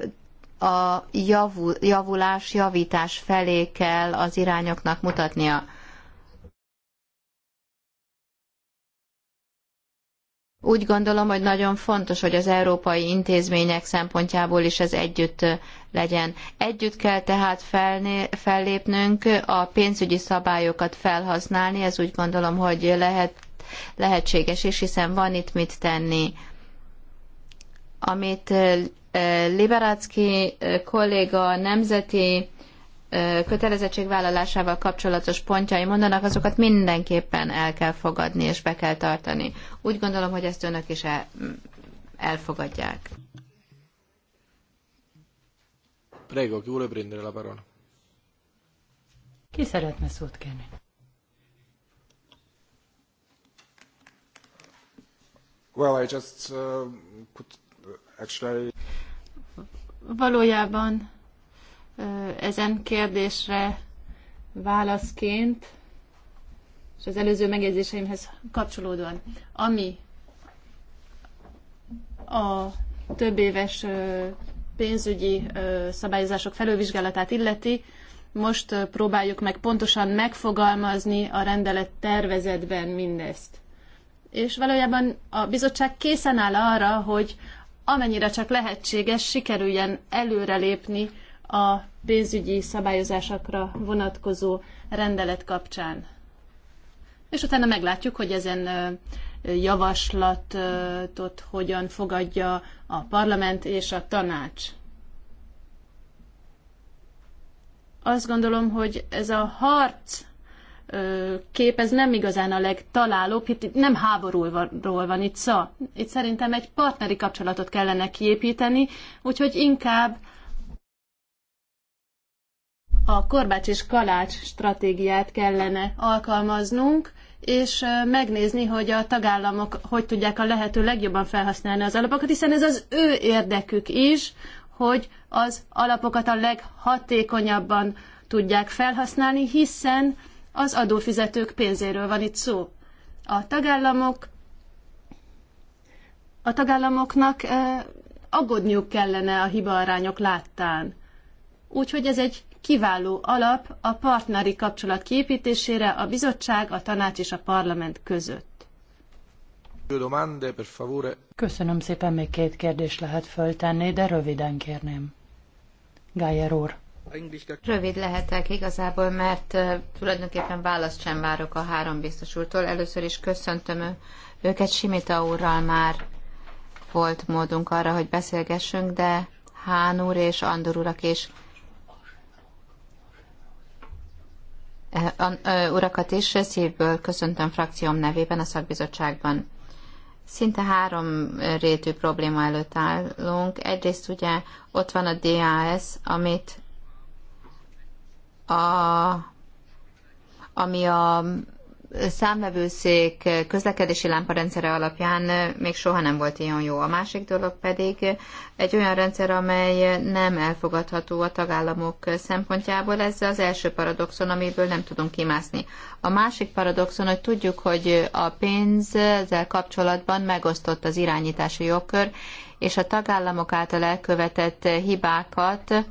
a javul, javulás, javítás felé kell az irányoknak mutatnia. Úgy gondolom, hogy nagyon fontos, hogy az európai intézmények szempontjából is ez együtt eh, legyen. Együtt kell tehát felné, fellépnünk, a pénzügyi szabályokat felhasználni, ez úgy gondolom, hogy lehet lehetséges is, hiszen van itt mit tenni. Amit Liberácki kolléga nemzeti kötelezettségvállalásával kapcsolatos pontjai mondanak, azokat mindenképpen el kell fogadni és be kell tartani. Úgy gondolom, hogy ezt önök is el, elfogadják. Prego, chi vuole prendere la parola? Ki szeretne szót kérni? Well, I just uh, could actually... Valójában ezen kérdésre válaszként, és az előző megjegyzéseimhez kapcsolódóan, ami a több éves pénzügyi szabályozások felővizsgálatát illeti, most próbáljuk meg pontosan megfogalmazni a rendelet tervezetben mindezt és valójában a bizottság készen áll arra, hogy amennyire csak lehetséges, sikerüljen előrelépni a pénzügyi szabályozásokra vonatkozó rendelet kapcsán. És utána meglátjuk, hogy ezen javaslatot hogyan fogadja a parlament és a tanács. Azt gondolom, hogy ez a harc kép, ez nem igazán a legtalálóbb, itt nem háborúról van itt szó. Itt szerintem egy partneri kapcsolatot kellene kiépíteni, úgyhogy inkább a korbács és kalács stratégiát kellene alkalmaznunk, és megnézni, hogy a tagállamok hogy tudják a lehető legjobban felhasználni az alapokat, hiszen ez az ő érdekük is, hogy az alapokat a leghatékonyabban tudják felhasználni, hiszen az adófizetők pénzéről van itt szó. A tagállamok a tagállamoknak eh, aggódniuk kellene a hibaarányok láttán. Úgyhogy ez egy kiváló alap a partneri kapcsolat kiépítésére a bizottság, a tanács és a parlament között. Köszönöm szépen, még két kérdést lehet föltenni, de röviden kérném. Gájer úr. Rövid lehetek igazából, mert tulajdonképpen választ sem várok a három biztos úrtól. Először is köszöntöm őket, Simita úrral már volt módunk arra, hogy beszélgessünk, de Hán úr és Andor urak is urakat is szívből köszöntöm frakcióm nevében a szakbizottságban. Szinte három rétű probléma előtt állunk. Egyrészt ugye ott van a DAS, amit a, ami a számvevőszék közlekedési lámparendszere alapján még soha nem volt ilyen jó. A másik dolog pedig egy olyan rendszer, amely nem elfogadható a tagállamok szempontjából. Ez az első paradoxon, amiből nem tudunk kimászni. A másik paradoxon, hogy tudjuk, hogy a pénzzel kapcsolatban megosztott az irányítási jogkör, és a tagállamok által elkövetett hibákat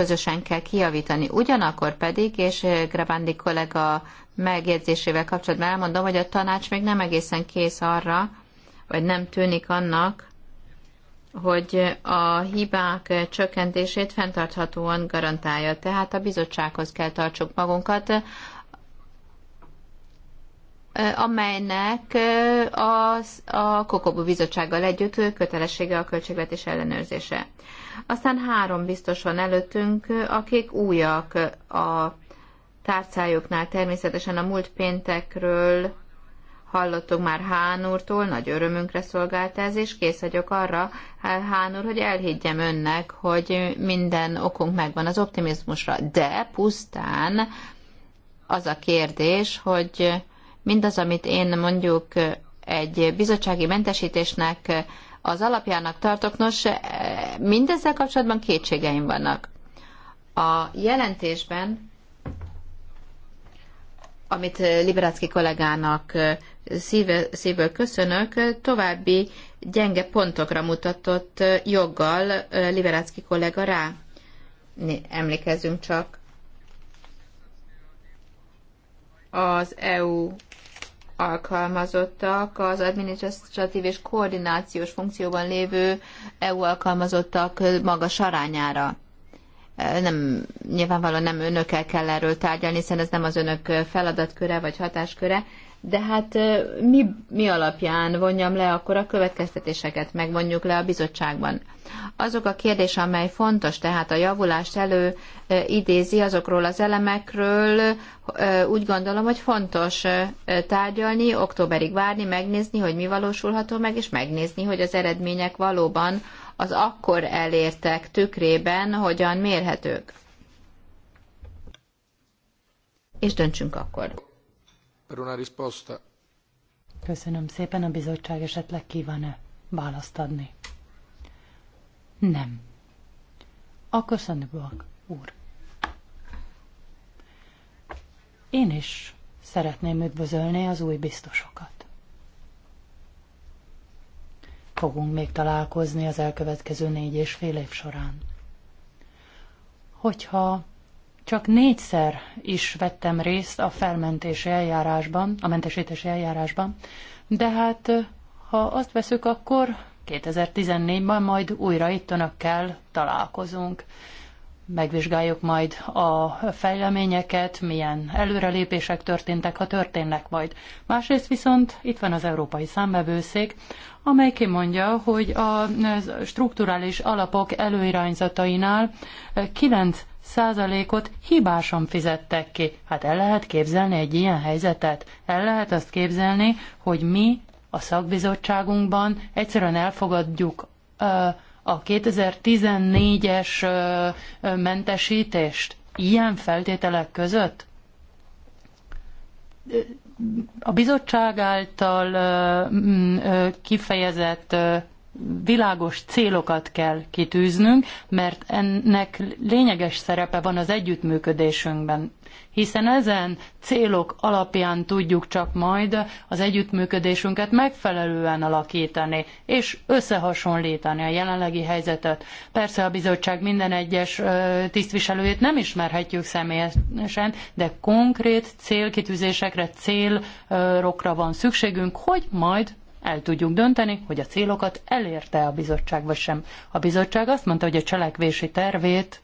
közösen kell kiavítani. Ugyanakkor pedig, és Grabandi kollega megjegyzésével kapcsolatban elmondom, hogy a tanács még nem egészen kész arra, vagy nem tűnik annak, hogy a hibák csökkentését fenntarthatóan garantálja. Tehát a bizottsághoz kell tartsuk magunkat, amelynek az, a Kokobu Bizottsággal együtt kötelessége a költségvetés ellenőrzése. Aztán három biztos van előttünk, akik újak a tárcájuknál. Természetesen a múlt péntekről hallottuk már Hán úrtól, nagy örömünkre szolgált ez, és kész vagyok arra, eh, Hán úr, hogy elhiggyem önnek, hogy minden okunk megvan az optimizmusra. De pusztán az a kérdés, hogy mindaz, amit én mondjuk egy bizottsági mentesítésnek az alapjának tartok. Nos, e, mindezzel kapcsolatban kétségeim vannak. A jelentésben, amit e, Liberácki kollégának e, szíve, szívből köszönök, további gyenge pontokra mutatott joggal Liberácki kollega rá. Emlékezzünk csak az EU alkalmazottak, az adminisztratív és koordinációs funkcióban lévő EU alkalmazottak magas arányára. E, nem, nyilvánvalóan nem önökkel kell erről tárgyalni, hiszen ez nem az önök feladatköre vagy hatásköre, de hát mi, mi alapján vonjam le akkor a következtetéseket, megvonjuk le a bizottságban. Azok a kérdés, amely fontos, tehát a javulást elő idézi azokról az elemekről, úgy gondolom, hogy fontos tárgyalni, októberig várni, megnézni, hogy mi valósulható meg, és megnézni, hogy az eredmények valóban az akkor elértek tükrében hogyan mérhetők. És döntsünk akkor. Köszönöm szépen, a bizottság esetleg kíván-e választ adni? Nem. Akkor Szandibak úr. Én is szeretném üdvözölni az új biztosokat. Fogunk még találkozni az elkövetkező négy és fél év során. Hogyha csak négyszer is vettem részt a felmentési eljárásban, a mentesítési eljárásban, de hát ha azt veszük, akkor 2014-ben majd újra itt önökkel találkozunk. Megvizsgáljuk majd a fejleményeket, milyen előrelépések történtek, ha történnek majd. Másrészt viszont itt van az Európai Számbevőszék, amely kimondja, hogy a strukturális alapok előirányzatainál 9 százalékot hibásan fizettek ki. Hát el lehet képzelni egy ilyen helyzetet? El lehet azt képzelni, hogy mi a szakbizottságunkban egyszerűen elfogadjuk a 2014-es mentesítést ilyen feltételek között? A bizottság által kifejezett világos célokat kell kitűznünk, mert ennek lényeges szerepe van az együttműködésünkben. Hiszen ezen célok alapján tudjuk csak majd az együttműködésünket megfelelően alakítani, és összehasonlítani a jelenlegi helyzetet. Persze a bizottság minden egyes tisztviselőjét nem ismerhetjük személyesen, de konkrét célkitűzésekre, célrokra van szükségünk, hogy majd el tudjuk dönteni, hogy a célokat elérte a bizottság, vagy sem. A bizottság azt mondta, hogy a cselekvési tervét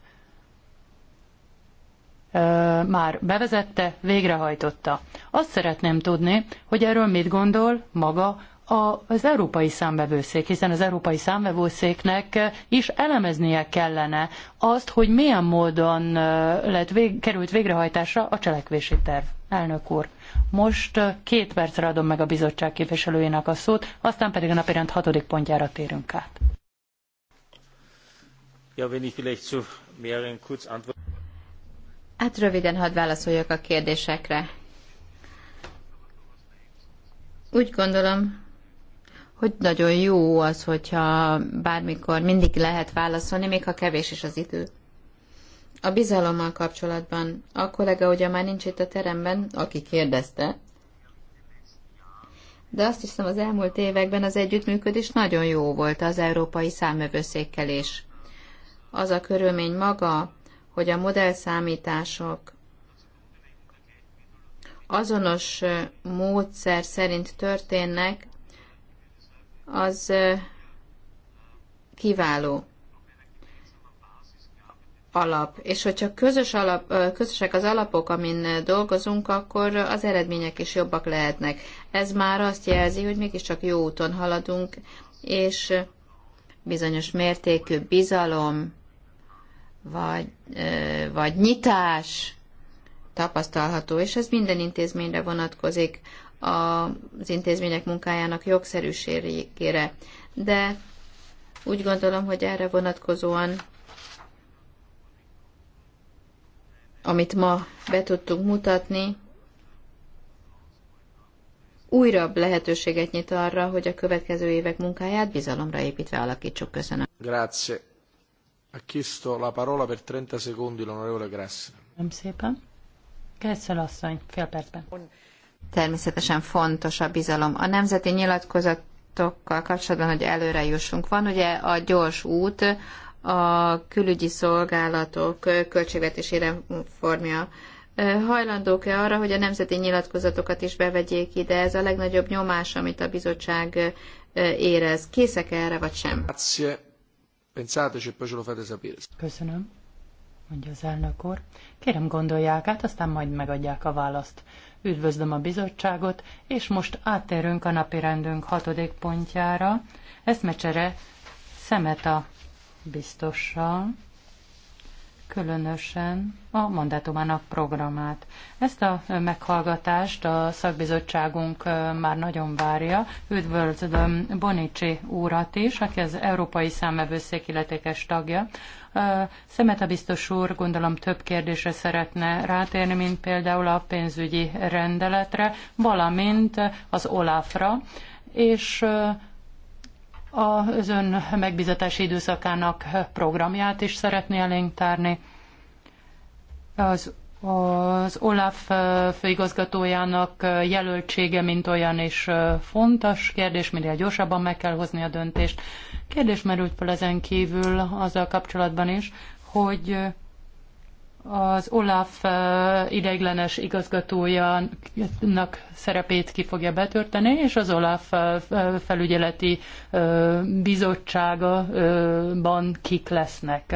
ö, már bevezette, végrehajtotta. Azt szeretném tudni, hogy erről mit gondol maga az Európai Számvevőszék, hiszen az Európai Számvevőszéknek is elemeznie kellene azt, hogy milyen módon lett vég, került végrehajtásra a cselekvési terv. Elnök úr, most két percre adom meg a bizottság képviselőjének a szót, aztán pedig a napirend hatodik pontjára térünk át. Ja, wenn ich vielleicht zu mehreren kurz antworten. Hát röviden hadd válaszoljak a kérdésekre. Úgy gondolom, hogy nagyon jó az, hogyha bármikor mindig lehet válaszolni, még ha kevés is az idő. A bizalommal kapcsolatban. A kollega ugye már nincs itt a teremben, aki kérdezte, de azt hiszem az elmúlt években az együttműködés nagyon jó volt az európai számövőszékkel is. Az a körülmény maga, hogy a modellszámítások azonos módszer szerint történnek, az kiváló alap. És hogyha közös alap, közösek az alapok, amin dolgozunk, akkor az eredmények is jobbak lehetnek. Ez már azt jelzi, hogy mégiscsak jó úton haladunk, és bizonyos mértékű bizalom, vagy, vagy nyitás tapasztalható, és ez minden intézményre vonatkozik az intézmények munkájának jogszerűségére. De úgy gondolom, hogy erre vonatkozóan amit ma be tudtunk mutatni, újra lehetőséget nyit arra, hogy a következő évek munkáját bizalomra építve alakítsuk. Köszönöm. Grazie. Ha chiesto la parola per 30 secondi l'onorevole Grassi. Nem szépen. Gresszel asszony, fél percben. Természetesen fontos a bizalom. A nemzeti nyilatkozatokkal kapcsolatban, hogy előre jussunk. Van ugye a gyors út, a külügyi szolgálatok költségvetési reformja. Hajlandók-e arra, hogy a nemzeti nyilatkozatokat is bevegyék ide? Ez a legnagyobb nyomás, amit a bizottság érez. Készek -e erre, vagy sem? Köszönöm, mondja az elnök úr. Kérem gondolják át, aztán majd megadják a választ. Üdvözlöm a bizottságot, és most áttérünk a napirendünk hatodik pontjára. Eszmecsere Szemeta biztossal, különösen a mandátumának programát. Ezt a meghallgatást a szakbizottságunk már nagyon várja. Üdvözlöm Bonicsi úrat is, aki az Európai Számevőszék illetékes tagja. a biztos úr gondolom több kérdésre szeretne rátérni, mint például a pénzügyi rendeletre, valamint az OLAF-ra, és az ön megbizetési időszakának programját is szeretné elénk tárni. Az, az OLAF főigazgatójának jelöltsége, mint olyan is fontos kérdés, minél gyorsabban meg kell hozni a döntést. Kérdés merült fel ezen kívül azzal kapcsolatban is, hogy az Olaf ideiglenes igazgatójának szerepét ki fogja betörteni, és az Olaf felügyeleti bizottságaban kik lesznek.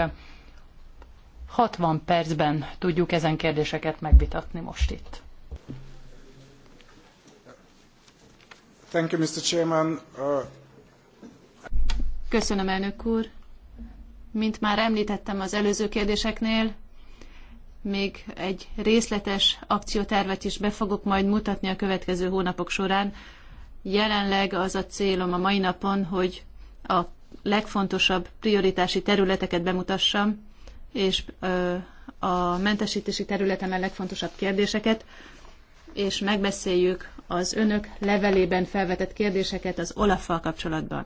60 percben tudjuk ezen kérdéseket megvitatni most itt. Thank you, Mr. Chairman. Uh... Köszönöm, elnök úr. Mint már említettem az előző kérdéseknél, még egy részletes akciótervet is be fogok majd mutatni a következő hónapok során. Jelenleg az a célom a mai napon, hogy a legfontosabb prioritási területeket bemutassam, és a mentesítési területen a legfontosabb kérdéseket, és megbeszéljük az önök levelében felvetett kérdéseket az Olaffal kapcsolatban.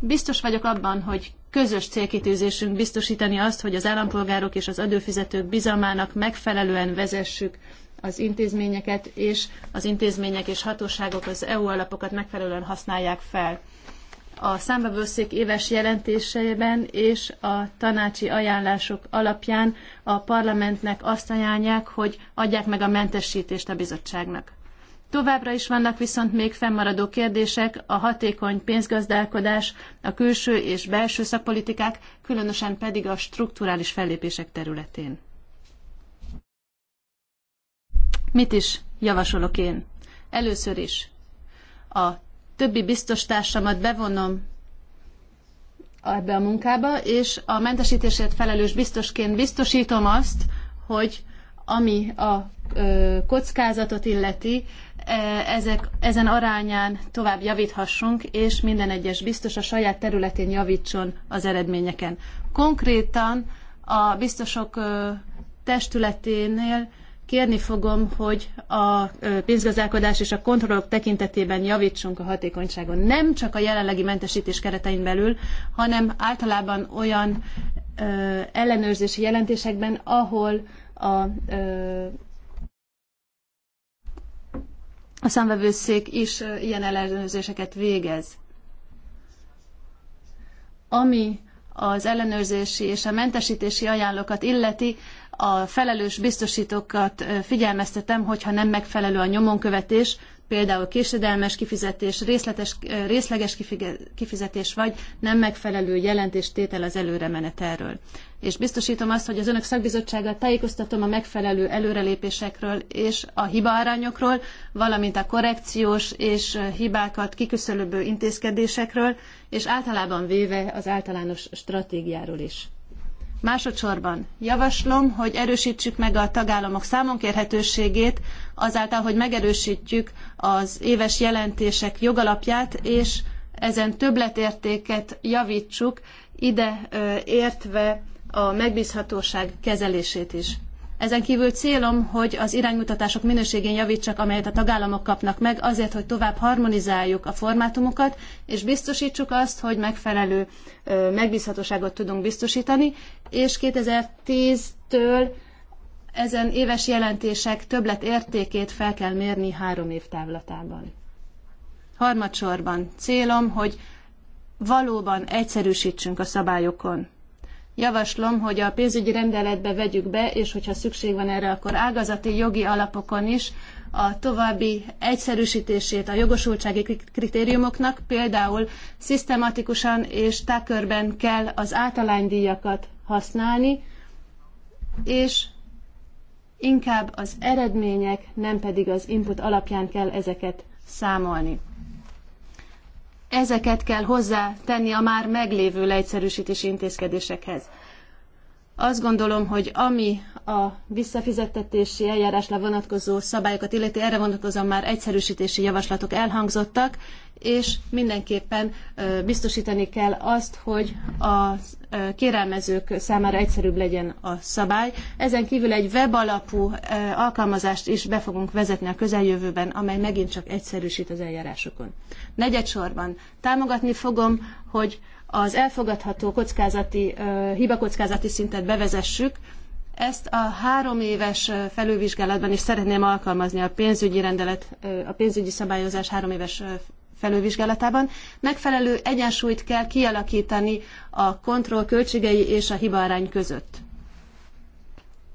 Biztos vagyok abban, hogy közös célkitűzésünk biztosítani azt, hogy az állampolgárok és az adófizetők bizalmának megfelelően vezessük az intézményeket, és az intézmények és hatóságok az EU alapokat megfelelően használják fel. A számbevőszék éves jelentéseiben és a tanácsi ajánlások alapján a parlamentnek azt ajánlják, hogy adják meg a mentesítést a bizottságnak. Továbbra is vannak viszont még fennmaradó kérdések, a hatékony pénzgazdálkodás, a külső és belső szakpolitikák, különösen pedig a strukturális fellépések területén. Mit is javasolok én? Először is a többi biztos társamat bevonom ebbe a munkába, és a mentesítésért felelős biztosként biztosítom azt, hogy ami a kockázatot illeti, E, ezek, ezen arányán tovább javíthassunk, és minden egyes biztos a saját területén javítson az eredményeken. Konkrétan a biztosok testületénél kérni fogom, hogy a pénzgazdálkodás és a kontrollok tekintetében javítsunk a hatékonyságon. Nem csak a jelenlegi mentesítés keretein belül, hanem általában olyan ellenőrzési jelentésekben, ahol a a számvevőszék is ilyen ellenőrzéseket végez. Ami az ellenőrzési és a mentesítési ajánlókat illeti, a felelős biztosítókat figyelmeztetem, hogyha nem megfelelő a nyomonkövetés, például késedelmes kifizetés, részletes, részleges kifizetés vagy nem megfelelő jelentéstétel az előre menetelről és biztosítom azt, hogy az önök szakbizottságát tájékoztatom a megfelelő előrelépésekről és a hibaarányokról, valamint a korrekciós és hibákat kiküszölőbő intézkedésekről, és általában véve az általános stratégiáról is. Másodszorban javaslom, hogy erősítsük meg a tagállamok számonkérhetőségét, azáltal, hogy megerősítjük az éves jelentések jogalapját, és ezen többletértéket javítsuk, ide értve a megbízhatóság kezelését is. Ezen kívül célom, hogy az iránymutatások minőségén javítsak, amelyet a tagállamok kapnak meg, azért, hogy tovább harmonizáljuk a formátumokat, és biztosítsuk azt, hogy megfelelő megbízhatóságot tudunk biztosítani, és 2010-től ezen éves jelentések többlet értékét fel kell mérni három év távlatában. Harmadsorban célom, hogy valóban egyszerűsítsünk a szabályokon Javaslom, hogy a pénzügyi rendeletbe vegyük be, és hogyha szükség van erre, akkor ágazati jogi alapokon is a további egyszerűsítését a jogosultsági kritériumoknak, például szisztematikusan és tákörben kell az általánydíjakat használni, és inkább az eredmények, nem pedig az input alapján kell ezeket számolni. Ezeket kell hozzá tenni a már meglévő leegyszerűsítési intézkedésekhez. Azt gondolom, hogy ami a visszafizettetési eljárásra vonatkozó szabályokat illeti, erre vonatkozóan már egyszerűsítési javaslatok elhangzottak, és mindenképpen biztosítani kell azt, hogy a kérelmezők számára egyszerűbb legyen a szabály. Ezen kívül egy webalapú alkalmazást is be fogunk vezetni a közeljövőben, amely megint csak egyszerűsít az eljárásokon. Negyedsorban támogatni fogom, hogy az elfogadható kockázati, hibakockázati szintet bevezessük, ezt a három éves felülvizsgálatban is szeretném alkalmazni a pénzügyi rendelet, a pénzügyi szabályozás három éves felülvizsgálatában. Megfelelő egyensúlyt kell kialakítani a kontroll költségei és a hibaarány között.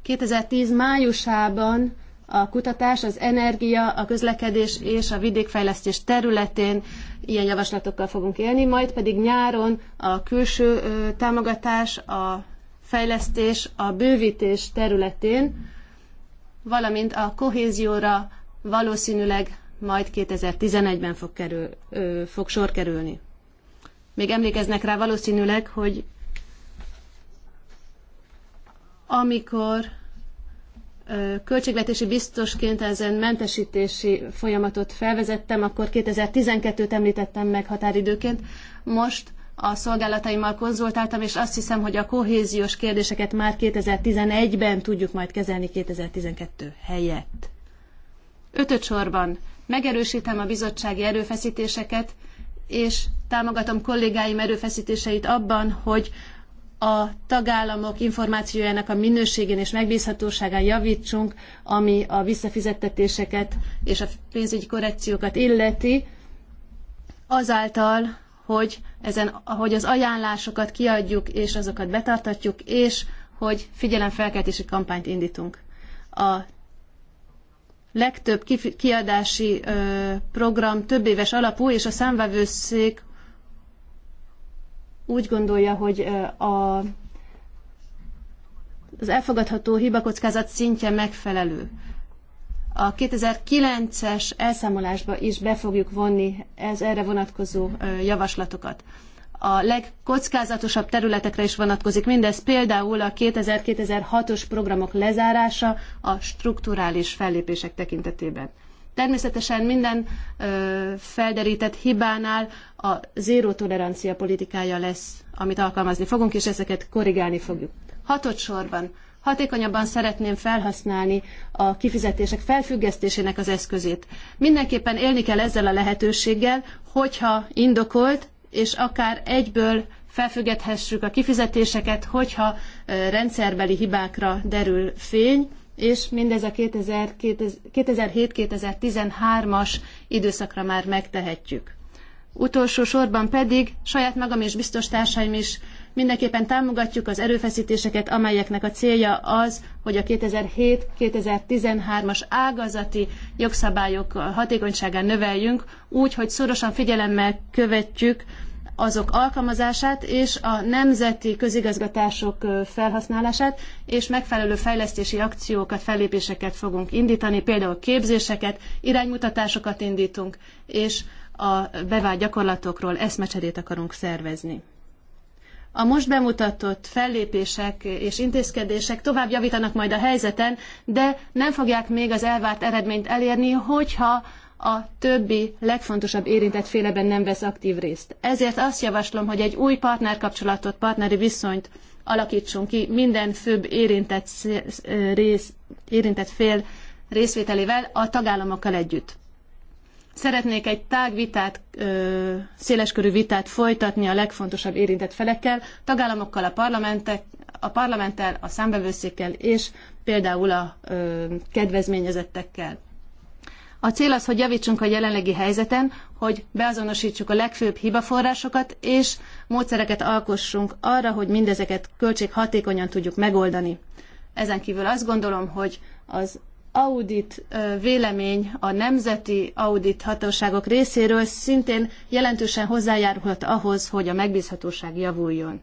2010 májusában a kutatás, az energia, a közlekedés és a vidékfejlesztés területén ilyen javaslatokkal fogunk élni, majd pedig nyáron a külső támogatás, a fejlesztés, a bővítés területén, valamint a kohézióra valószínűleg majd 2011-ben fog, kerül, fog sor kerülni. Még emlékeznek rá valószínűleg, hogy amikor költségvetési biztosként ezen mentesítési folyamatot felvezettem, akkor 2012-t említettem meg határidőként. Most a szolgálataimmal konzultáltam, és azt hiszem, hogy a kohéziós kérdéseket már 2011-ben tudjuk majd kezelni 2012 helyett. Ötöt sorban megerősítem a bizottsági erőfeszítéseket, és támogatom kollégáim erőfeszítéseit abban, hogy a tagállamok információjának a minőségén és megbízhatóságán javítsunk, ami a visszafizettetéseket és a pénzügyi korrekciókat illeti, azáltal, hogy, ezen, hogy az ajánlásokat kiadjuk és azokat betartatjuk, és hogy figyelemfelkeltési kampányt indítunk. A legtöbb kiadási program több éves alapú, és a számvevőszék úgy gondolja, hogy a, az elfogadható hibakockázat szintje megfelelő. A 2009-es elszámolásba is be fogjuk vonni ez erre vonatkozó javaslatokat. A legkockázatosabb területekre is vonatkozik mindez, például a 2000-2006-os programok lezárása a strukturális fellépések tekintetében. Természetesen minden ö, felderített hibánál a zéró tolerancia politikája lesz, amit alkalmazni fogunk, és ezeket korrigálni fogjuk. Hatod sorban hatékonyabban szeretném felhasználni a kifizetések felfüggesztésének az eszközét. Mindenképpen élni kell ezzel a lehetőséggel, hogyha indokolt, és akár egyből felfüggethessük a kifizetéseket, hogyha rendszerbeli hibákra derül fény, és mindez a 2007-2013-as időszakra már megtehetjük. Utolsó sorban pedig saját magam és biztos társaim is mindenképpen támogatjuk az erőfeszítéseket, amelyeknek a célja az, hogy a 2007-2013-as ágazati jogszabályok hatékonyságán növeljünk, úgy, hogy szorosan figyelemmel követjük azok alkalmazását és a nemzeti közigazgatások felhasználását, és megfelelő fejlesztési akciókat, fellépéseket fogunk indítani, például képzéseket, iránymutatásokat indítunk, és a bevált gyakorlatokról eszmecserét akarunk szervezni. A most bemutatott fellépések és intézkedések tovább javítanak majd a helyzeten, de nem fogják még az elvárt eredményt elérni, hogyha a többi legfontosabb érintett féleben nem vesz aktív részt. Ezért azt javaslom, hogy egy új partnerkapcsolatot, partneri viszonyt alakítsunk ki minden főbb érintett, rész, érintett fél részvételével a tagállamokkal együtt. Szeretnék egy tágvitát, széleskörű vitát folytatni a legfontosabb érintett felekkel, tagállamokkal, a, parlamentek, a parlamenttel, a számbevőszékkel és például a kedvezményezettekkel. A cél az, hogy javítsunk a jelenlegi helyzeten, hogy beazonosítsuk a legfőbb hibaforrásokat, és módszereket alkossunk arra, hogy mindezeket költséghatékonyan tudjuk megoldani. Ezen kívül azt gondolom, hogy az audit vélemény a nemzeti audit hatóságok részéről szintén jelentősen hozzájárulhat ahhoz, hogy a megbízhatóság javuljon.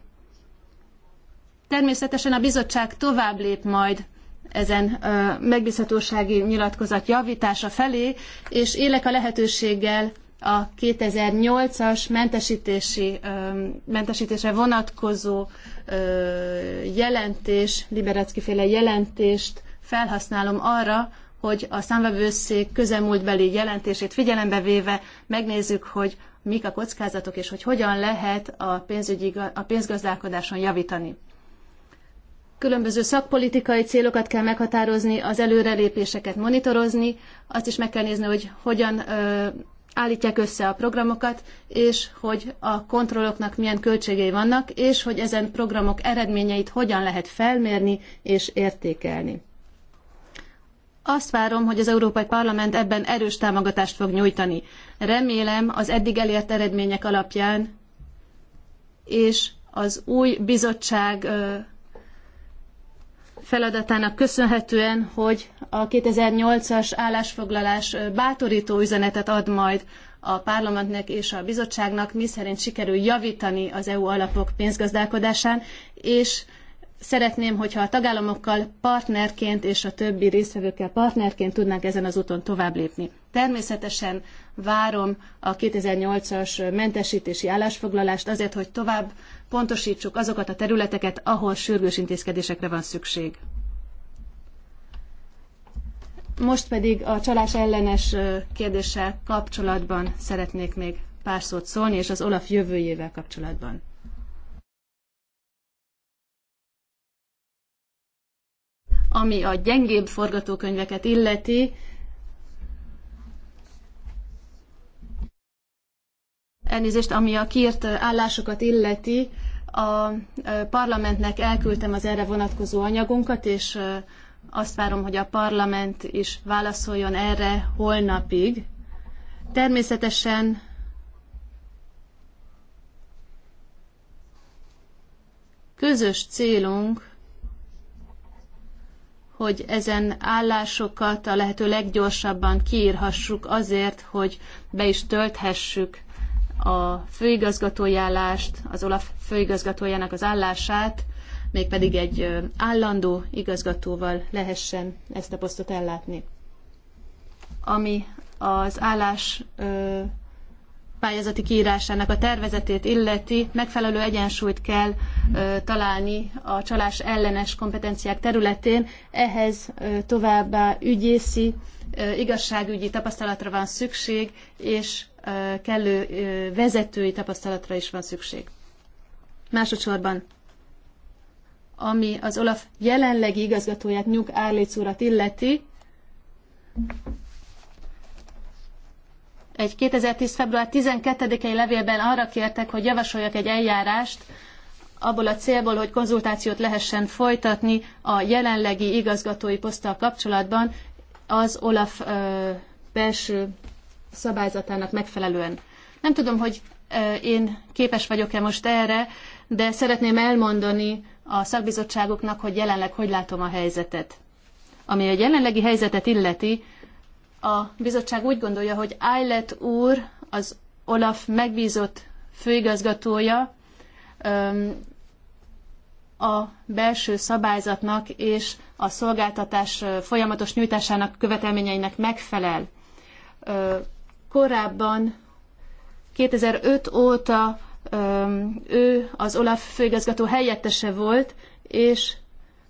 Természetesen a bizottság tovább lép majd ezen megbízhatósági nyilatkozat javítása felé, és élek a lehetőséggel a 2008-as mentesítési, mentesítésre vonatkozó jelentés, Liberecki féle jelentést felhasználom arra, hogy a számvevőszék közelmúltbeli jelentését figyelembe véve megnézzük, hogy mik a kockázatok, és hogy hogyan lehet a, pénzügyi, a pénzgazdálkodáson javítani. Különböző szakpolitikai célokat kell meghatározni, az előrelépéseket monitorozni, azt is meg kell nézni, hogy hogyan állítják össze a programokat, és hogy a kontrolloknak milyen költségei vannak, és hogy ezen programok eredményeit hogyan lehet felmérni és értékelni. Azt várom, hogy az Európai Parlament ebben erős támogatást fog nyújtani. Remélem az eddig elért eredmények alapján és az új bizottság feladatának köszönhetően, hogy a 2008-as állásfoglalás bátorító üzenetet ad majd a parlamentnek és a bizottságnak, miszerint sikerül javítani az EU alapok pénzgazdálkodásán, és szeretném, hogyha a tagállamokkal partnerként és a többi résztvevőkkel partnerként tudnánk ezen az úton tovább lépni. Természetesen várom a 2008-as mentesítési állásfoglalást azért, hogy tovább pontosítsuk azokat a területeket, ahol sürgős intézkedésekre van szükség. Most pedig a csalás ellenes kérdéssel kapcsolatban szeretnék még pár szót szólni, és az Olaf jövőjével kapcsolatban. Ami a gyengébb forgatókönyveket illeti, elnézést, ami a kiírt állásokat illeti, a parlamentnek elküldtem az erre vonatkozó anyagunkat, és azt várom, hogy a parlament is válaszoljon erre holnapig. Természetesen közös célunk, hogy ezen állásokat a lehető leggyorsabban kiírhassuk azért, hogy be is tölthessük a főigazgatói állást, az Olaf főigazgatójának az állását, mégpedig egy állandó igazgatóval lehessen ezt a posztot ellátni. Ami az állás pályázati kiírásának a tervezetét illeti, megfelelő egyensúlyt kell ö, találni a csalás ellenes kompetenciák területén. Ehhez ö, továbbá ügyészi, ö, igazságügyi tapasztalatra van szükség, és kellő vezetői tapasztalatra is van szükség. Másodszorban, ami az Olaf jelenlegi igazgatóját, Nyug Árléc urat illeti, egy 2010. február 12-i levélben arra kértek, hogy javasoljak egy eljárást, abból a célból, hogy konzultációt lehessen folytatni a jelenlegi igazgatói poszttal kapcsolatban az Olaf ö, belső szabályzatának megfelelően. Nem tudom, hogy én képes vagyok-e most erre, de szeretném elmondani a szakbizottságoknak, hogy jelenleg hogy látom a helyzetet. Ami a jelenlegi helyzetet illeti, a bizottság úgy gondolja, hogy Eilert úr, az Olaf megbízott főigazgatója a belső szabályzatnak és a szolgáltatás folyamatos nyújtásának követelményeinek megfelel korábban 2005 óta ő az Olaf főigazgató helyettese volt, és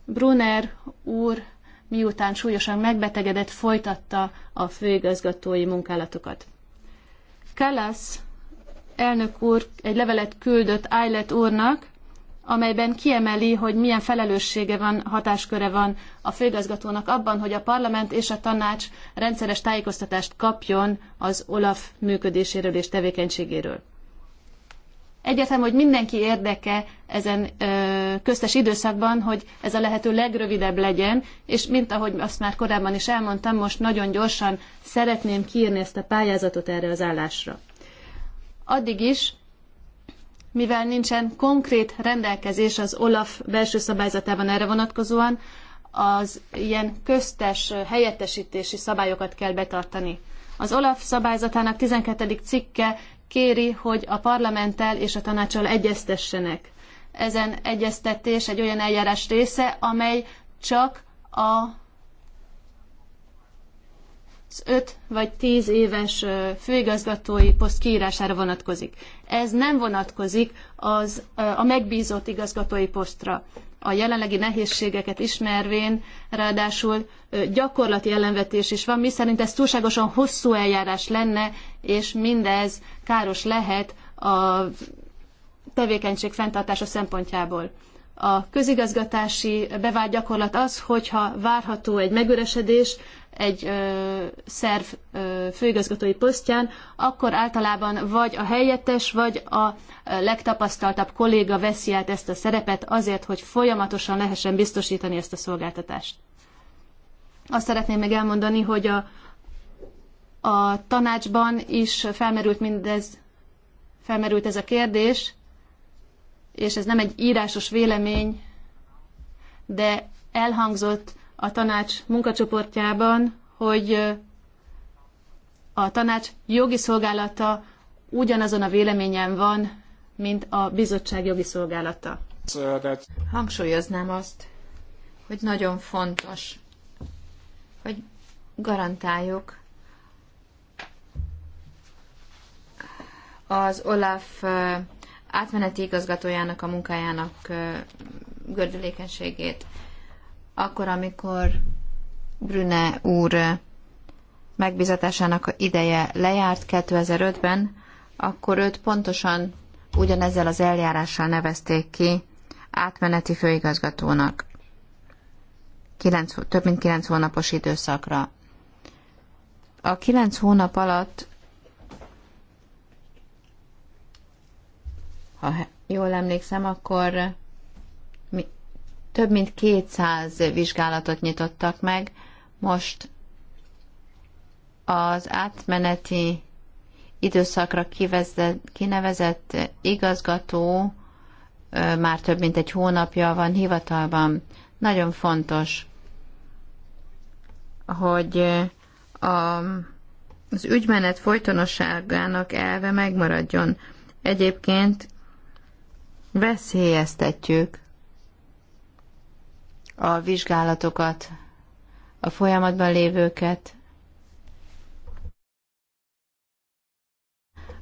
Brunner úr miután súlyosan megbetegedett, folytatta a főigazgatói munkálatokat. Kalasz elnök úr egy levelet küldött Eilert úrnak, amelyben kiemeli, hogy milyen felelőssége van, hatásköre van a főigazgatónak abban, hogy a parlament és a tanács rendszeres tájékoztatást kapjon az OLAF működéséről és tevékenységéről. Egyértelmű, hogy mindenki érdeke ezen ö, köztes időszakban, hogy ez a lehető legrövidebb legyen, és mint ahogy azt már korábban is elmondtam, most nagyon gyorsan szeretném kiírni ezt a pályázatot erre az állásra. Addig is mivel nincsen konkrét rendelkezés az OLAF belső szabályzatában erre vonatkozóan, az ilyen köztes helyettesítési szabályokat kell betartani. Az OLAF szabályzatának 12. cikke kéri, hogy a parlamenttel és a tanácsal egyeztessenek. Ezen egyeztetés egy olyan eljárás része, amely csak a 5 vagy 10 éves főigazgatói poszt kiírására vonatkozik. Ez nem vonatkozik az, a megbízott igazgatói posztra. A jelenlegi nehézségeket ismervén, ráadásul gyakorlati ellenvetés is van, miszerint ez túlságosan hosszú eljárás lenne, és mindez káros lehet a tevékenység fenntartása szempontjából. A közigazgatási bevált gyakorlat az, hogyha várható egy megüresedés, egy ö, szerv ö, főigazgatói posztján, akkor általában vagy a helyettes, vagy a legtapasztaltabb kolléga veszi át ezt a szerepet azért, hogy folyamatosan lehessen biztosítani ezt a szolgáltatást. Azt szeretném meg elmondani, hogy a, a tanácsban is felmerült mindez, felmerült ez a kérdés, és ez nem egy írásos vélemény, de elhangzott, a tanács munkacsoportjában, hogy a tanács jogi szolgálata ugyanazon a véleményen van, mint a bizottság jogi szolgálata. Hangsúlyoznám azt, hogy nagyon fontos, hogy garantáljuk az Olaf átmeneti igazgatójának a munkájának gördülékenységét akkor, amikor Brüne úr megbizatásának ideje lejárt 2005-ben, akkor őt pontosan ugyanezzel az eljárással nevezték ki átmeneti főigazgatónak. 9, több mint 9 hónapos időszakra. A 9 hónap alatt, ha jól emlékszem, akkor több mint 200 vizsgálatot nyitottak meg, most az átmeneti időszakra kivezett, kinevezett igazgató már több mint egy hónapja van hivatalban. Nagyon fontos, hogy a, az ügymenet folytonosságának elve megmaradjon. Egyébként veszélyeztetjük a vizsgálatokat, a folyamatban lévőket,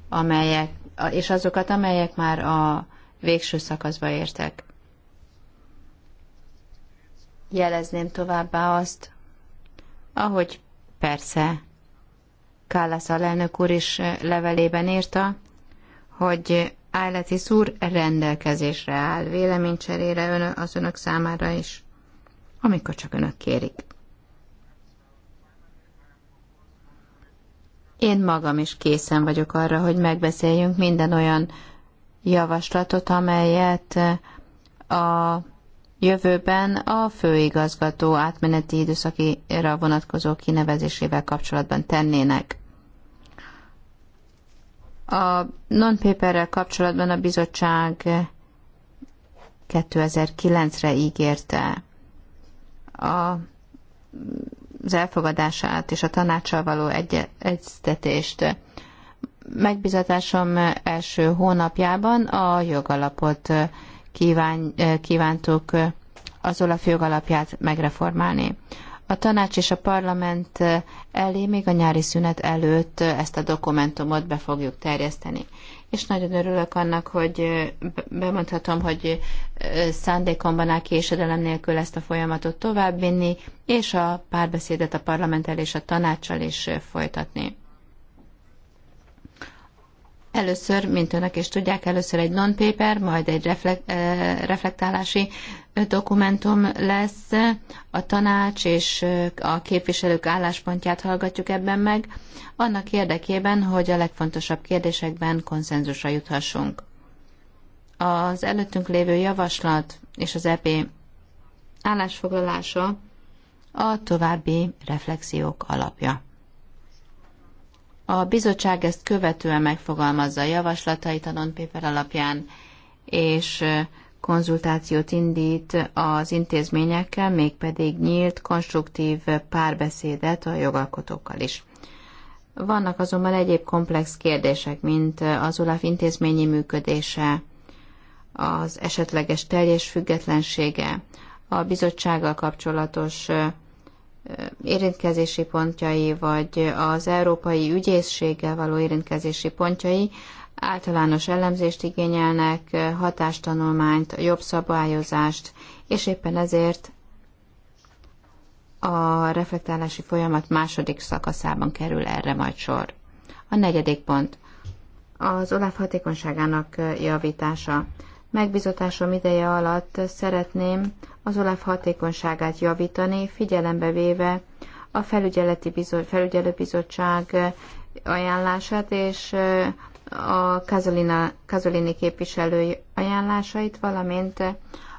amelyek, és azokat, amelyek már a végső szakaszba értek. Jelezném továbbá azt, ahogy persze Kállász alelnök úr is levelében írta, hogy Állati szúr rendelkezésre áll véleménycserére az önök számára is amikor csak önök kérik. Én magam is készen vagyok arra, hogy megbeszéljünk minden olyan javaslatot, amelyet eh, a jövőben a főigazgató átmeneti időszakira vonatkozó kinevezésével kapcsolatban tennének. A non-paperrel kapcsolatban a bizottság 2009-re eh, ígérte a az elfogadását és a tanácssal való egy, egyeztetést. Megbizatásom első hónapjában a jogalapot kíván, kívántuk az Olaf jogalapját megreformálni. A tanács és a parlament elé még a nyári szünet előtt ezt a dokumentumot be fogjuk terjeszteni és nagyon örülök annak, hogy bemondhatom, hogy szándékomban áll késedelem nélkül ezt a folyamatot továbbvinni, és a párbeszédet a parlamenttel és a tanácssal is folytatni. Először, mint önök is tudják, először egy non-paper, majd egy reflektálási dokumentum lesz, a tanács és a képviselők álláspontját hallgatjuk ebben meg, annak érdekében, hogy a legfontosabb kérdésekben konszenzusra juthassunk. Az előttünk lévő javaslat és az EP állásfoglalása a további reflexiók alapja. A bizottság ezt követően megfogalmazza a javaslatait a non alapján, és konzultációt indít az intézményekkel, mégpedig nyílt, konstruktív párbeszédet a jogalkotókkal is. Vannak azonban egyéb komplex kérdések, mint az OLAF intézményi működése, az esetleges teljes függetlensége, a bizottsággal kapcsolatos érintkezési pontjai, vagy az európai ügyészséggel való érintkezési pontjai, általános elemzést igényelnek, hatástanulmányt, jobb szabályozást, és éppen ezért a reflektálási folyamat második szakaszában kerül erre majd sor. A negyedik pont. Az OLAF hatékonyságának javítása. Megbizatásom ideje alatt szeretném az OLAF hatékonyságát javítani, figyelembe véve a felügyeleti bizo- felügyelőbizottság ajánlását és a Kazolina, Kazolini képviselői ajánlásait, valamint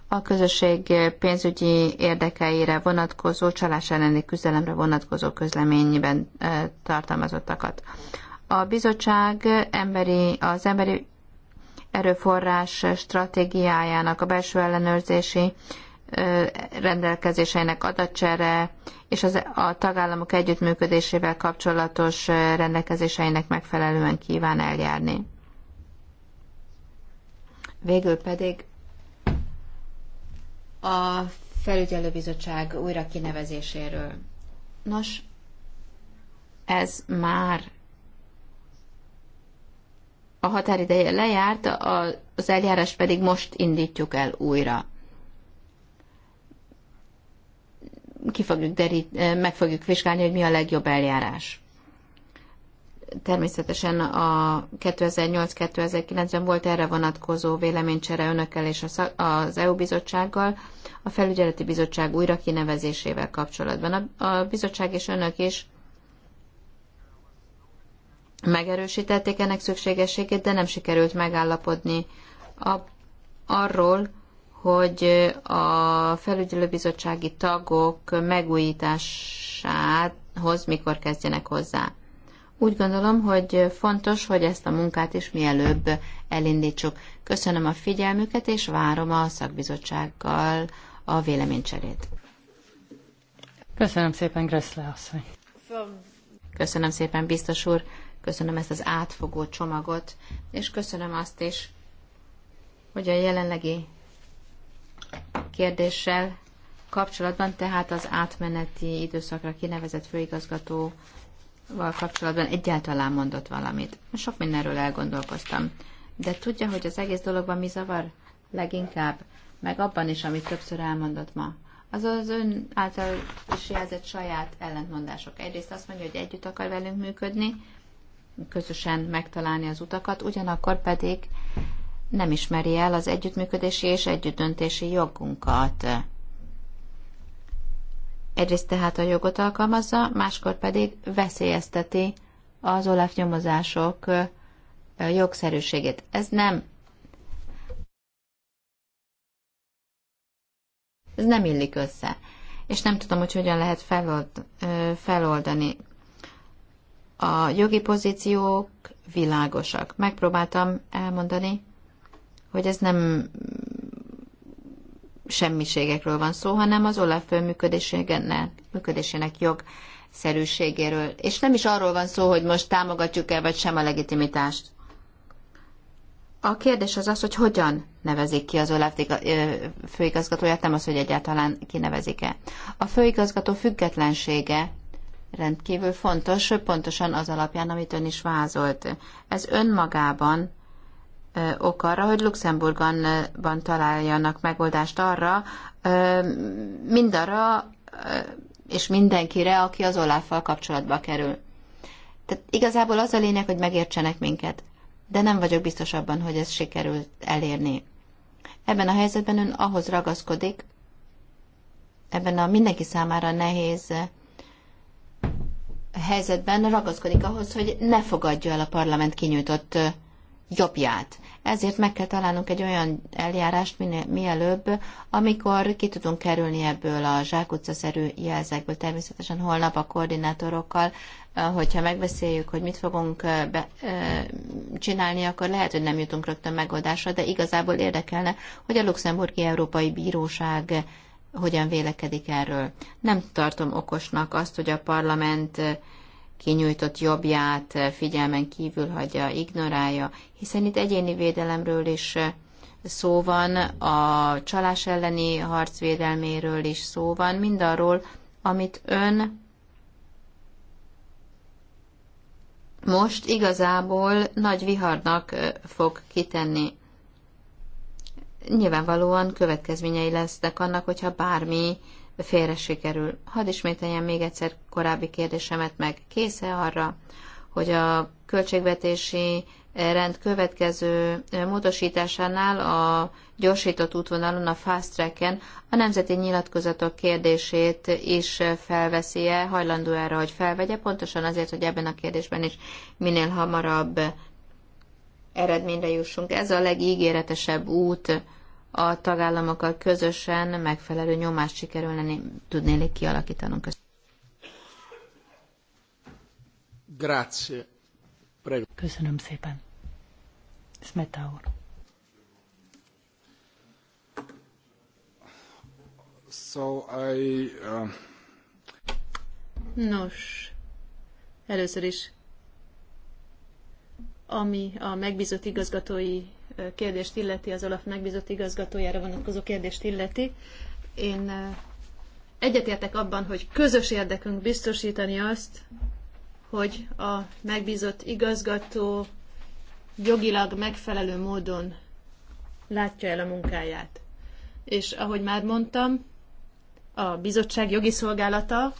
a közösség pénzügyi érdekeire vonatkozó, csalás elleni küzdelemre vonatkozó közleményben tartalmazottakat. A bizottság emberi, az emberi erőforrás stratégiájának a belső ellenőrzési rendelkezéseinek adatcsere és az, a tagállamok együttműködésével kapcsolatos rendelkezéseinek megfelelően kíván eljárni. Végül pedig a felügyelőbizottság újra kinevezéséről. Nos, ez már a határideje lejárt, az eljárás pedig most indítjuk el újra. ki fogjuk derít, eh, meg fogjuk vizsgálni, hogy mi a legjobb eljárás. Természetesen a 2008-2009-ben volt erre vonatkozó véleménycsere önökkel és az EU bizottsággal, a felügyeleti bizottság újra kinevezésével kapcsolatban. A bizottság és önök is megerősítették ennek szükségességét, de nem sikerült megállapodni a, arról, hogy a felügyelőbizottsági tagok megújításához mikor kezdjenek hozzá. Úgy gondolom, hogy fontos, hogy ezt a munkát is mielőbb elindítsuk. Köszönöm a figyelmüket, és várom a szakbizottsággal a véleménycserét. Köszönöm szépen, Greszle asszony. Köszönöm szépen, biztos úr. Köszönöm ezt az átfogó csomagot, és köszönöm azt is, hogy a jelenlegi kérdéssel kapcsolatban, tehát az átmeneti időszakra kinevezett főigazgatóval kapcsolatban egyáltalán mondott valamit. Sok mindenről elgondolkoztam. De tudja, hogy az egész dologban mi zavar? Leginkább, meg abban is, amit többször elmondott ma. Az az ön által is jelzett saját ellentmondások. Egyrészt azt mondja, hogy együtt akar velünk működni, közösen megtalálni az utakat, ugyanakkor pedig nem ismeri el az együttműködési és együttdöntési jogunkat. Egyrészt tehát a jogot alkalmazza, máskor pedig veszélyezteti az OLAF nyomozások jogszerűségét. Ez nem ez nem illik össze. És nem tudom, hogy hogyan lehet felold, feloldani. A jogi pozíciók világosak. Megpróbáltam elmondani, hogy ez nem semmiségekről van szó, hanem az OLAF működésének jog szerűségéről. És nem is arról van szó, hogy most támogatjuk-e vagy sem a legitimitást. A kérdés az az, hogy hogyan nevezik ki az OLAF főigazgatóját, nem az, hogy egyáltalán kinevezik-e. A főigazgató függetlensége rendkívül fontos, pontosan az alapján, amit ön is vázolt. Ez önmagában ok arra, hogy Luxemburgban találjanak megoldást arra, mindarra és mindenkire, aki az Oláffal kapcsolatba kerül. Tehát igazából az a lényeg, hogy megértsenek minket, de nem vagyok biztos abban, hogy ez sikerült elérni. Ebben a helyzetben ön ahhoz ragaszkodik, ebben a mindenki számára nehéz helyzetben ragaszkodik ahhoz, hogy ne fogadja el a parlament kinyújtott jobbját. Ezért meg kell találnunk egy olyan eljárást minél, mielőbb, amikor ki tudunk kerülni ebből a zsákutcaszerű szerű jelzekből. Természetesen holnap a koordinátorokkal, eh, hogyha megbeszéljük, hogy mit fogunk eh, be, eh, csinálni, akkor lehet, hogy nem jutunk rögtön megoldásra, de igazából érdekelne, hogy a Luxemburgi Európai Bíróság hogyan vélekedik erről. Nem tartom okosnak azt, hogy a parlament kinyújtott jobbját eh, figyelmen kívül hagyja, ignorálja, hiszen itt egyéni védelemről is eh, szó van, a csalás elleni harc védelméről is szó van, mindarról, amit ön most igazából nagy viharnak eh, fog kitenni. Nyilvánvalóan következményei lesznek annak, hogyha bármi félre sikerül. Hadd ismételjem még egyszer korábbi kérdésemet meg. Késze arra, hogy a költségvetési rend következő módosításánál a gyorsított útvonalon, a fast tracken a nemzeti nyilatkozatok kérdését is felveszi-e, hajlandó erre, hogy felvegye, pontosan azért, hogy ebben a kérdésben is minél hamarabb eredményre jussunk. Ez a legígéretesebb út a tagállamokkal közösen megfelelő nyomást sikerülne tudnél kialakítanunk. Grazie. Prego. Köszönöm szépen. Smeta úr. So I, uh... Nos, először is, ami a megbízott igazgatói kérdést illeti, az Olaf megbízott igazgatójára vonatkozó kérdést illeti, én egyetértek abban, hogy közös érdekünk biztosítani azt, hogy a megbízott igazgató jogilag megfelelő módon látja el a munkáját. És ahogy már mondtam, a bizottság jogi szolgálata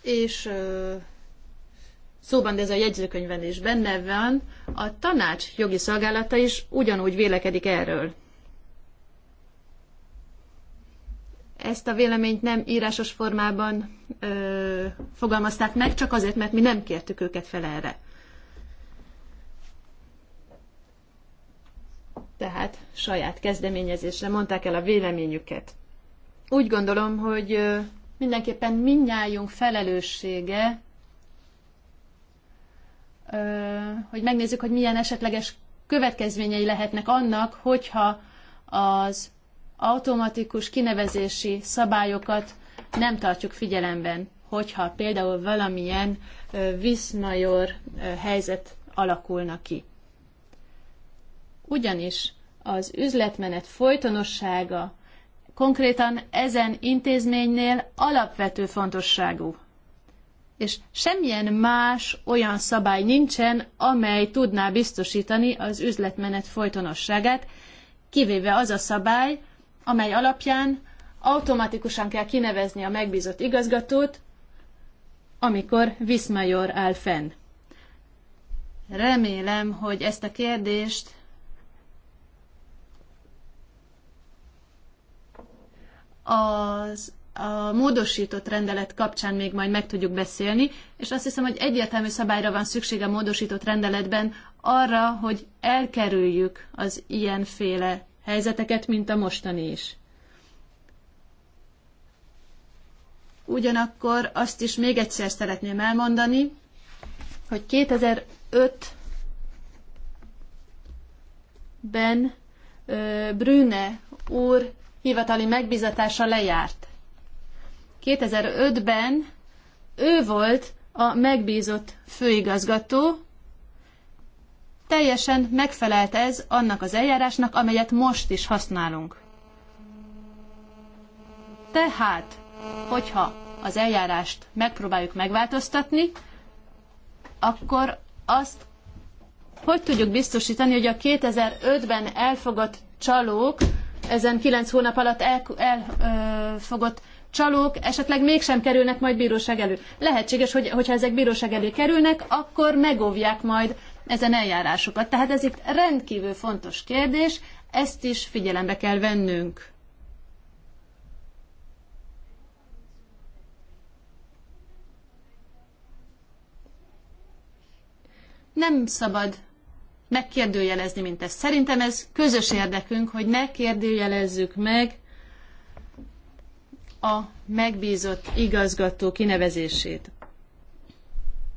és szóban, de ez a jegyzőkönyvben is benne van, a tanács jogi szolgálata is ugyanúgy vélekedik erről. Ezt a véleményt nem írásos formában ö, fogalmazták meg, csak azért, mert mi nem kértük őket fel erre. Tehát saját kezdeményezésre mondták el a véleményüket. Úgy gondolom, hogy ö, mindenképpen minnyájunk felelőssége, hogy megnézzük, hogy milyen esetleges következményei lehetnek annak, hogyha az automatikus kinevezési szabályokat nem tartjuk figyelemben, hogyha például valamilyen viszmajor helyzet alakulna ki. Ugyanis az üzletmenet folytonossága konkrétan ezen intézménynél alapvető fontosságú és semmilyen más olyan szabály nincsen, amely tudná biztosítani az üzletmenet folytonosságát, kivéve az a szabály, amely alapján automatikusan kell kinevezni a megbízott igazgatót, amikor Viszmajor áll fenn. Remélem, hogy ezt a kérdést az a módosított rendelet kapcsán még majd meg tudjuk beszélni, és azt hiszem, hogy egyértelmű szabályra van szükség a módosított rendeletben arra, hogy elkerüljük az ilyenféle helyzeteket, mint a mostani is. Ugyanakkor azt is még egyszer szeretném elmondani, hogy 2005-ben Brüne úr hivatali megbizatása lejárt. 2005-ben ő volt a megbízott főigazgató, teljesen megfelelt ez annak az eljárásnak, amelyet most is használunk. Tehát, hogyha az eljárást megpróbáljuk megváltoztatni, akkor azt hogy tudjuk biztosítani, hogy a 2005-ben elfogott csalók ezen 9 hónap alatt elfogott el, el ö, fogott csalók esetleg mégsem kerülnek majd bíróság elő. Lehetséges, hogy hogyha ezek bíróság elé kerülnek, akkor megóvják majd ezen eljárásokat. Tehát ez itt rendkívül fontos kérdés, ezt is figyelembe kell vennünk. Nem szabad megkérdőjelezni, mint ez. Szerintem ez közös érdekünk, hogy ne kérdőjelezzük meg a megbízott igazgató kinevezését.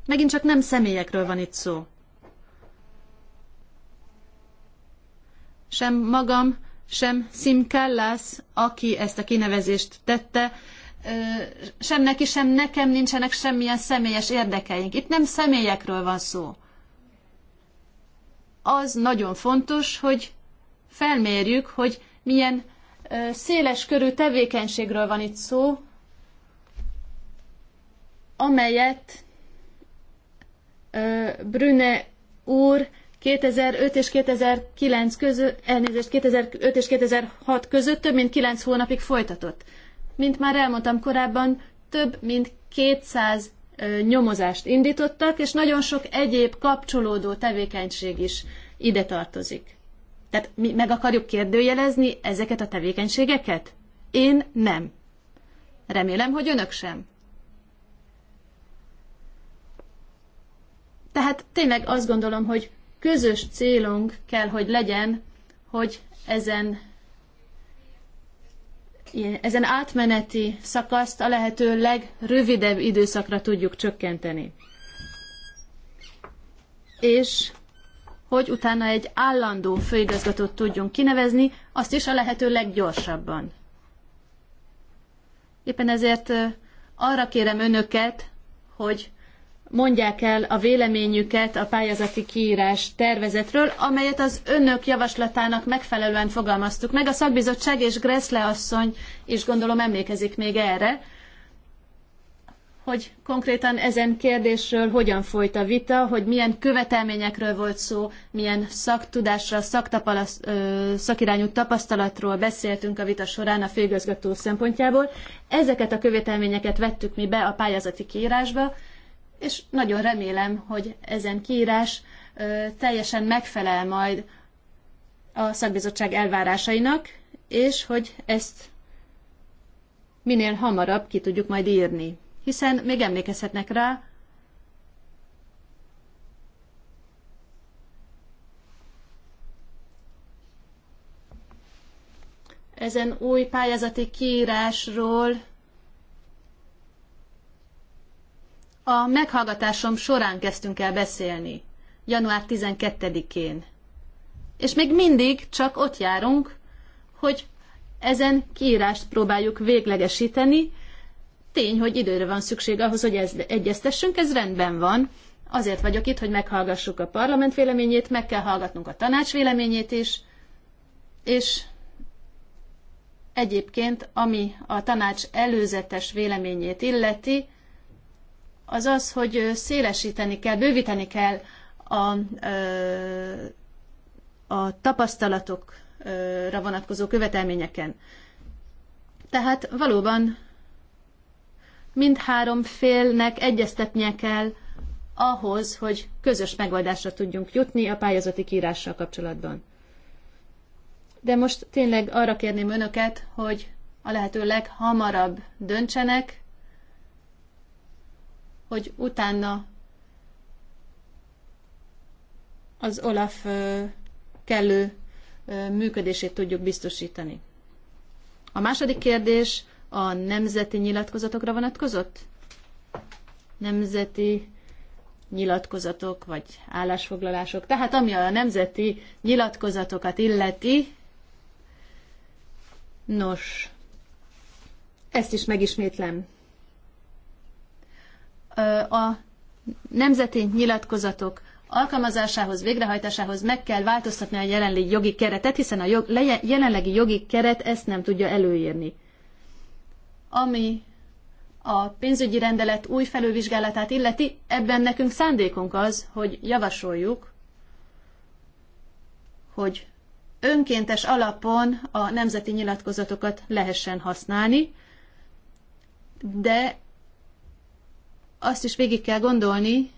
Megint csak nem személyekről van itt szó. Sem magam, sem Sim Kellász, aki ezt a kinevezést tette, sem neki, sem nekem nincsenek semmilyen személyes érdekeink. Itt nem személyekről van szó. Az nagyon fontos, hogy felmérjük, hogy milyen széles körű tevékenységről van itt szó, amelyet Brüne úr 2005 és 2009 között, elnézést, 2005 és 2006 között több mint 9 hónapig folytatott. Mint már elmondtam korábban, több mint 200 nyomozást indítottak, és nagyon sok egyéb kapcsolódó tevékenység is ide tartozik. Tehát mi meg akarjuk kérdőjelezni ezeket a tevékenységeket? Én nem. Remélem, hogy önök sem. Tehát tényleg azt gondolom, hogy közös célunk kell, hogy legyen, hogy ezen, ezen átmeneti szakaszt a lehető legrövidebb időszakra tudjuk csökkenteni. És hogy utána egy állandó főigazgatót tudjunk kinevezni, azt is a lehető leggyorsabban. Éppen ezért arra kérem önöket, hogy mondják el a véleményüket a pályázati kiírás tervezetről, amelyet az önök javaslatának megfelelően fogalmaztuk meg. A szakbizottság és Greszle asszony is gondolom emlékezik még erre, hogy konkrétan ezen kérdésről hogyan folyt a vita, hogy milyen követelményekről volt szó, milyen szaktudásra, szakirányú tapasztalatról beszéltünk a vita során a főigazgató szempontjából. Ezeket a követelményeket vettük mi be a pályázati kiírásba, és nagyon remélem, hogy ezen kiírás teljesen megfelel majd a szakbizottság elvárásainak, és hogy ezt minél hamarabb ki tudjuk majd írni hiszen még emlékezhetnek rá, ezen új pályázati kiírásról a meghallgatásom során kezdtünk el beszélni, január 12-én. És még mindig csak ott járunk, hogy ezen kiírást próbáljuk véglegesíteni, tény, hogy időre van szükség ahhoz, hogy ez, egyeztessünk, ez rendben van. Azért vagyok itt, hogy meghallgassuk a parlament véleményét, meg kell hallgatnunk a tanács véleményét is, és egyébként, ami a tanács előzetes véleményét illeti, az az, hogy szélesíteni kell, bővíteni kell a, a tapasztalatokra vonatkozó követelményeken. Tehát valóban mindhárom félnek egyeztetnie kell ahhoz, hogy közös megoldásra tudjunk jutni a pályázati kiírással kapcsolatban. De most tényleg arra kérném önöket, hogy a lehető leghamarabb döntsenek, hogy utána az Olaf kellő működését tudjuk biztosítani. A második kérdés a nemzeti nyilatkozatokra vonatkozott? Nemzeti nyilatkozatok vagy állásfoglalások. Tehát ami a nemzeti nyilatkozatokat illeti, nos, ezt is megismétlem. A nemzeti nyilatkozatok alkalmazásához, végrehajtásához meg kell változtatni a jelenlegi jogi keretet, hiszen a jog, jelenlegi jogi keret ezt nem tudja előírni. Ami a pénzügyi rendelet új felülvizsgálatát illeti, ebben nekünk szándékunk az, hogy javasoljuk, hogy önkéntes alapon a nemzeti nyilatkozatokat lehessen használni, de azt is végig kell gondolni,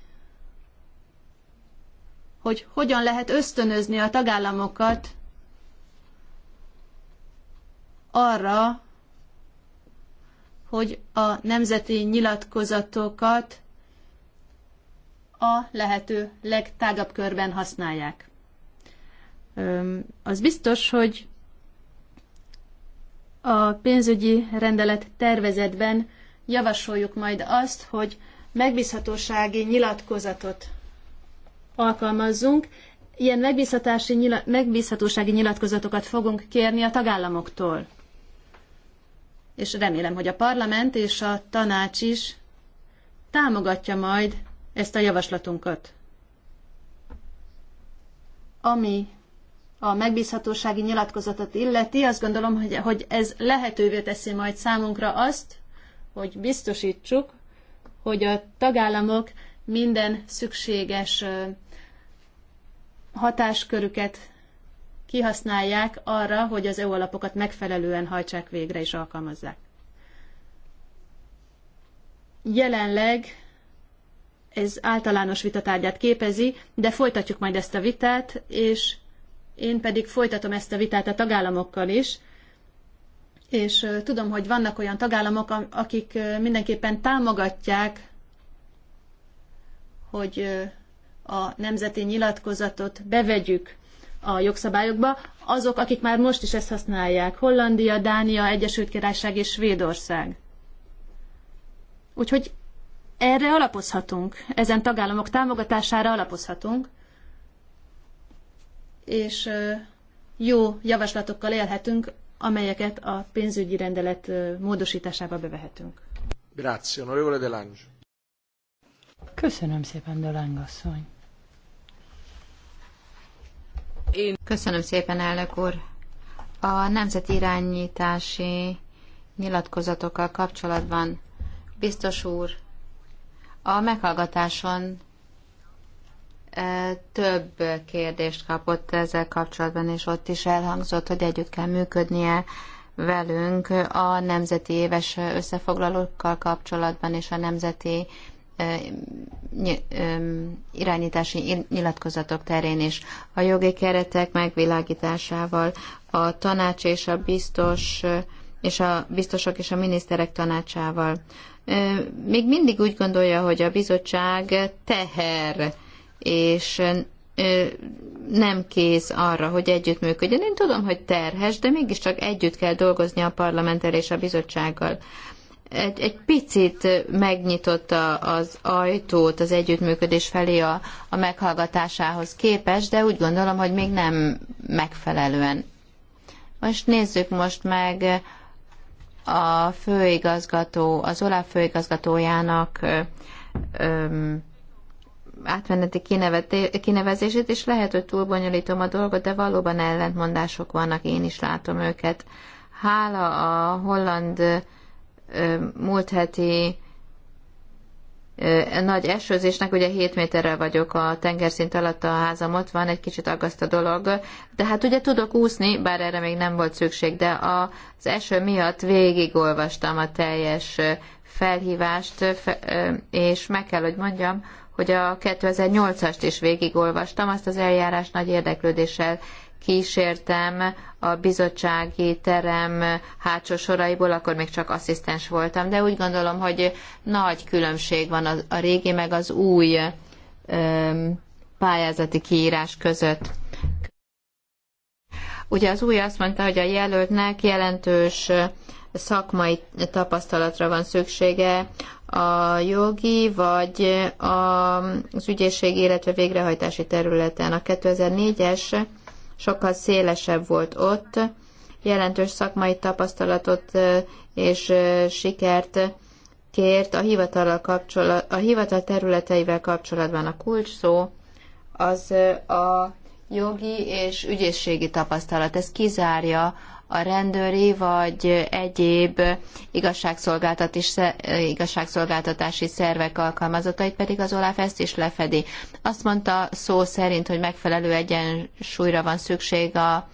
hogy hogyan lehet ösztönözni a tagállamokat arra, hogy a nemzeti nyilatkozatokat a lehető legtágabb körben használják. Az biztos, hogy a pénzügyi rendelet tervezetben javasoljuk majd azt, hogy megbízhatósági nyilatkozatot alkalmazzunk. Ilyen megbízhatósági nyilatkozatokat fogunk kérni a tagállamoktól és remélem, hogy a parlament és a tanács is támogatja majd ezt a javaslatunkat. Ami a megbízhatósági nyilatkozatot illeti, azt gondolom, hogy, hogy ez lehetővé teszi majd számunkra azt, hogy biztosítsuk, hogy a tagállamok minden szükséges hatáskörüket kihasználják arra, hogy az EU alapokat megfelelően hajtsák végre és alkalmazzák. Jelenleg ez általános vitatárgyát képezi, de folytatjuk majd ezt a vitát, és én pedig folytatom ezt a vitát a tagállamokkal is, és tudom, hogy vannak olyan tagállamok, akik mindenképpen támogatják, hogy a nemzeti nyilatkozatot bevegyük a jogszabályokba, azok, akik már most is ezt használják. Hollandia, Dánia, Egyesült Királyság és Svédország. Úgyhogy erre alapozhatunk, ezen tagállamok támogatására alapozhatunk, és jó javaslatokkal élhetünk, amelyeket a pénzügyi rendelet módosításába bevehetünk. Grazie, onorevole Delange. Köszönöm szépen, Delange asszony. Köszönöm szépen, elnök úr. A nemzeti irányítási nyilatkozatokkal kapcsolatban, biztos úr, a meghallgatáson e, több kérdést kapott ezzel kapcsolatban, és ott is elhangzott, hogy együtt kell működnie velünk a nemzeti éves összefoglalókkal kapcsolatban és a nemzeti irányítási nyilatkozatok terén is. A jogi keretek megvilágításával a tanács és a biztos és a biztosok és a miniszterek tanácsával. Még mindig úgy gondolja, hogy a bizottság teher, és nem kész arra, hogy együttműködjön. Én tudom, hogy terhes, de mégiscsak együtt kell dolgozni a parlamenttel és a bizottsággal egy, egy picit megnyitotta az ajtót az együttműködés felé a, a meghallgatásához képes, de úgy gondolom, hogy még nem megfelelően. Most nézzük most meg a főigazgató, az OLAF főigazgatójának öm, átmeneti kinevezését, és lehet, hogy túlbonyolítom a dolgot, de valóban ellentmondások vannak, én is látom őket. Hála a holland múlt heti nagy esőzésnek, ugye 7 méterrel vagyok a tengerszint alatt a házam, ott van, egy kicsit aggaszt a dolog, de hát ugye tudok úszni, bár erre még nem volt szükség, de az eső miatt végigolvastam a teljes felhívást, és meg kell, hogy mondjam, hogy a 2008-ast is végigolvastam, azt az eljárás nagy érdeklődéssel kísértem a bizottsági terem hátsó soraiból, akkor még csak asszisztens voltam, de úgy gondolom, hogy nagy különbség van a, régi meg az új öm, pályázati kiírás között. Ugye az új azt mondta, hogy a jelöltnek jelentős szakmai tapasztalatra van szüksége a jogi vagy az ügyészség, illetve végrehajtási területen. A 2004-es sokkal szélesebb volt ott, jelentős szakmai tapasztalatot és sikert kért a hivatal, kapcsolat, a hivatal területeivel kapcsolatban a kulcs szó, az a jogi és ügyészségi tapasztalat. Ez kizárja a rendőri vagy egyéb igazságszolgáltatási szervek alkalmazottait pedig az Olaf ezt is lefedi. Azt mondta szó szerint, hogy megfelelő egyensúlyra van szükség a,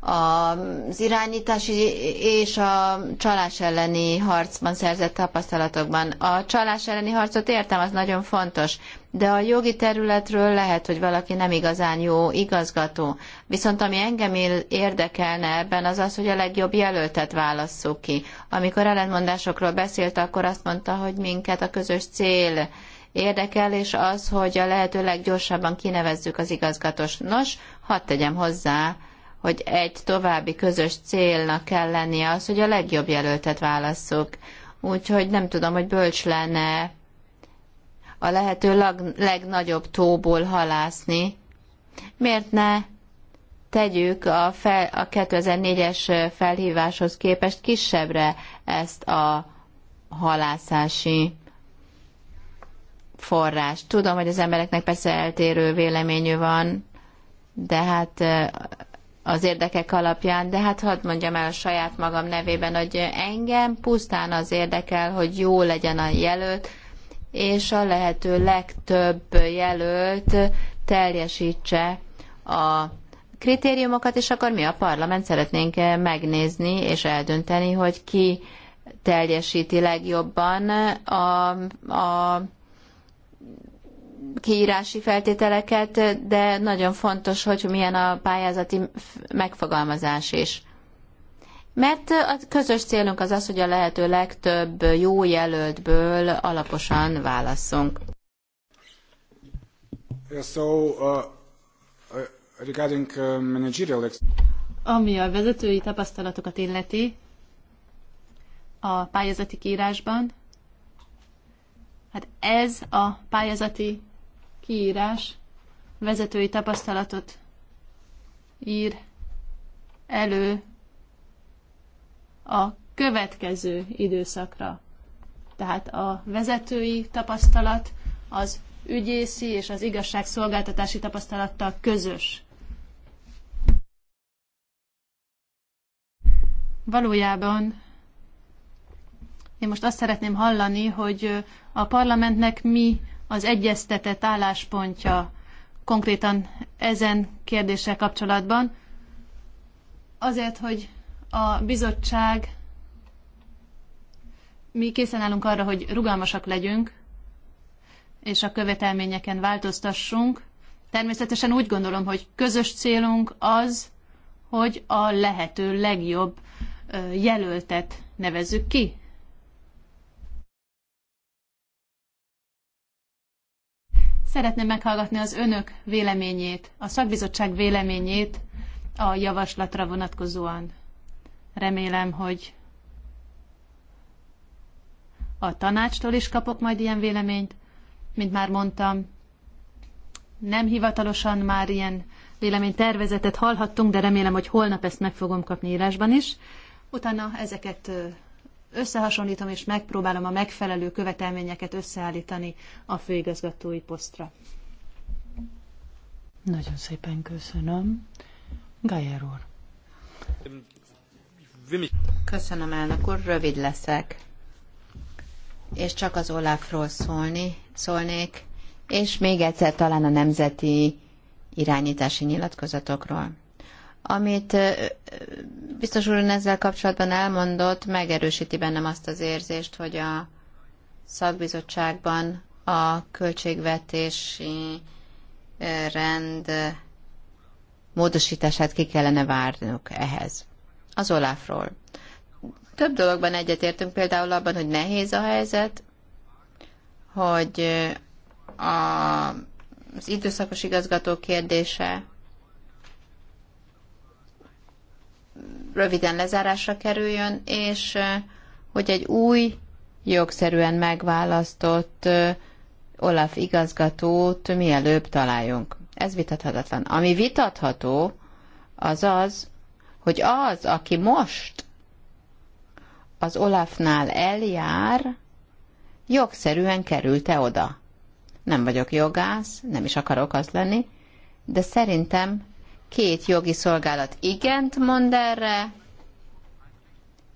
az irányítási és a csalás elleni harcban szerzett tapasztalatokban. A csalás elleni harcot értem, az nagyon fontos, de a jogi területről lehet, hogy valaki nem igazán jó igazgató. Viszont ami engem érdekelne ebben az az, hogy a legjobb jelöltet válasszuk ki. Amikor ellentmondásokról beszélt, akkor azt mondta, hogy minket a közös cél érdekel, és az, hogy a lehető leggyorsabban kinevezzük az igazgatós Nos, hadd tegyem hozzá, hogy egy további közös célnak kell lennie az, hogy a legjobb jelöltet válasszuk. Úgyhogy nem tudom, hogy bölcs lenne a lehető lag, legnagyobb tóból halászni. Miért ne tegyük a, fel, a 2004-es felhíváshoz képest kisebbre ezt a halászási forrás. Tudom, hogy az embereknek persze eltérő véleményű van, de hát az érdekek alapján, de hát hadd mondjam el a saját magam nevében, hogy engem pusztán az érdekel, hogy jó legyen a jelölt, és a lehető legtöbb jelölt teljesítse a kritériumokat, és akkor mi a parlament szeretnénk megnézni és eldönteni, hogy ki teljesíti legjobban a, a kiírási feltételeket, de nagyon fontos, hogy milyen a pályázati megfogalmazás is. Mert a közös célunk az az, hogy a lehető legtöbb jó jelöltből alaposan válasszunk. So, uh, uh regarding uh, managerial Ami a vezetői tapasztalatokat illeti a pályázati kiírásban, hát ez a pályázati kiírás vezetői tapasztalatot ír elő a következő időszakra. Tehát a vezetői tapasztalat az ügyészi és az igazságszolgáltatási tapasztalattal közös. Valójában én most azt szeretném hallani, hogy a parlamentnek mi az egyeztetett álláspontja konkrétan ezen kérdéssel kapcsolatban, azért, hogy a bizottság, mi készen állunk arra, hogy rugalmasak legyünk, és a követelményeken változtassunk. Természetesen úgy gondolom, hogy közös célunk az, hogy a lehető legjobb jelöltet nevezzük ki. Szeretném meghallgatni az önök véleményét, a szakbizottság véleményét a javaslatra vonatkozóan. Remélem, hogy a tanácstól is kapok majd ilyen véleményt. Mint már mondtam, nem hivatalosan már ilyen véleménytervezetet hallhattunk, de remélem, hogy holnap ezt meg fogom kapni írásban is. Utána ezeket összehasonlítom, és megpróbálom a megfelelő követelményeket összeállítani a főigazgatói posztra. Nagyon szépen köszönöm. Gajer úr. Köszönöm, elnök úr, rövid leszek. És csak az Olafról szólni, szólnék, és még egyszer talán a nemzeti irányítási nyilatkozatokról. Amit biztos úr ezzel kapcsolatban elmondott, megerősíti bennem azt az érzést, hogy a szakbizottságban a költségvetési rend módosítását ki kellene várnunk ehhez az Olafról. Több dologban egyetértünk, például abban, hogy nehéz a helyzet, hogy a, az időszakos igazgató kérdése röviden lezárásra kerüljön, és hogy egy új, jogszerűen megválasztott Olaf igazgatót mielőbb találjunk. Ez vitathatatlan. Ami vitatható, az az, hogy az, aki most az Olafnál eljár, jogszerűen került-e oda. Nem vagyok jogász, nem is akarok az lenni, de szerintem két jogi szolgálat igent mond erre,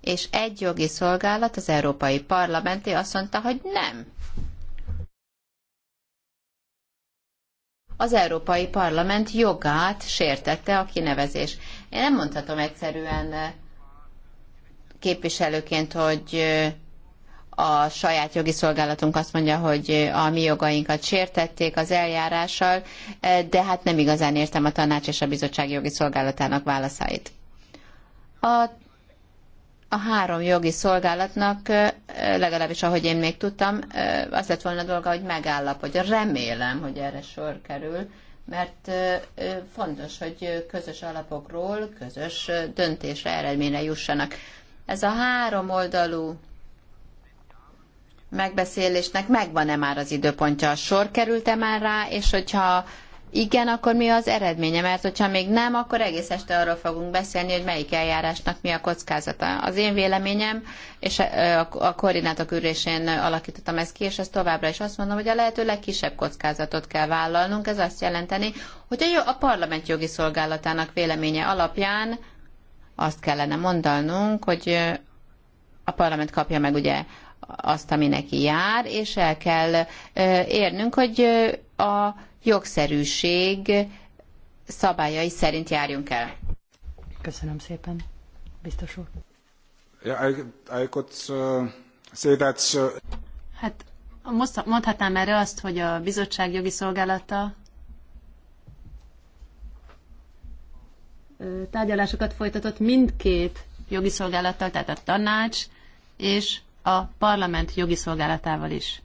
és egy jogi szolgálat, az Európai Parlamenti azt mondta, hogy nem. az Európai Parlament jogát sértette a kinevezés. Én nem mondhatom egyszerűen eh, képviselőként, hogy eh, a saját jogi szolgálatunk azt mondja, hogy eh, a mi jogainkat sértették az eljárással, de hát nem igazán értem a tanács és a bizottság jogi szolgálatának válaszait. A a három jogi szolgálatnak, legalábbis ahogy én még tudtam, az lett volna a dolga, hogy megállapodja. Remélem, hogy erre sor kerül, mert fontos, hogy közös alapokról közös döntésre, eredményre jussanak. Ez a három oldalú megbeszélésnek megvan-e már az időpontja, sor került-e már rá, és hogyha igen, akkor mi az eredménye? Mert hogyha még nem, akkor egész este arról fogunk beszélni, hogy melyik eljárásnak mi a kockázata. Az én véleményem, és a koordinátok ülésén alakítottam ezt ki, és ezt továbbra is azt mondom, hogy a lehető legkisebb kockázatot kell vállalnunk. Ez azt jelenteni, hogy a parlament jogi szolgálatának véleménye alapján azt kellene mondanunk, hogy a parlament kapja meg ugye azt, ami neki jár, és el kell érnünk, hogy a jogszerűség szabályai szerint járjunk el. Köszönöm szépen, biztos úr. Yeah, I, I could, uh, say that, uh, Hát most mondhatnám erre azt, hogy a bizottság jogi szolgálata tárgyalásokat folytatott mindkét jogi szolgálattal, tehát a tanács és a parlament jogi szolgálatával is.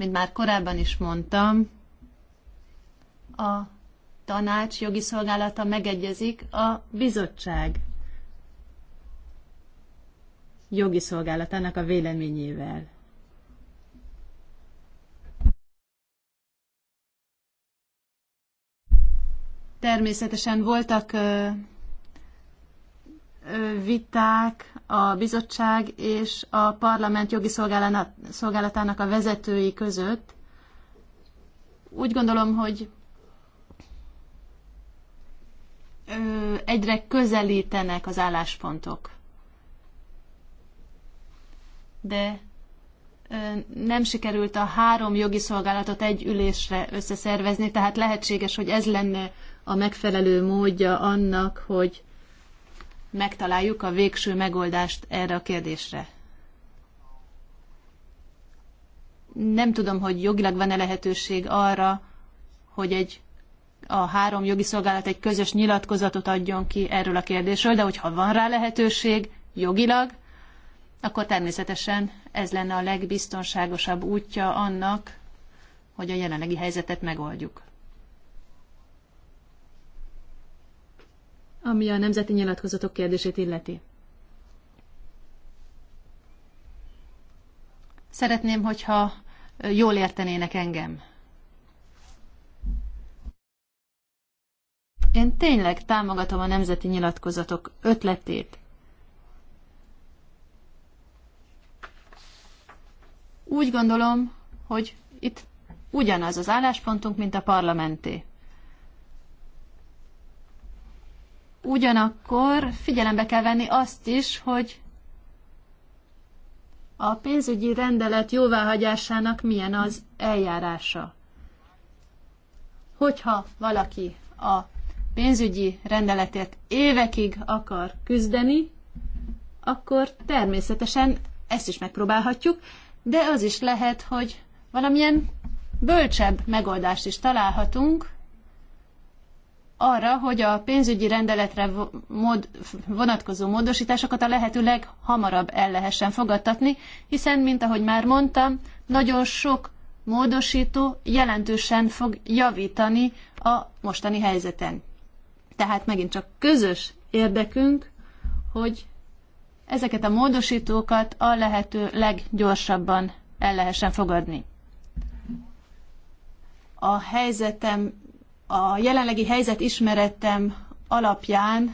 Mint már korábban is mondtam, a tanács jogi szolgálata megegyezik a bizottság jogi szolgálatának a véleményével. Természetesen voltak viták a bizottság és a parlament jogi szolgálatának a vezetői között. Úgy gondolom, hogy egyre közelítenek az álláspontok. De nem sikerült a három jogi szolgálatot egy ülésre összeszervezni, tehát lehetséges, hogy ez lenne a megfelelő módja annak, hogy megtaláljuk a végső megoldást erre a kérdésre. Nem tudom, hogy jogilag van-e lehetőség arra, hogy egy a három jogi szolgálat egy közös nyilatkozatot adjon ki erről a kérdésről, de hogyha van rá lehetőség jogilag, akkor természetesen ez lenne a legbiztonságosabb útja annak, hogy a jelenlegi helyzetet megoldjuk. ami a nemzeti nyilatkozatok kérdését illeti. Szeretném, hogyha jól értenének engem. Én tényleg támogatom a nemzeti nyilatkozatok ötletét. Úgy gondolom, hogy itt ugyanaz az álláspontunk, mint a parlamenté. Ugyanakkor figyelembe kell venni azt is, hogy a pénzügyi rendelet jóváhagyásának milyen az eljárása. Hogyha valaki a pénzügyi rendeletért évekig akar küzdeni, akkor természetesen ezt is megpróbálhatjuk, de az is lehet, hogy valamilyen bölcsebb megoldást is találhatunk, arra, hogy a pénzügyi rendeletre mod, vonatkozó módosításokat a lehető leghamarabb el lehessen fogadtatni, hiszen, mint ahogy már mondtam, nagyon sok módosító jelentősen fog javítani a mostani helyzeten. Tehát megint csak közös érdekünk, hogy ezeket a módosítókat a lehető leggyorsabban el lehessen fogadni. A helyzetem a jelenlegi helyzet ismeretem alapján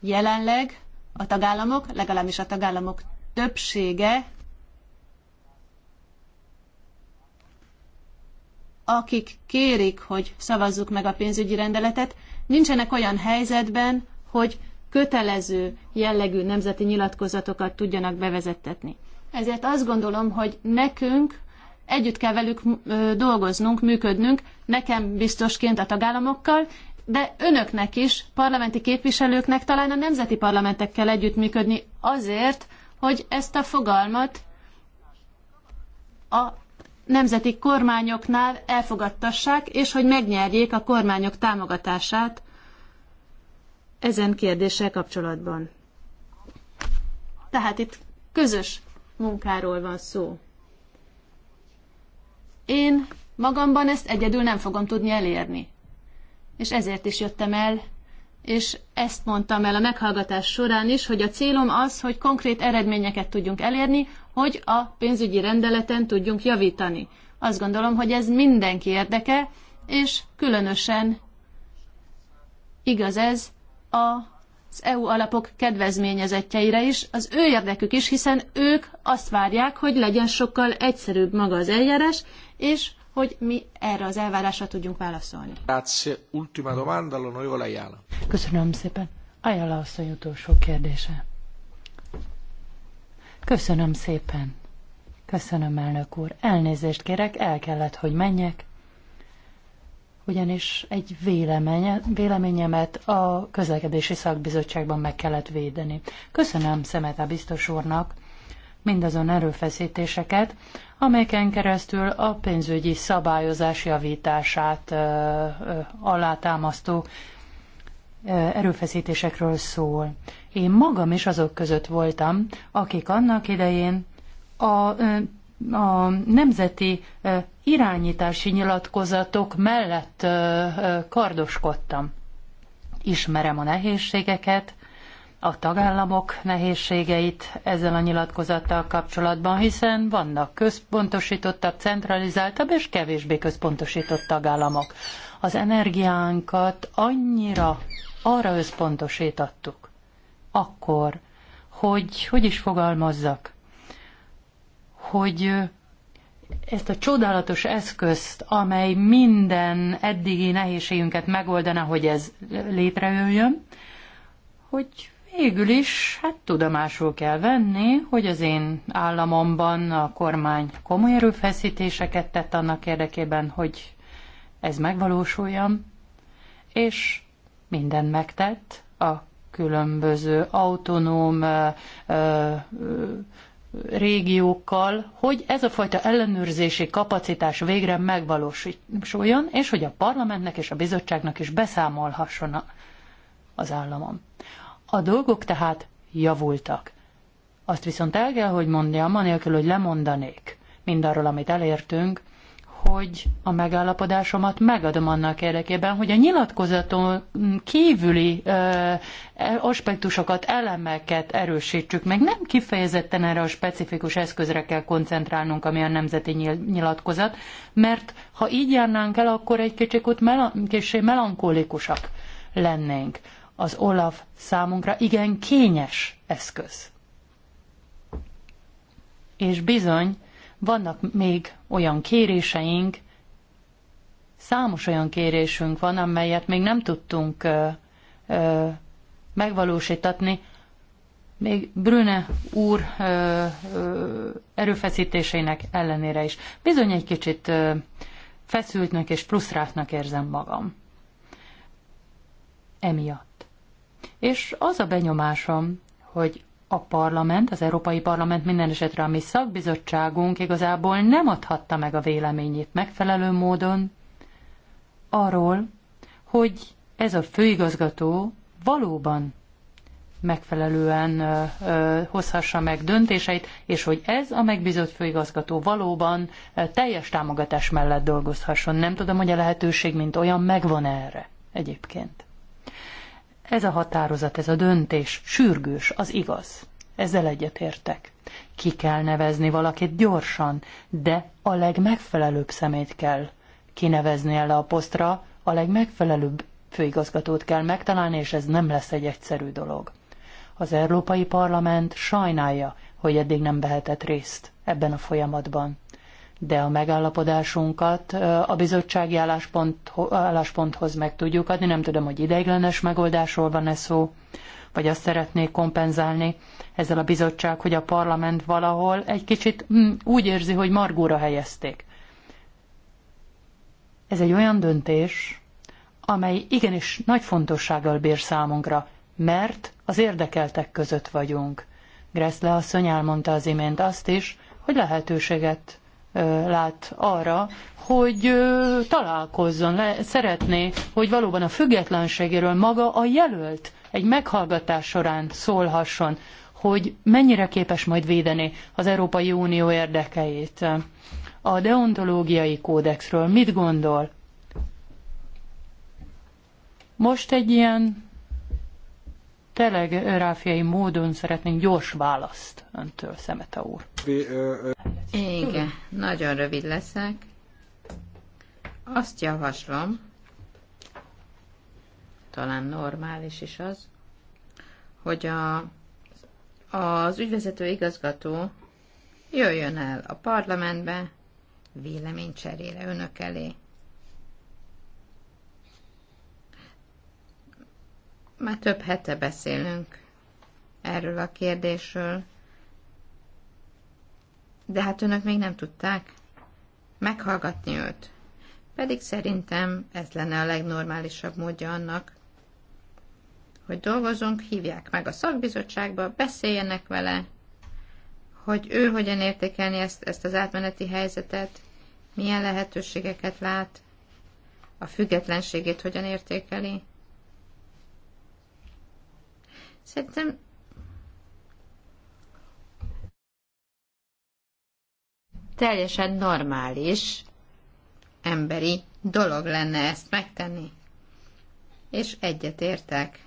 jelenleg a tagállamok, legalábbis a tagállamok többsége, akik kérik, hogy szavazzuk meg a pénzügyi rendeletet, nincsenek olyan helyzetben, hogy kötelező jellegű nemzeti nyilatkozatokat tudjanak bevezettetni. Ezért azt gondolom, hogy nekünk Együtt kell velük dolgoznunk, működnünk, nekem biztosként a tagállamokkal, de önöknek is, parlamenti képviselőknek, talán a nemzeti parlamentekkel együttműködni azért, hogy ezt a fogalmat a nemzeti kormányoknál elfogadtassák, és hogy megnyerjék a kormányok támogatását ezen kérdéssel kapcsolatban. Tehát itt közös munkáról van szó. Én magamban ezt egyedül nem fogom tudni elérni. És ezért is jöttem el, és ezt mondtam el a meghallgatás során is, hogy a célom az, hogy konkrét eredményeket tudjunk elérni, hogy a pénzügyi rendeleten tudjunk javítani. Azt gondolom, hogy ez mindenki érdeke, és különösen igaz ez a az EU alapok kedvezményezettjeire is, az ő érdekük is, hiszen ők azt várják, hogy legyen sokkal egyszerűbb maga az eljárás, és hogy mi erre az elvárásra tudjunk válaszolni. Köszönöm szépen. Ajala asszony utolsó kérdése. Köszönöm szépen. Köszönöm, elnök úr. Elnézést kérek, el kellett, hogy menjek. Ugyanis egy véleménye, véleményemet a közlekedési szakbizottságban meg kellett védeni. Köszönöm Szemete biztos úrnak, mindazon erőfeszítéseket, amelyeken keresztül a pénzügyi szabályozás javítását alátámasztó erőfeszítésekről szól. Én magam is azok között voltam, akik annak idején a a nemzeti irányítási nyilatkozatok mellett kardoskodtam. Ismerem a nehézségeket, a tagállamok nehézségeit ezzel a nyilatkozattal kapcsolatban, hiszen vannak központosítottabb, centralizáltabb és kevésbé központosított tagállamok. Az energiánkat annyira arra összpontosítottuk, akkor, hogy hogy is fogalmazzak, hogy ezt a csodálatos eszközt, amely minden eddigi nehézségünket megoldana, hogy ez létrejöjjön, hogy Végül is, hát tudomásul kell venni, hogy az én államomban a kormány komoly erőfeszítéseket tett annak érdekében, hogy ez megvalósuljon, és minden megtett a különböző autonóm ö, ö, régiókkal, hogy ez a fajta ellenőrzési kapacitás végre megvalósuljon, és hogy a parlamentnek és a bizottságnak is beszámolhasson az államom. A dolgok tehát javultak. Azt viszont el kell, hogy mondjam, anélkül, hogy lemondanék mindarról, amit elértünk, hogy a megállapodásomat megadom annak érdekében, hogy a nyilatkozaton kívüli ö, e, aspektusokat, elemeket erősítsük meg. Nem kifejezetten erre a specifikus eszközre kell koncentrálnunk, ami a nemzeti nyilatkozat, mert ha így járnánk el, akkor egy kicsit mel- lennénk az OLAF számunkra igen kényes eszköz. És bizony, vannak még olyan kéréseink, számos olyan kérésünk van, amelyet még nem tudtunk ö, ö, megvalósítatni. Még Brüne úr ö, ö, erőfeszítéseinek ellenére is. Bizony egy kicsit ö, feszültnek és frusztráltnak érzem magam. Emiatt. És az a benyomásom, hogy a parlament, az Európai Parlament minden esetre a mi szakbizottságunk igazából nem adhatta meg a véleményét megfelelő módon arról, hogy ez a főigazgató valóban megfelelően ö, ö, hozhassa meg döntéseit, és hogy ez a megbízott főigazgató valóban ö, teljes támogatás mellett dolgozhasson. Nem tudom, hogy a lehetőség, mint olyan, megvan -e erre egyébként. Ez a határozat, ez a döntés sürgős, az igaz. Ezzel egyetértek. Ki kell nevezni valakit gyorsan, de a legmegfelelőbb szemét kell kinevezni el a posztra, a legmegfelelőbb főigazgatót kell megtalálni, és ez nem lesz egy egyszerű dolog. Az Európai Parlament sajnálja, hogy eddig nem vehetett részt ebben a folyamatban de a megállapodásunkat a bizottsági álláspont, állásponthoz meg tudjuk adni. Nem tudom, hogy ideiglenes megoldásról van-e szó, vagy azt szeretnék kompenzálni ezzel a bizottság, hogy a parlament valahol egy kicsit mm, úgy érzi, hogy margóra helyezték. Ez egy olyan döntés, amely igenis nagy fontossággal bír számunkra, mert az érdekeltek között vagyunk. Gressle asszony elmondta az imént azt is, hogy lehetőséget lát arra, hogy találkozzon, le, szeretné, hogy valóban a függetlenségéről maga a jelölt egy meghallgatás során szólhasson, hogy mennyire képes majd védeni az Európai Unió érdekeit. A deontológiai kódexről mit gondol? Most egy ilyen telegráfiai módon szeretnénk gyors választ öntől, Szemete úr. Uh, uh, Igen, nagyon rövid leszek. Azt javaslom, talán normális is az, hogy a, az ügyvezető igazgató jöjjön el a parlamentbe cserére önök elé. Már több hete beszélünk erről a kérdésről, de hát önök még nem tudták meghallgatni őt. Pedig szerintem ez lenne a legnormálisabb módja annak, hogy dolgozunk, hívják meg a szakbizottságba, beszéljenek vele, hogy ő hogyan értékelni ezt, ezt az átmeneti helyzetet, milyen lehetőségeket lát, a függetlenségét hogyan értékeli. Szerintem teljesen normális emberi dolog lenne ezt megtenni. És egyetértek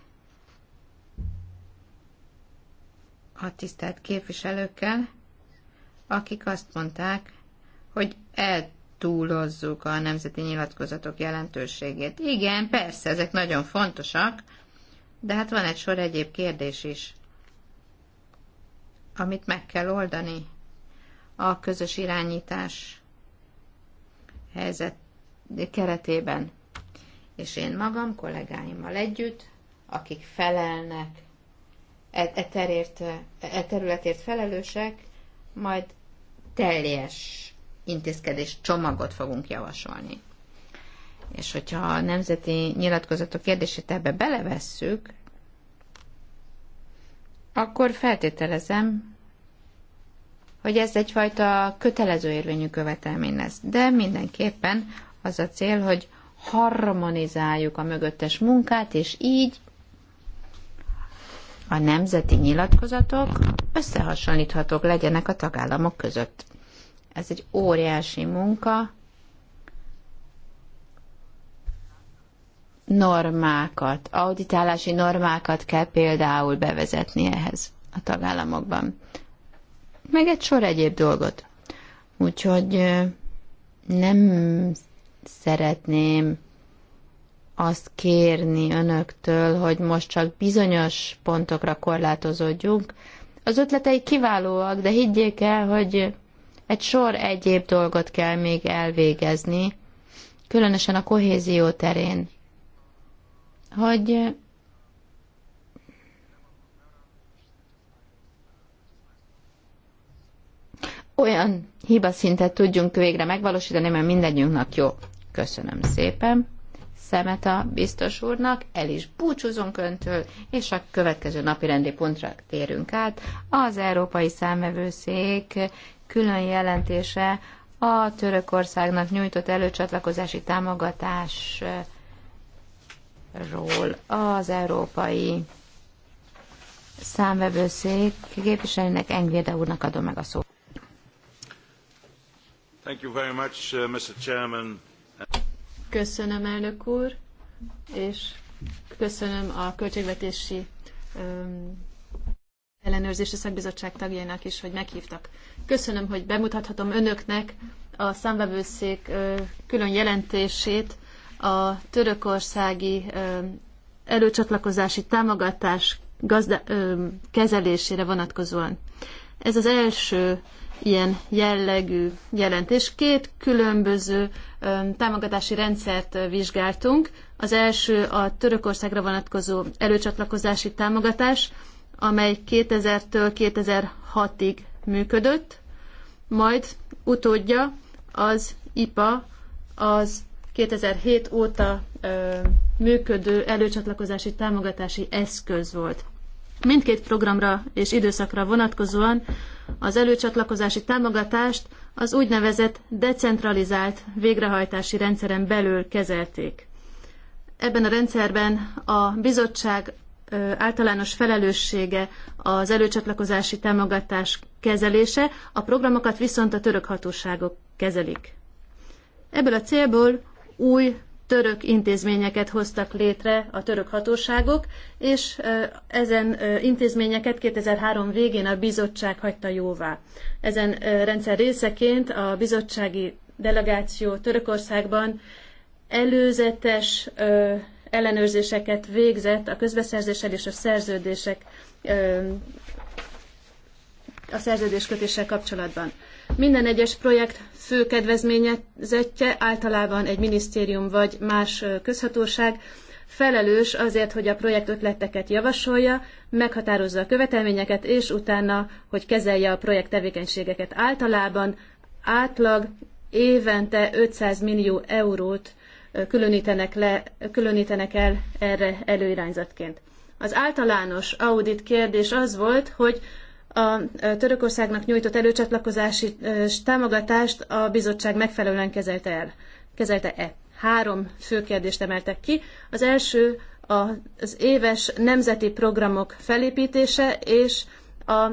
a tisztelt képviselőkkel, akik azt mondták, hogy eltúlozzuk a nemzeti nyilatkozatok jelentőségét. Igen, persze, ezek nagyon fontosak, de hát van egy sor egyéb kérdés is, amit meg kell oldani a közös irányítás helyzet keretében. És én magam, kollégáimmal együtt, akik felelnek, e, e, terért, e területért felelősek, majd teljes intézkedés csomagot fogunk javasolni. És hogyha a nemzeti nyilatkozatok kérdését ebbe belevesszük, akkor feltételezem, hogy ez egyfajta kötelező érvényű követelmény lesz. De mindenképpen az a cél, hogy harmonizáljuk a mögöttes munkát, és így a nemzeti nyilatkozatok összehasonlíthatók legyenek a tagállamok között. Ez egy óriási munka, normákat, auditálási normákat kell például bevezetni ehhez a tagállamokban meg egy sor egyéb dolgot. Úgyhogy nem szeretném azt kérni önöktől, hogy most csak bizonyos pontokra korlátozódjunk. Az ötletei kiválóak, de higgyék el, hogy egy sor egyéb dolgot kell még elvégezni, különösen a kohézió terén. Hogy olyan hibaszintet tudjunk végre megvalósítani, mert mindegyünknek jó. Köszönöm szépen szemet a biztos úrnak, el is búcsúzunk öntől, és a következő napi rendi pontra térünk át. Az Európai Számvevőszék külön jelentése a Törökországnak nyújtott előcsatlakozási támogatásról az Európai Számvevőszék képviselőnek Engvéde úrnak adom meg a szót. Uh, köszönöm, elnök úr, és köszönöm a költségvetési um, ellenőrzési szakbizottság tagjainak is, hogy meghívtak. Köszönöm, hogy bemutathatom önöknek a számvevőszék külön jelentését a törökországi előcsatlakozási támogatás gazda, kezelésére vonatkozóan. Ez az első ilyen jellegű jelentés. Két különböző támogatási rendszert vizsgáltunk. Az első a Törökországra vonatkozó előcsatlakozási támogatás, amely 2000-től 2006-ig működött, majd utódja az IPA, az 2007 óta működő előcsatlakozási támogatási eszköz volt. Mindkét programra és időszakra vonatkozóan az előcsatlakozási támogatást az úgynevezett decentralizált végrehajtási rendszeren belül kezelték. Ebben a rendszerben a bizottság általános felelőssége az előcsatlakozási támogatás kezelése, a programokat viszont a török hatóságok kezelik. Ebből a célból új török intézményeket hoztak létre a török hatóságok, és ezen intézményeket 2003 végén a bizottság hagyta jóvá. Ezen rendszer részeként a bizottsági delegáció Törökországban előzetes ellenőrzéseket végzett a közbeszerzéssel és a szerződések a szerződéskötéssel kapcsolatban. Minden egyes projekt fő kedvezményezettje általában egy minisztérium vagy más közhatóság felelős azért, hogy a projekt ötleteket javasolja, meghatározza a követelményeket, és utána, hogy kezelje a projekt tevékenységeket általában, átlag évente 500 millió eurót különítenek, le, különítenek el erre előirányzatként. Az általános audit kérdés az volt, hogy a Törökországnak nyújtott előcsatlakozási támogatást a bizottság megfelelően kezelte el. Kezelte-e? Három fő kérdést emeltek ki. Az első az éves nemzeti programok felépítése és a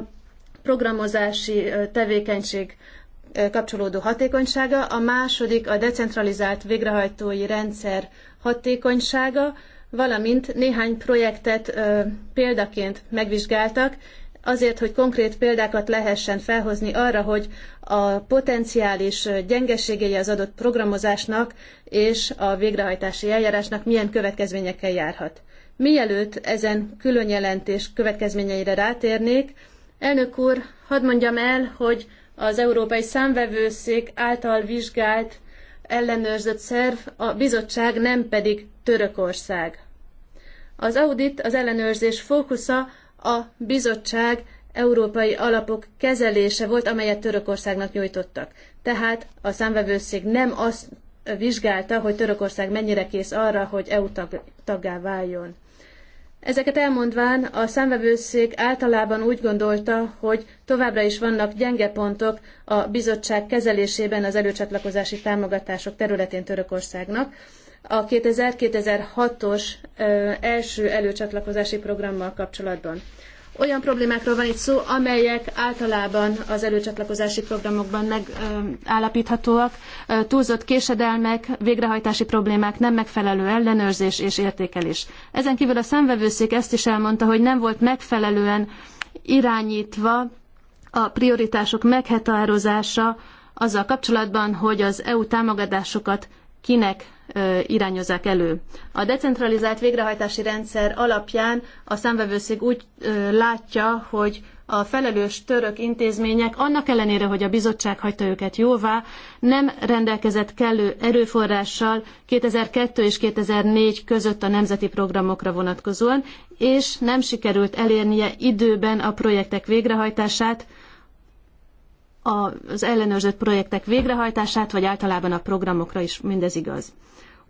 programozási tevékenység kapcsolódó hatékonysága, a második a decentralizált végrehajtói rendszer hatékonysága, valamint néhány projektet példaként megvizsgáltak, azért, hogy konkrét példákat lehessen felhozni arra, hogy a potenciális gyengeségei az adott programozásnak és a végrehajtási eljárásnak milyen következményekkel járhat. Mielőtt ezen külön jelentés következményeire rátérnék, elnök úr, hadd mondjam el, hogy az Európai Számvevőszék által vizsgált ellenőrzött szerv, a bizottság nem pedig Törökország. Az audit, az ellenőrzés fókusza a bizottság európai alapok kezelése volt, amelyet Törökországnak nyújtottak. Tehát a számvevőszék nem azt vizsgálta, hogy Törökország mennyire kész arra, hogy EU tag, taggá váljon. Ezeket elmondván a számvevőszék általában úgy gondolta, hogy továbbra is vannak gyenge pontok a bizottság kezelésében az előcsatlakozási támogatások területén Törökországnak, a 2000-2006-os első előcsatlakozási programmal kapcsolatban. Olyan problémákról van itt szó, amelyek általában az előcsatlakozási programokban megállapíthatóak, túlzott késedelmek, végrehajtási problémák, nem megfelelő ellenőrzés és értékelés. Ezen kívül a szemvevőszék ezt is elmondta, hogy nem volt megfelelően irányítva a prioritások meghatározása azzal kapcsolatban, hogy az EU támogatásokat kinek irányozzák elő. A decentralizált végrehajtási rendszer alapján a számvevőszék úgy látja, hogy a felelős török intézmények, annak ellenére, hogy a bizottság hagyta őket jóvá, nem rendelkezett kellő erőforrással 2002 és 2004 között a nemzeti programokra vonatkozóan, és nem sikerült elérnie időben a projektek végrehajtását, az ellenőrzött projektek végrehajtását, vagy általában a programokra is mindez igaz.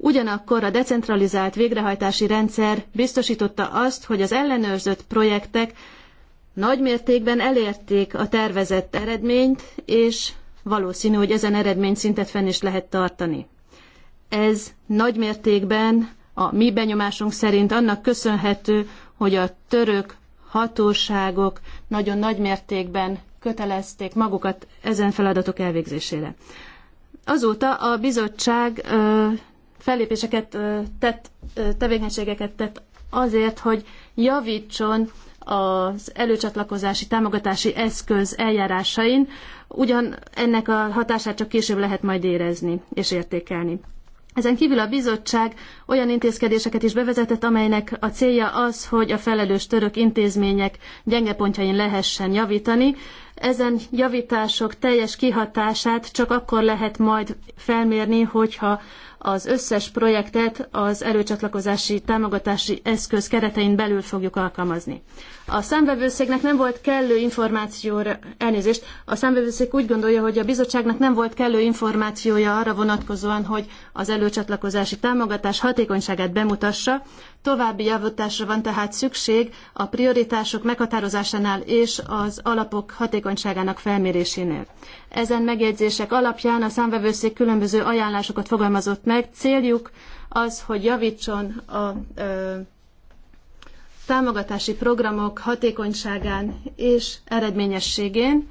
Ugyanakkor a decentralizált végrehajtási rendszer biztosította azt, hogy az ellenőrzött projektek nagy mértékben elérték a tervezett eredményt, és valószínű, hogy ezen eredmény szintet fenn is lehet tartani. Ez nagy mértékben a mi benyomásunk szerint annak köszönhető, hogy a török hatóságok nagyon nagy mértékben kötelezték magukat ezen feladatok elvégzésére. Azóta a bizottság fellépéseket tett, tevékenységeket tett azért, hogy javítson az előcsatlakozási támogatási eszköz eljárásain, ugyan ennek a hatását csak később lehet majd érezni és értékelni. Ezen kívül a bizottság olyan intézkedéseket is bevezetett, amelynek a célja az, hogy a felelős török intézmények gyenge pontjain lehessen javítani. Ezen javítások teljes kihatását csak akkor lehet majd felmérni, hogyha az összes projektet az előcsatlakozási támogatási eszköz keretein belül fogjuk alkalmazni. A számvevőszéknek nem volt kellő információra, elnézést, a számvevőszék úgy gondolja, hogy a bizottságnak nem volt kellő információja arra vonatkozóan, hogy az előcsatlakozási támogatás hatékonyságát bemutassa, további javításra van tehát szükség a prioritások meghatározásánál és az alapok hatékonyságának felmérésénél. Ezen megjegyzések alapján a számvevőszék különböző ajánlásokat fogalmazott meg. Céljuk az, hogy javítson a ö, támogatási programok hatékonyságán és eredményességén.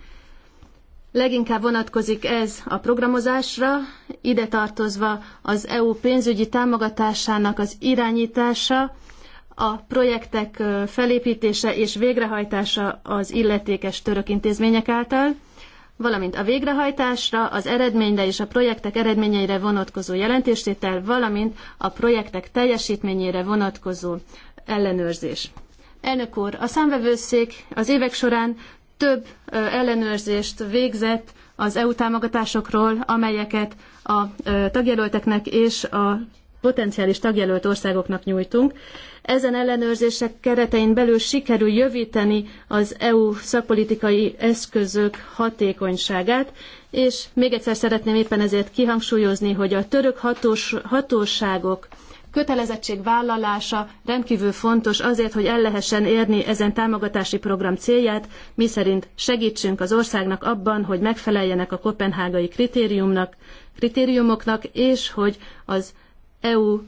Leginkább vonatkozik ez a programozásra, ide tartozva az EU pénzügyi támogatásának az irányítása, a projektek felépítése és végrehajtása az illetékes török intézmények által valamint a végrehajtásra, az eredményre és a projektek eredményeire vonatkozó jelentéstétel, valamint a projektek teljesítményére vonatkozó ellenőrzés. Elnök úr, a számvevőszék az évek során több ellenőrzést végzett az EU támogatásokról, amelyeket a tagjelölteknek és a potenciális tagjelölt országoknak nyújtunk. Ezen ellenőrzések keretein belül sikerül javítani az EU szakpolitikai eszközök hatékonyságát, és még egyszer szeretném éppen ezért kihangsúlyozni, hogy a török hatós, hatóságok kötelezettség vállalása rendkívül fontos azért, hogy el lehessen érni ezen támogatási program célját, miszerint segítsünk az országnak abban, hogy megfeleljenek a kopenhágai kritériumnak, kritériumoknak, és hogy az EU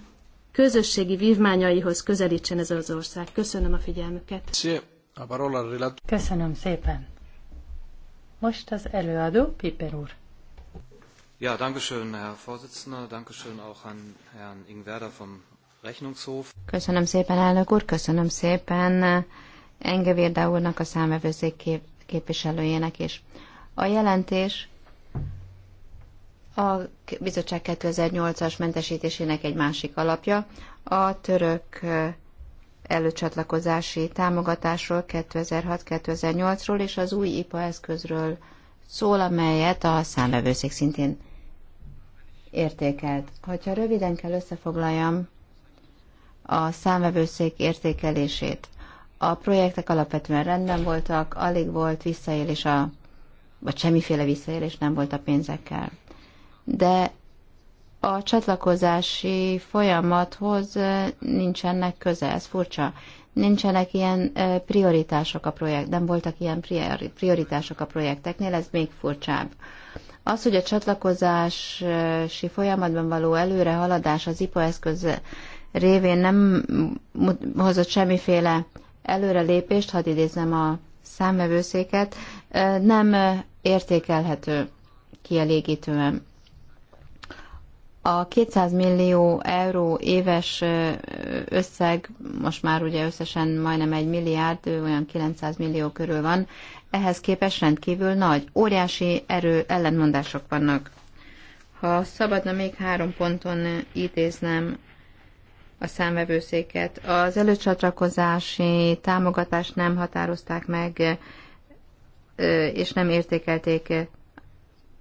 közösségi vívmányaihoz közelítsen ez az ország. Köszönöm a figyelmüket. Köszönöm szépen. Most az előadó Piper úr. Ja, dankeschön, Herr Vorsitzender, dankeschön auch an Herrn Ingwerder vom Rechnungshof. Köszönöm szépen, elnök úr, köszönöm szépen eh, Engevérda úrnak a számvevőzék képviselőjének is. A jelentés a bizottság 2008-as mentesítésének egy másik alapja a török előcsatlakozási támogatásról 2006-2008-ról és az új IPA eszközről szól, amelyet a számlevőszék szintén értékelt. Hogyha röviden kell összefoglaljam a számvevőszék értékelését, a projektek alapvetően rendben voltak, alig volt visszaélés a, vagy semmiféle visszaélés nem volt a pénzekkel de a csatlakozási folyamathoz nincsenek köze, ez furcsa. Nincsenek ilyen prioritások a projekt, nem voltak ilyen prioritások a projekteknél, ez még furcsább. Az, hogy a csatlakozási folyamatban való előrehaladás az IPA eszköz révén nem hozott semmiféle előrelépést, hadd idézem a számvevőszéket, nem értékelhető kielégítően. A 200 millió euró éves összeg, most már ugye összesen majdnem egy milliárd, olyan 900 millió körül van, ehhez képest rendkívül nagy, óriási erő ellentmondások vannak. Ha szabadna még három ponton ítéznem a számvevőszéket, az előcsatlakozási támogatást nem határozták meg, és nem értékelték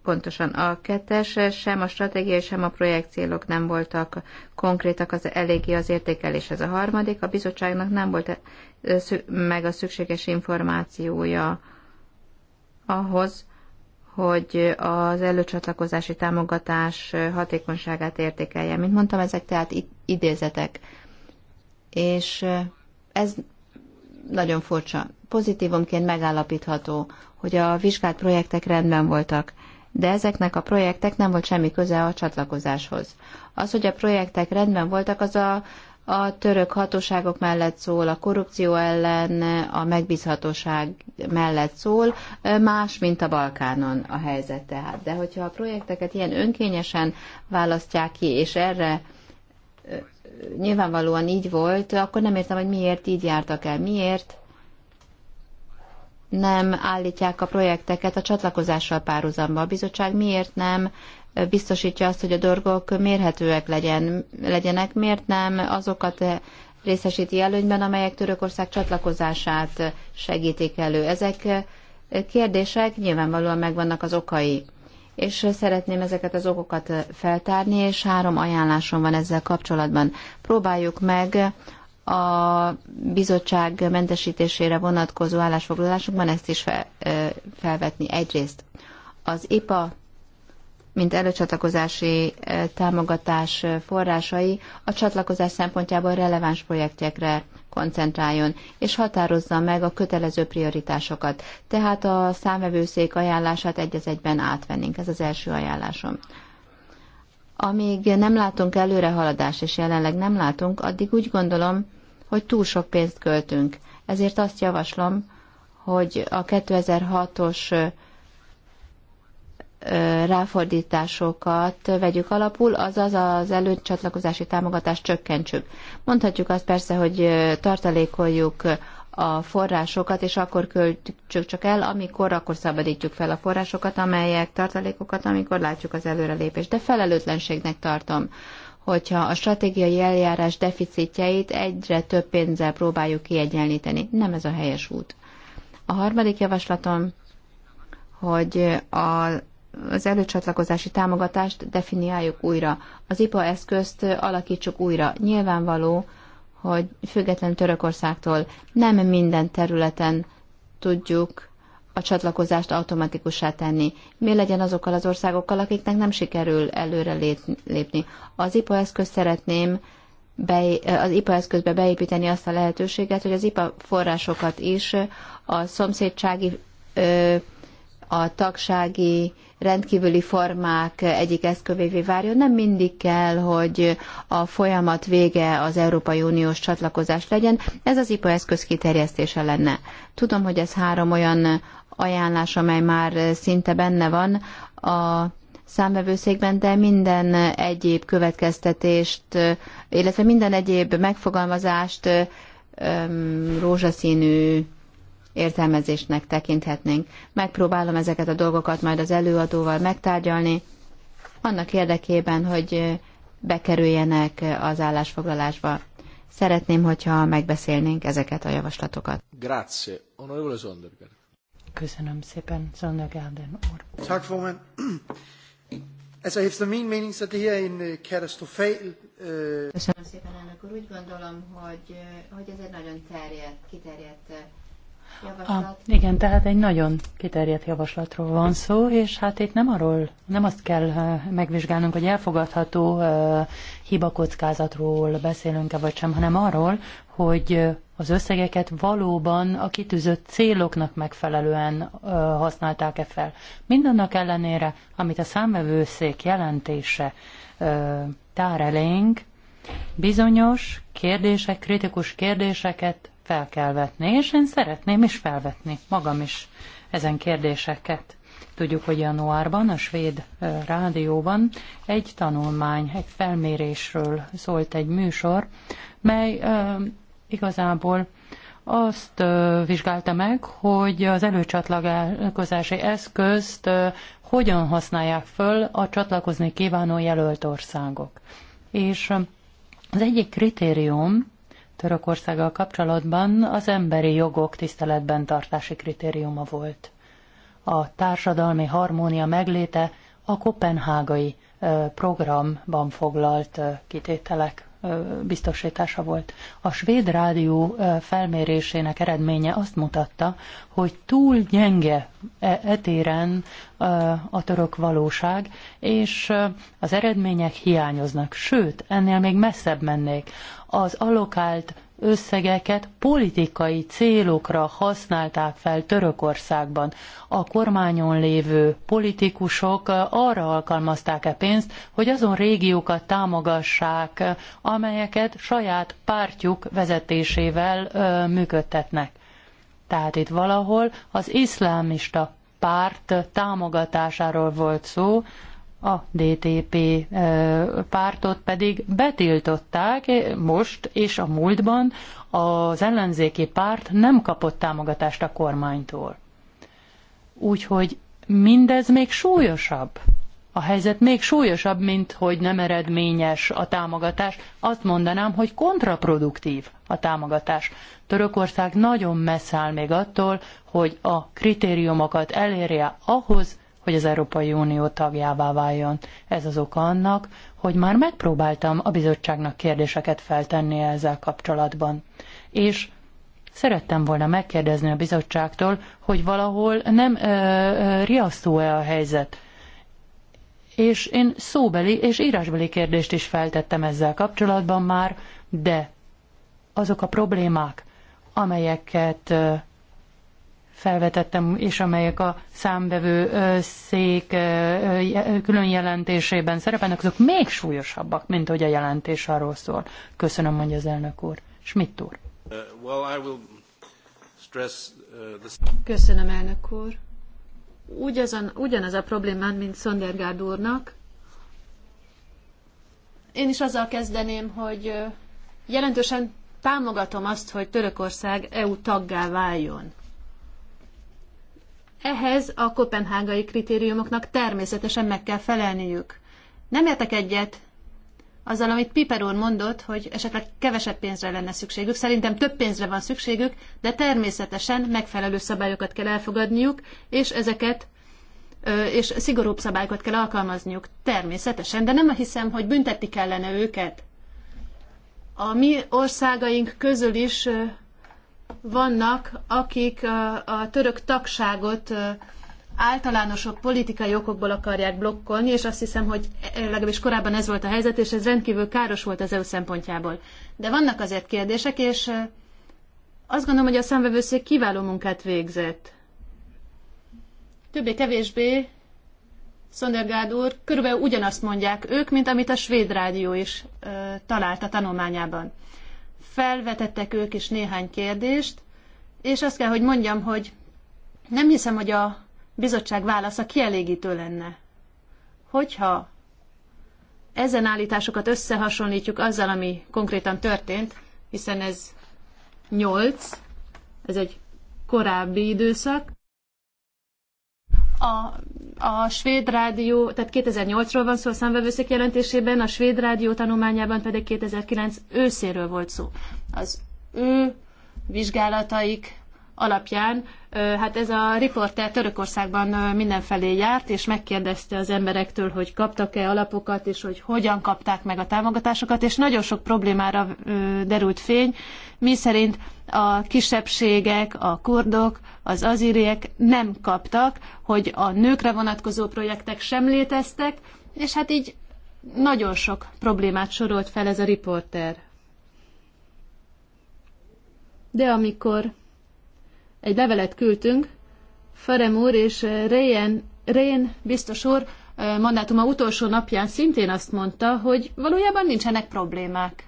Pontosan a kettes sem a stratégia, sem a projekt célok nem voltak konkrétak az eléggé az értékelés, Ez A harmadik, a bizottságnak nem volt meg a szükséges információja ahhoz, hogy az előcsatlakozási támogatás hatékonyságát értékelje. Mint mondtam, ezek tehát idézetek. És ez nagyon furcsa. Pozitívumként megállapítható, hogy a vizsgált projektek rendben voltak, de ezeknek a projektek nem volt semmi köze a csatlakozáshoz. Az, hogy a projektek rendben voltak, az a, a török hatóságok mellett szól, a korrupció ellen, a megbízhatóság mellett szól, más, mint a Balkánon a helyzet tehát. De hogyha a projekteket ilyen önkényesen választják ki, és erre nyilvánvalóan így volt, akkor nem értem, hogy miért így jártak el, miért nem állítják a projekteket a csatlakozással párhuzamba. A bizottság miért nem biztosítja azt, hogy a dolgok mérhetőek legyen, legyenek, miért nem azokat részesíti előnyben, amelyek Törökország csatlakozását segítik elő. Ezek kérdések nyilvánvalóan megvannak az okai. És szeretném ezeket az okokat feltárni, és három ajánlásom van ezzel kapcsolatban. Próbáljuk meg a bizottság mentesítésére vonatkozó állásfoglalásokban ezt is fel, felvetni. Egyrészt az IPA, mint előcsatlakozási támogatás forrásai a csatlakozás szempontjából releváns projektekre koncentráljon, és határozza meg a kötelező prioritásokat. Tehát a számvevőszék ajánlását egy egyben átvennénk. Ez az első ajánlásom. Amíg nem látunk előrehaladást, és jelenleg nem látunk, addig úgy gondolom, hogy túl sok pénzt költünk. Ezért azt javaslom, hogy a 2006-os ráfordításokat vegyük alapul, azaz az előcsatlakozási támogatást csökkentsük. Mondhatjuk azt persze, hogy tartalékoljuk a forrásokat, és akkor költsük csak el, amikor akkor szabadítjuk fel a forrásokat, amelyek tartalékokat, amikor látjuk az előrelépést. De felelőtlenségnek tartom hogyha a stratégiai eljárás deficitjeit egyre több pénzzel próbáljuk kiegyenlíteni. Nem ez a helyes út. A harmadik javaslatom, hogy a, az előcsatlakozási támogatást definiáljuk újra. Az IPA eszközt alakítsuk újra. Nyilvánvaló, hogy független Törökországtól nem minden területen tudjuk a csatlakozást automatikussá tenni. Mi legyen azokkal az országokkal, akiknek nem sikerül előre lépni? Az IPA eszköz szeretném be, az IPA eszközbe beépíteni azt a lehetőséget, hogy az IPA forrásokat is a szomszédsági, a tagsági, rendkívüli formák egyik eszkövévé várjon. Nem mindig kell, hogy a folyamat vége az Európai Uniós csatlakozás legyen. Ez az IPA eszköz kiterjesztése lenne. Tudom, hogy ez három olyan ajánlás, amely már eh, szinte benne van a számvevőszékben, de minden egyéb következtetést, eh, illetve minden egyéb megfogalmazást eh, rózsaszínű értelmezésnek tekinthetnénk. Megpróbálom ezeket a dolgokat majd az előadóval megtárgyalni, annak érdekében, hogy bekerüljenek az állásfoglalásba. Szeretném, hogyha megbeszélnénk ezeket a javaslatokat. Grazie. Onorevole Sondergaard. Köszönöm szépen, Zondag Elden úr. Tak, formand. Altså, efter min mening, så er det her er en øh, øh, Köszönöm szépen, elnök úr. Úgy gondolom, hogy, hogy ez egy nagyon terjedt, kiterjedt javaslat. A, igen, tehát egy nagyon kiterjedt javaslatról van szó, és hát itt nem arról, nem azt kell megvizsgálnunk, hogy elfogadható uh, hibakockázatról beszélünk-e vagy sem, hanem arról, hogy az összegeket valóban a kitűzött céloknak megfelelően ö, használták-e fel. Mindannak ellenére, amit a számvevőszék jelentése ö, tár elénk, bizonyos kérdések, kritikus kérdéseket fel kell vetni, és én szeretném is felvetni magam is ezen kérdéseket. Tudjuk, hogy januárban a svéd ö, rádióban egy tanulmány, egy felmérésről szólt egy műsor, mely ö, igazából azt vizsgálta meg, hogy az előcsatlakozási eszközt hogyan használják föl a csatlakozni kívánó jelölt országok. És az egyik kritérium Törökországgal kapcsolatban az emberi jogok tiszteletben tartási kritériuma volt. A társadalmi harmónia megléte a kopenhágai programban foglalt kitételek biztosítása volt. A svéd rádió felmérésének eredménye azt mutatta, hogy túl gyenge e, etéren a török valóság, és az eredmények hiányoznak. Sőt, ennél még messzebb mennék. Az allokált összegeket politikai célokra használták fel Törökországban. A kormányon lévő politikusok arra alkalmazták-e pénzt, hogy azon régiókat támogassák, amelyeket saját pártjuk vezetésével ö, működtetnek. Tehát itt valahol az iszlámista párt támogatásáról volt szó, a DTP pártot pedig betiltották eh, most és a múltban, az ellenzéki párt nem kapott támogatást a kormánytól. Úgyhogy mindez még súlyosabb. A helyzet még súlyosabb, mint hogy nem eredményes a támogatás. Azt mondanám, hogy kontraproduktív a támogatás. Törökország nagyon messze áll még attól, hogy a kritériumokat elérje ahhoz, hogy az Európai Unió tagjává váljon. Ez az oka annak, hogy már megpróbáltam a bizottságnak kérdéseket feltenni ezzel kapcsolatban. És Szerettem volna megkérdezni a bizottságtól, hogy valahol nem ö, ö, riasztó-e a helyzet. És én szóbeli és írásbeli kérdést is feltettem ezzel kapcsolatban már, de azok a problémák, amelyeket felvetettem, és amelyek a számbevő szék külön jelentésében szerepelnek, azok még súlyosabbak, mint hogy a jelentés arról szól. Köszönöm, mondja az elnök úr. Schmidt úr. Uh, uh, Köszönöm, elnök úr. ugyanaz a problémám, mint Szondergárd úrnak. Én is azzal kezdeném, hogy jelentősen támogatom azt, hogy Törökország EU taggá váljon. Ehhez a kopenhágai kritériumoknak természetesen meg kell felelniük. Nem értek egyet azzal, amit Piper úr mondott, hogy esetleg kevesebb pénzre lenne szükségük. Szerintem több pénzre van szükségük, de természetesen megfelelő szabályokat kell elfogadniuk, és ezeket és szigorúbb szabályokat kell alkalmazniuk. Természetesen, de nem hiszem, hogy büntetni kellene őket. A mi országaink közül is vannak, akik a török tagságot általánosabb politikai okokból akarják blokkolni, és azt hiszem, hogy e, e, legalábbis korábban ez volt a helyzet, és ez rendkívül káros volt az EU szempontjából. De vannak azért kérdések, és azt gondolom, hogy a számvevőszék kiváló munkát végzett. Többé-kevésbé Szondergád úr körülbelül ugyanazt mondják ők, mint amit a svéd rádió is ö, talált a tanulmányában felvetettek ők is néhány kérdést, és azt kell, hogy mondjam, hogy nem hiszem, hogy a bizottság válasza kielégítő lenne. Hogyha ezen állításokat összehasonlítjuk azzal, ami konkrétan történt, hiszen ez 8, ez egy korábbi időszak, a, a svéd rádió, tehát 2008-ról van szó a számvevőszék jelentésében, a svéd rádió tanulmányában pedig 2009 őszéről volt szó. Az ő vizsgálataik alapján, hát ez a riporter Törökországban mindenfelé járt, és megkérdezte az emberektől, hogy kaptak-e alapokat, és hogy hogyan kapták meg a támogatásokat, és nagyon sok problémára derült fény, mi szerint a kisebbségek, a kurdok, az azíriek nem kaptak, hogy a nőkre vonatkozó projektek sem léteztek, és hát így nagyon sok problémát sorolt fel ez a riporter. De amikor egy levelet küldtünk, Ferem úr és eh, Rén, Rén biztos úr eh, mandátuma utolsó napján szintén azt mondta, hogy valójában nincsenek problémák.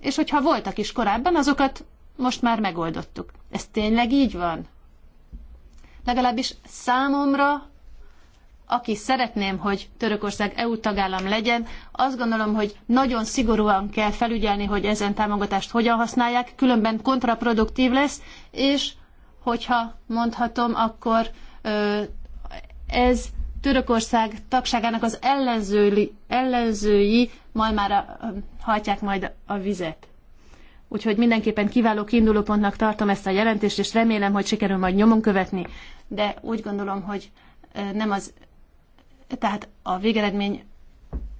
És hogyha voltak is korábban, azokat most már megoldottuk. Ez tényleg így van? Legalábbis számomra aki szeretném, hogy Törökország EU tagállam legyen, azt gondolom, hogy nagyon szigorúan kell felügyelni, hogy ezen támogatást hogyan használják, különben kontraproduktív lesz, és hogyha mondhatom, akkor ez Törökország tagságának az ellenzői, ellenzői majd már hajtják majd a vizet. Úgyhogy mindenképpen kiváló kiindulópontnak tartom ezt a jelentést, és remélem, hogy sikerül majd nyomon követni, de úgy gondolom, hogy nem az tehát a végeredmény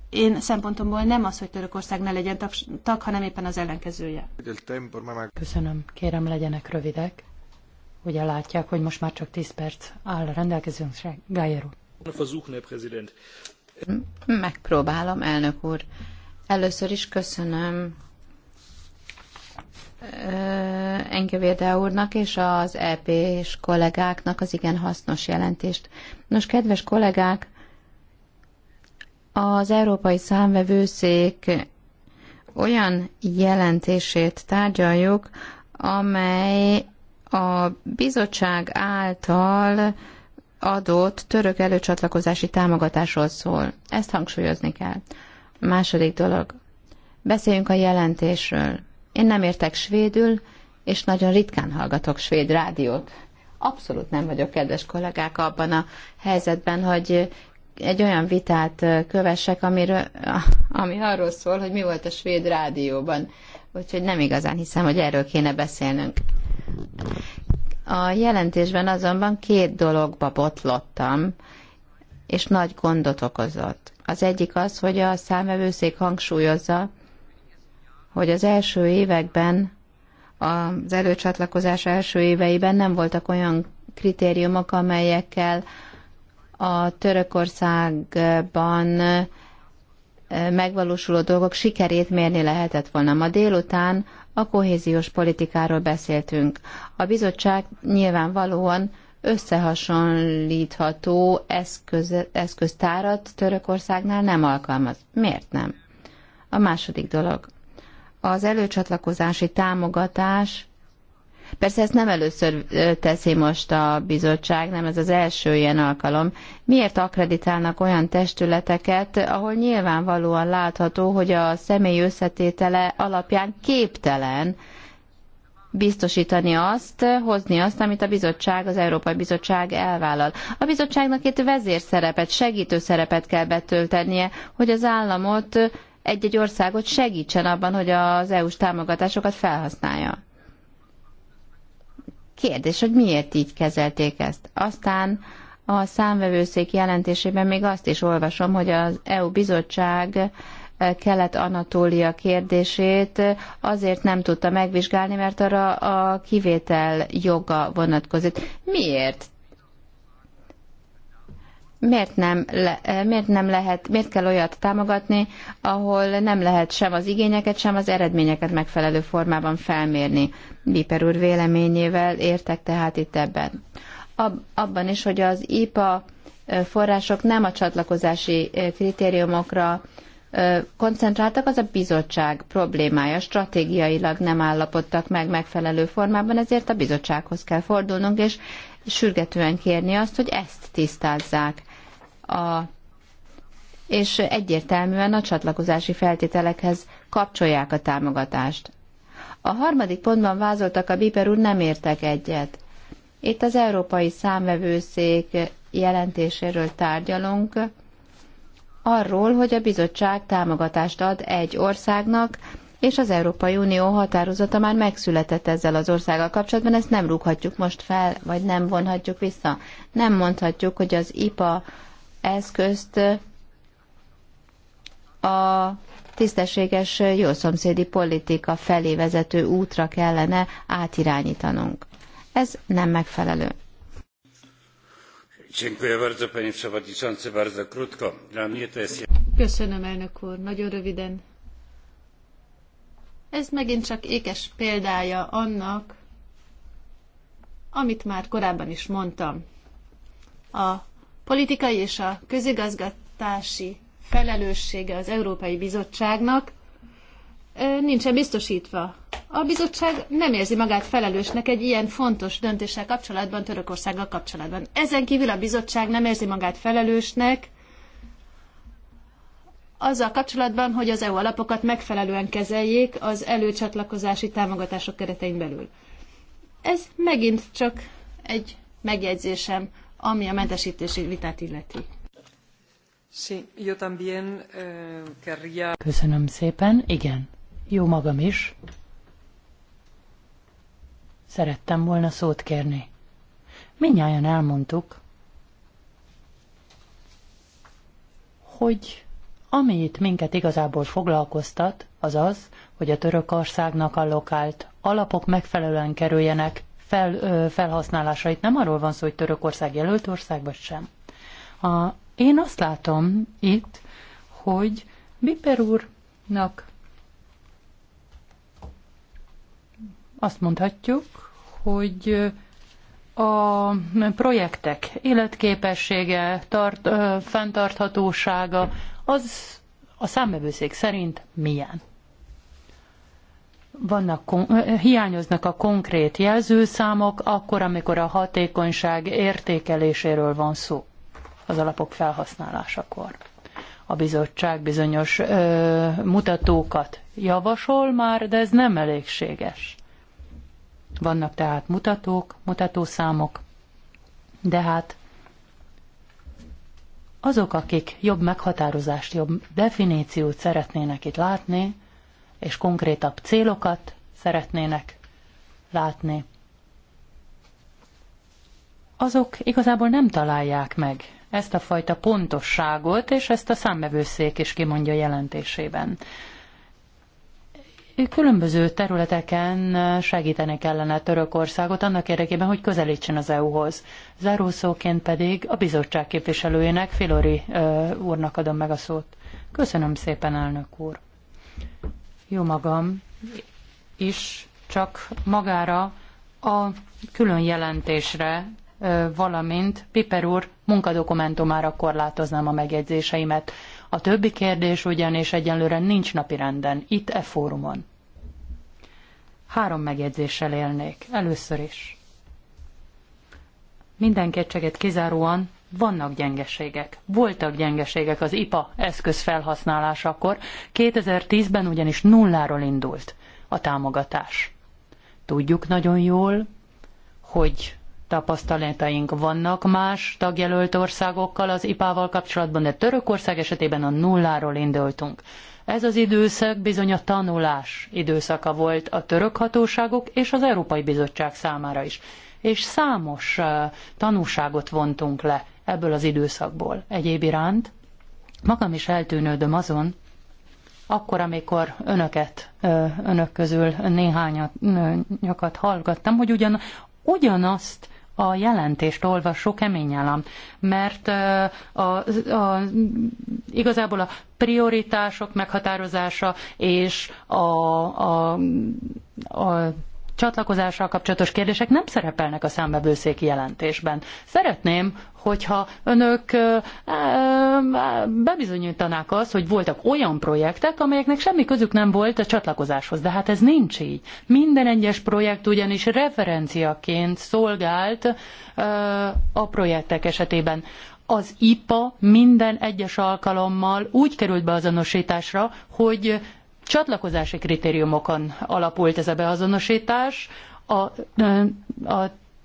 én szempontomból nem az, hogy Törökország ne legyen tag, tag hanem éppen az ellenkezője. Köszönöm, kérem legyenek rövidek. Ugye látják, hogy most már csak 10 perc áll a rendelkezésünkre. Gájero. Megpróbálom, elnök úr. Először is köszönöm Enkevérde úrnak és az EP és kollégáknak az igen hasznos jelentést. Nos, kedves kollégák, az Európai Számvevőszék olyan jelentését tárgyaljuk, amely a bizottság által adott török előcsatlakozási támogatásról szól. Ezt hangsúlyozni kell. Második dolog. Beszéljünk a jelentésről. Én nem értek svédül, és nagyon ritkán hallgatok svéd rádiót. Abszolút nem vagyok, kedves kollégák, abban a helyzetben, hogy egy olyan vitát kövessek, amiről, ami arról szól, hogy mi volt a svéd rádióban. Úgyhogy nem igazán hiszem, hogy erről kéne beszélnünk. A jelentésben azonban két dologba botlottam, és nagy gondot okozott. Az egyik az, hogy a számvevőszék hangsúlyozza, hogy az első években, az előcsatlakozás első éveiben nem voltak olyan kritériumok, amelyekkel a Törökországban megvalósuló dolgok sikerét mérni lehetett volna. Ma délután a kohéziós politikáról beszéltünk. A bizottság nyilvánvalóan összehasonlítható eszköz, eszköztárat Törökországnál nem alkalmaz. Miért nem? A második dolog. Az előcsatlakozási támogatás Persze ezt nem először teszi most a bizottság, nem ez az első ilyen alkalom. Miért akreditálnak olyan testületeket, ahol nyilvánvalóan látható, hogy a személy összetétele alapján képtelen biztosítani azt, hozni azt, amit a bizottság, az Európai Bizottság elvállal. A bizottságnak itt vezérszerepet, segítő szerepet kell betöltenie, hogy az államot, egy-egy országot segítsen abban, hogy az EU-s támogatásokat felhasználja. Kérdés, hogy miért így kezelték ezt. Aztán a számvevőszék jelentésében még azt is olvasom, hogy az EU bizottság eh, Kelet-Anatólia kérdését eh, azért nem tudta megvizsgálni, mert arra a kivétel joga vonatkozik. Miért miért nem, le, eh, miért nem lehet, miért kell olyat támogatni, ahol nem lehet sem az igényeket, sem az eredményeket megfelelő formában felmérni. Biper úr véleményével értek tehát itt ebben. Ab, abban is, hogy az IPA eh, források nem a csatlakozási eh, kritériumokra koncentráltak, az a bizottság problémája. Stratégiailag nem állapodtak meg megfelelő formában, ezért a bizottsághoz kell fordulnunk, és sürgetően kérni azt, hogy ezt tisztázzák a, és egyértelműen a csatlakozási feltételekhez kapcsolják a támogatást. A harmadik pontban vázoltak a Biper úr nem értek egyet. Itt az Európai Számvevőszék jelentéséről tárgyalunk, arról, hogy a bizottság támogatást ad egy országnak, és az Európai Unió határozata már megszületett ezzel az országgal kapcsolatban, ezt nem rúghatjuk most fel, vagy nem vonhatjuk vissza. Nem mondhatjuk, hogy az IPA eszközt a tisztességes jószomszédi politika felé vezető útra kellene átirányítanunk. Ez nem megfelelő. Köszönöm, elnök úr. Nagyon röviden. Ez megint csak ékes példája annak, amit már korábban is mondtam. A politikai és a közigazgatási felelőssége az Európai Bizottságnak nincsen biztosítva. A bizottság nem érzi magát felelősnek egy ilyen fontos döntéssel kapcsolatban, Törökországgal kapcsolatban. Ezen kívül a bizottság nem érzi magát felelősnek azzal kapcsolatban, hogy az EU alapokat megfelelően kezeljék az előcsatlakozási támogatások keretein belül. Ez megint csak egy megjegyzésem ami a mentesítési vitát illeti. Eh, Köszönöm szépen, igen. Jó magam is. Szerettem volna szót kérni. Mindnyájan elmondtuk, hogy ami itt minket igazából foglalkoztat, az az, hogy a Törökországnak allokált alapok megfelelően kerüljenek fel, felhasználása. Itt nem arról van szó, hogy Törökország jelölt ország, vagy sem. A, én azt látom itt, hogy Biper úrnak azt mondhatjuk, hogy a projektek életképessége, tart, ö, fenntarthatósága, az a számbevőszék szerint milyen? vannak, hiányoznak a konkrét jelzőszámok, akkor, amikor a hatékonyság értékeléséről van szó az alapok felhasználásakor. A bizottság bizonyos ö, mutatókat javasol már, de ez nem elégséges. Vannak tehát mutatók, mutatószámok, de hát azok, akik jobb meghatározást, jobb definíciót szeretnének itt látni, és konkrétabb célokat szeretnének látni, azok igazából nem találják meg ezt a fajta pontosságot, és ezt a számbevőszék is kimondja jelentésében. Különböző területeken segíteni kellene Törökországot annak érdekében, hogy közelítsen az EU-hoz. Zárószóként pedig a bizottság képviselőjének, Filori úrnak adom meg a szót. Köszönöm szépen, elnök úr jó magam is csak magára a külön jelentésre, valamint Piper úr munkadokumentumára korlátoznám a megjegyzéseimet. A többi kérdés ugyanis egyenlőre nincs napirenden, itt e fórumon. Három megjegyzéssel élnék, először is. Minden kétséget kizáróan vannak gyengeségek. Voltak gyengeségek az IPA eszköz felhasználásakor. 2010-ben ugyanis nulláról indult a támogatás. Tudjuk nagyon jól, hogy tapasztalataink vannak más tagjelölt országokkal az IPA-val kapcsolatban, de Törökország esetében a nulláról indultunk. Ez az időszak bizony a tanulás időszaka volt a török hatóságok és az Európai Bizottság számára is és számos uh, tanúságot vontunk le ebből az időszakból. Egyéb iránt magam is eltűnődöm azon, akkor, amikor önöket, önök közül néhányat nyakat hallgattam, hogy ugyan, ugyanazt a jelentést olvasó keményelem, mert a, a, a, igazából a prioritások meghatározása és a, a, a csatlakozással kapcsolatos kérdések nem szerepelnek a számbevőszéki jelentésben. Szeretném, hogyha önök bebizonyítanák azt, hogy voltak olyan projektek, amelyeknek semmi közük nem volt a csatlakozáshoz, de hát ez nincs így. Minden egyes projekt ugyanis referenciaként szolgált ö, a projektek esetében az IPA minden egyes alkalommal úgy került azonosításra, hogy Csatlakozási kritériumokon alapult ez a beazonosítás. A, a,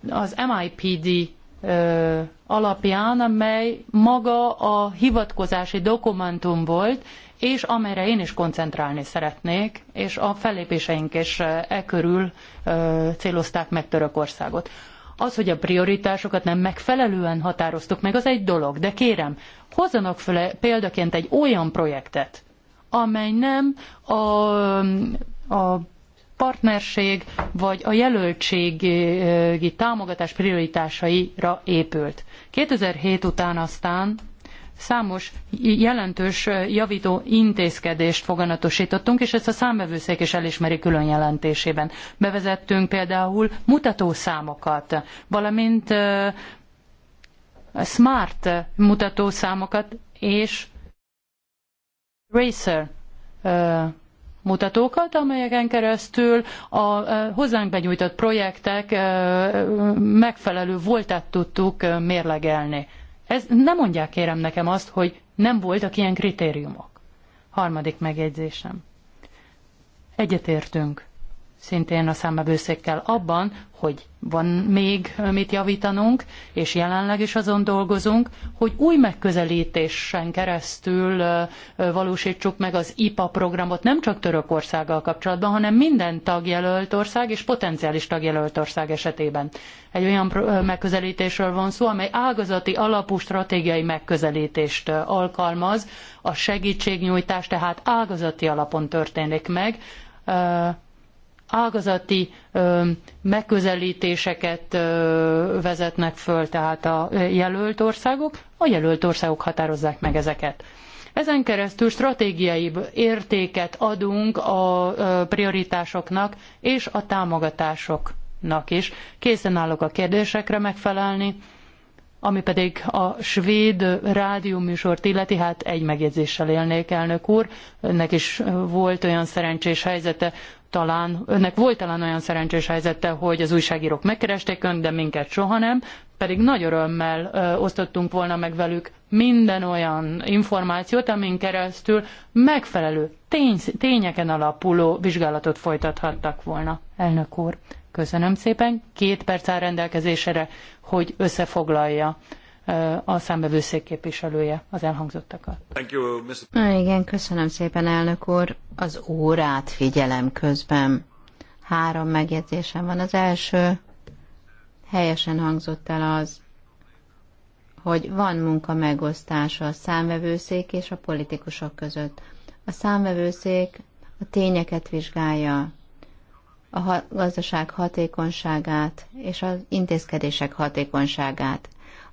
az MIPD alapján, amely maga a hivatkozási dokumentum volt, és amelyre én is koncentrálni szeretnék, és a fellépéseink is e körül célozták meg Törökországot. Az, hogy a prioritásokat nem megfelelően határoztuk meg, az egy dolog, de kérem, hozzanak fel példaként egy olyan projektet, amely nem a, a partnerség vagy a jelöltségi támogatás prioritásaira épült. 2007 után aztán számos jelentős javító intézkedést foganatosítottunk, és ezt a számbevőszék is elismeri külön jelentésében. Bevezettünk például mutatószámokat, valamint smart mutatószámokat és Racer mutatókat, amelyeken keresztül a hozzánk benyújtott projektek megfelelő voltát tudtuk mérlegelni. Ez nem mondják kérem nekem azt, hogy nem voltak ilyen kritériumok. Harmadik megjegyzésem. Egyetértünk szintén a számbevőszékkel abban, hogy van még mit javítanunk, és jelenleg is azon dolgozunk, hogy új megközelítésen keresztül valósítsuk meg az IPA programot nem csak Törökországgal kapcsolatban, hanem minden tagjelölt ország és potenciális tagjelölt ország esetében. Egy olyan megközelítésről van szó, amely ágazati alapú stratégiai megközelítést alkalmaz, a segítségnyújtás tehát ágazati alapon történik meg, ágazati megközelítéseket vezetnek föl, tehát a jelölt országok, a jelölt országok határozzák meg ezeket. Ezen keresztül stratégiai értéket adunk a prioritásoknak és a támogatásoknak is. Készen állok a kérdésekre megfelelni, ami pedig a svéd rádióműsort illeti, hát egy megjegyzéssel élnék, elnök úr. Ennek is volt olyan szerencsés helyzete, talán, önnek volt talán olyan szerencsés helyzete, hogy az újságírók megkeresték önt, de minket soha nem, pedig nagy örömmel ö, osztottunk volna meg velük minden olyan információt, amin keresztül megfelelő tény, tényeken alapuló vizsgálatot folytathattak volna. Elnök úr, köszönöm szépen, két perc áll rendelkezésére, hogy összefoglalja a számbevőszék képviselője az elhangzottakat. Thank you, Mr. Igen, köszönöm szépen, elnök úr. Az órát figyelem közben. Három megjegyzésem van. Az első, helyesen hangzott el az, hogy van munka megosztása a számvevőszék és a politikusok között. A számvevőszék a tényeket vizsgálja, a gazdaság hatékonyságát és az intézkedések hatékonyságát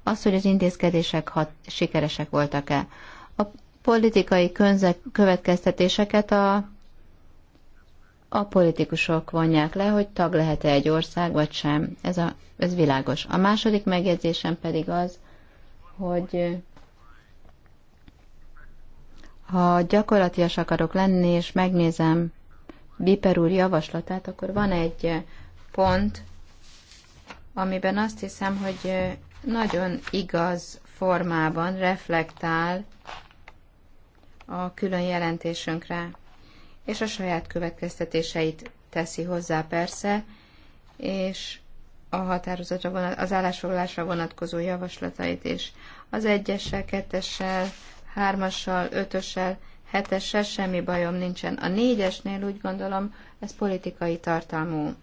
az, hogy az intézkedések hat, sikeresek voltak-e. A politikai könzek, következtetéseket a, a politikusok vonják le, hogy tag lehet-e egy ország, vagy sem. Ez, a, ez világos. A második megjegyzésem pedig az, hogy ha gyakorlatias akarok lenni, és megnézem Biper úr javaslatát, akkor van egy pont, amiben azt hiszem, hogy nagyon igaz formában reflektál a külön jelentésünkre, és a saját következtetéseit teszi hozzá persze, és a határozatra vonat, az állásfoglalásra vonatkozó javaslatait is. Az egyessel, kettessel, hármassal, ötössel, hetessel semmi bajom nincsen. A négyesnél úgy gondolom, ez politikai tartalmú,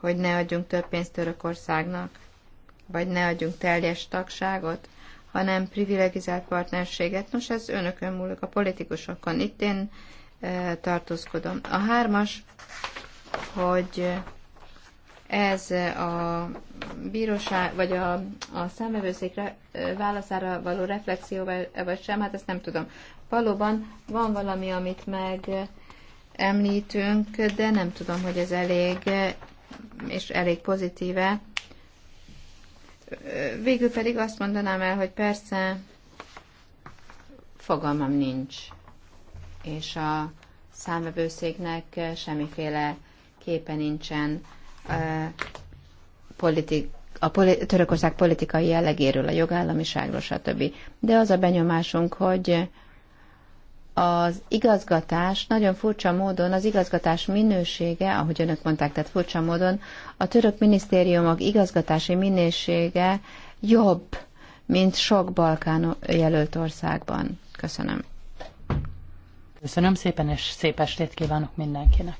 hogy ne adjunk több pénzt Törökországnak vagy ne adjunk teljes tagságot, hanem privilegizált partnerséget. Nos, ez önökön múlik a politikusokon. Itt én e, tartózkodom. A hármas, hogy ez a bíróság, vagy a, a számvevőszék e, válaszára való reflexió, vagy sem, hát ezt nem tudom. Valóban van valami, amit meg említünk, de nem tudom, hogy ez elég, és elég pozitíve Végül pedig azt mondanám el, hogy persze fogalmam nincs, és a számvevőszéknek semmiféle képe nincsen politik, a poli, Törökország politikai jellegéről, a jogállamiságról, stb. De az a benyomásunk, hogy az igazgatás nagyon furcsa módon, az igazgatás minősége, ahogy önök mondták, tehát furcsa módon, a török minisztériumok igazgatási minősége jobb, mint sok Balkán jelölt országban. Köszönöm. Köszönöm szépen, és szép estét kívánok mindenkinek.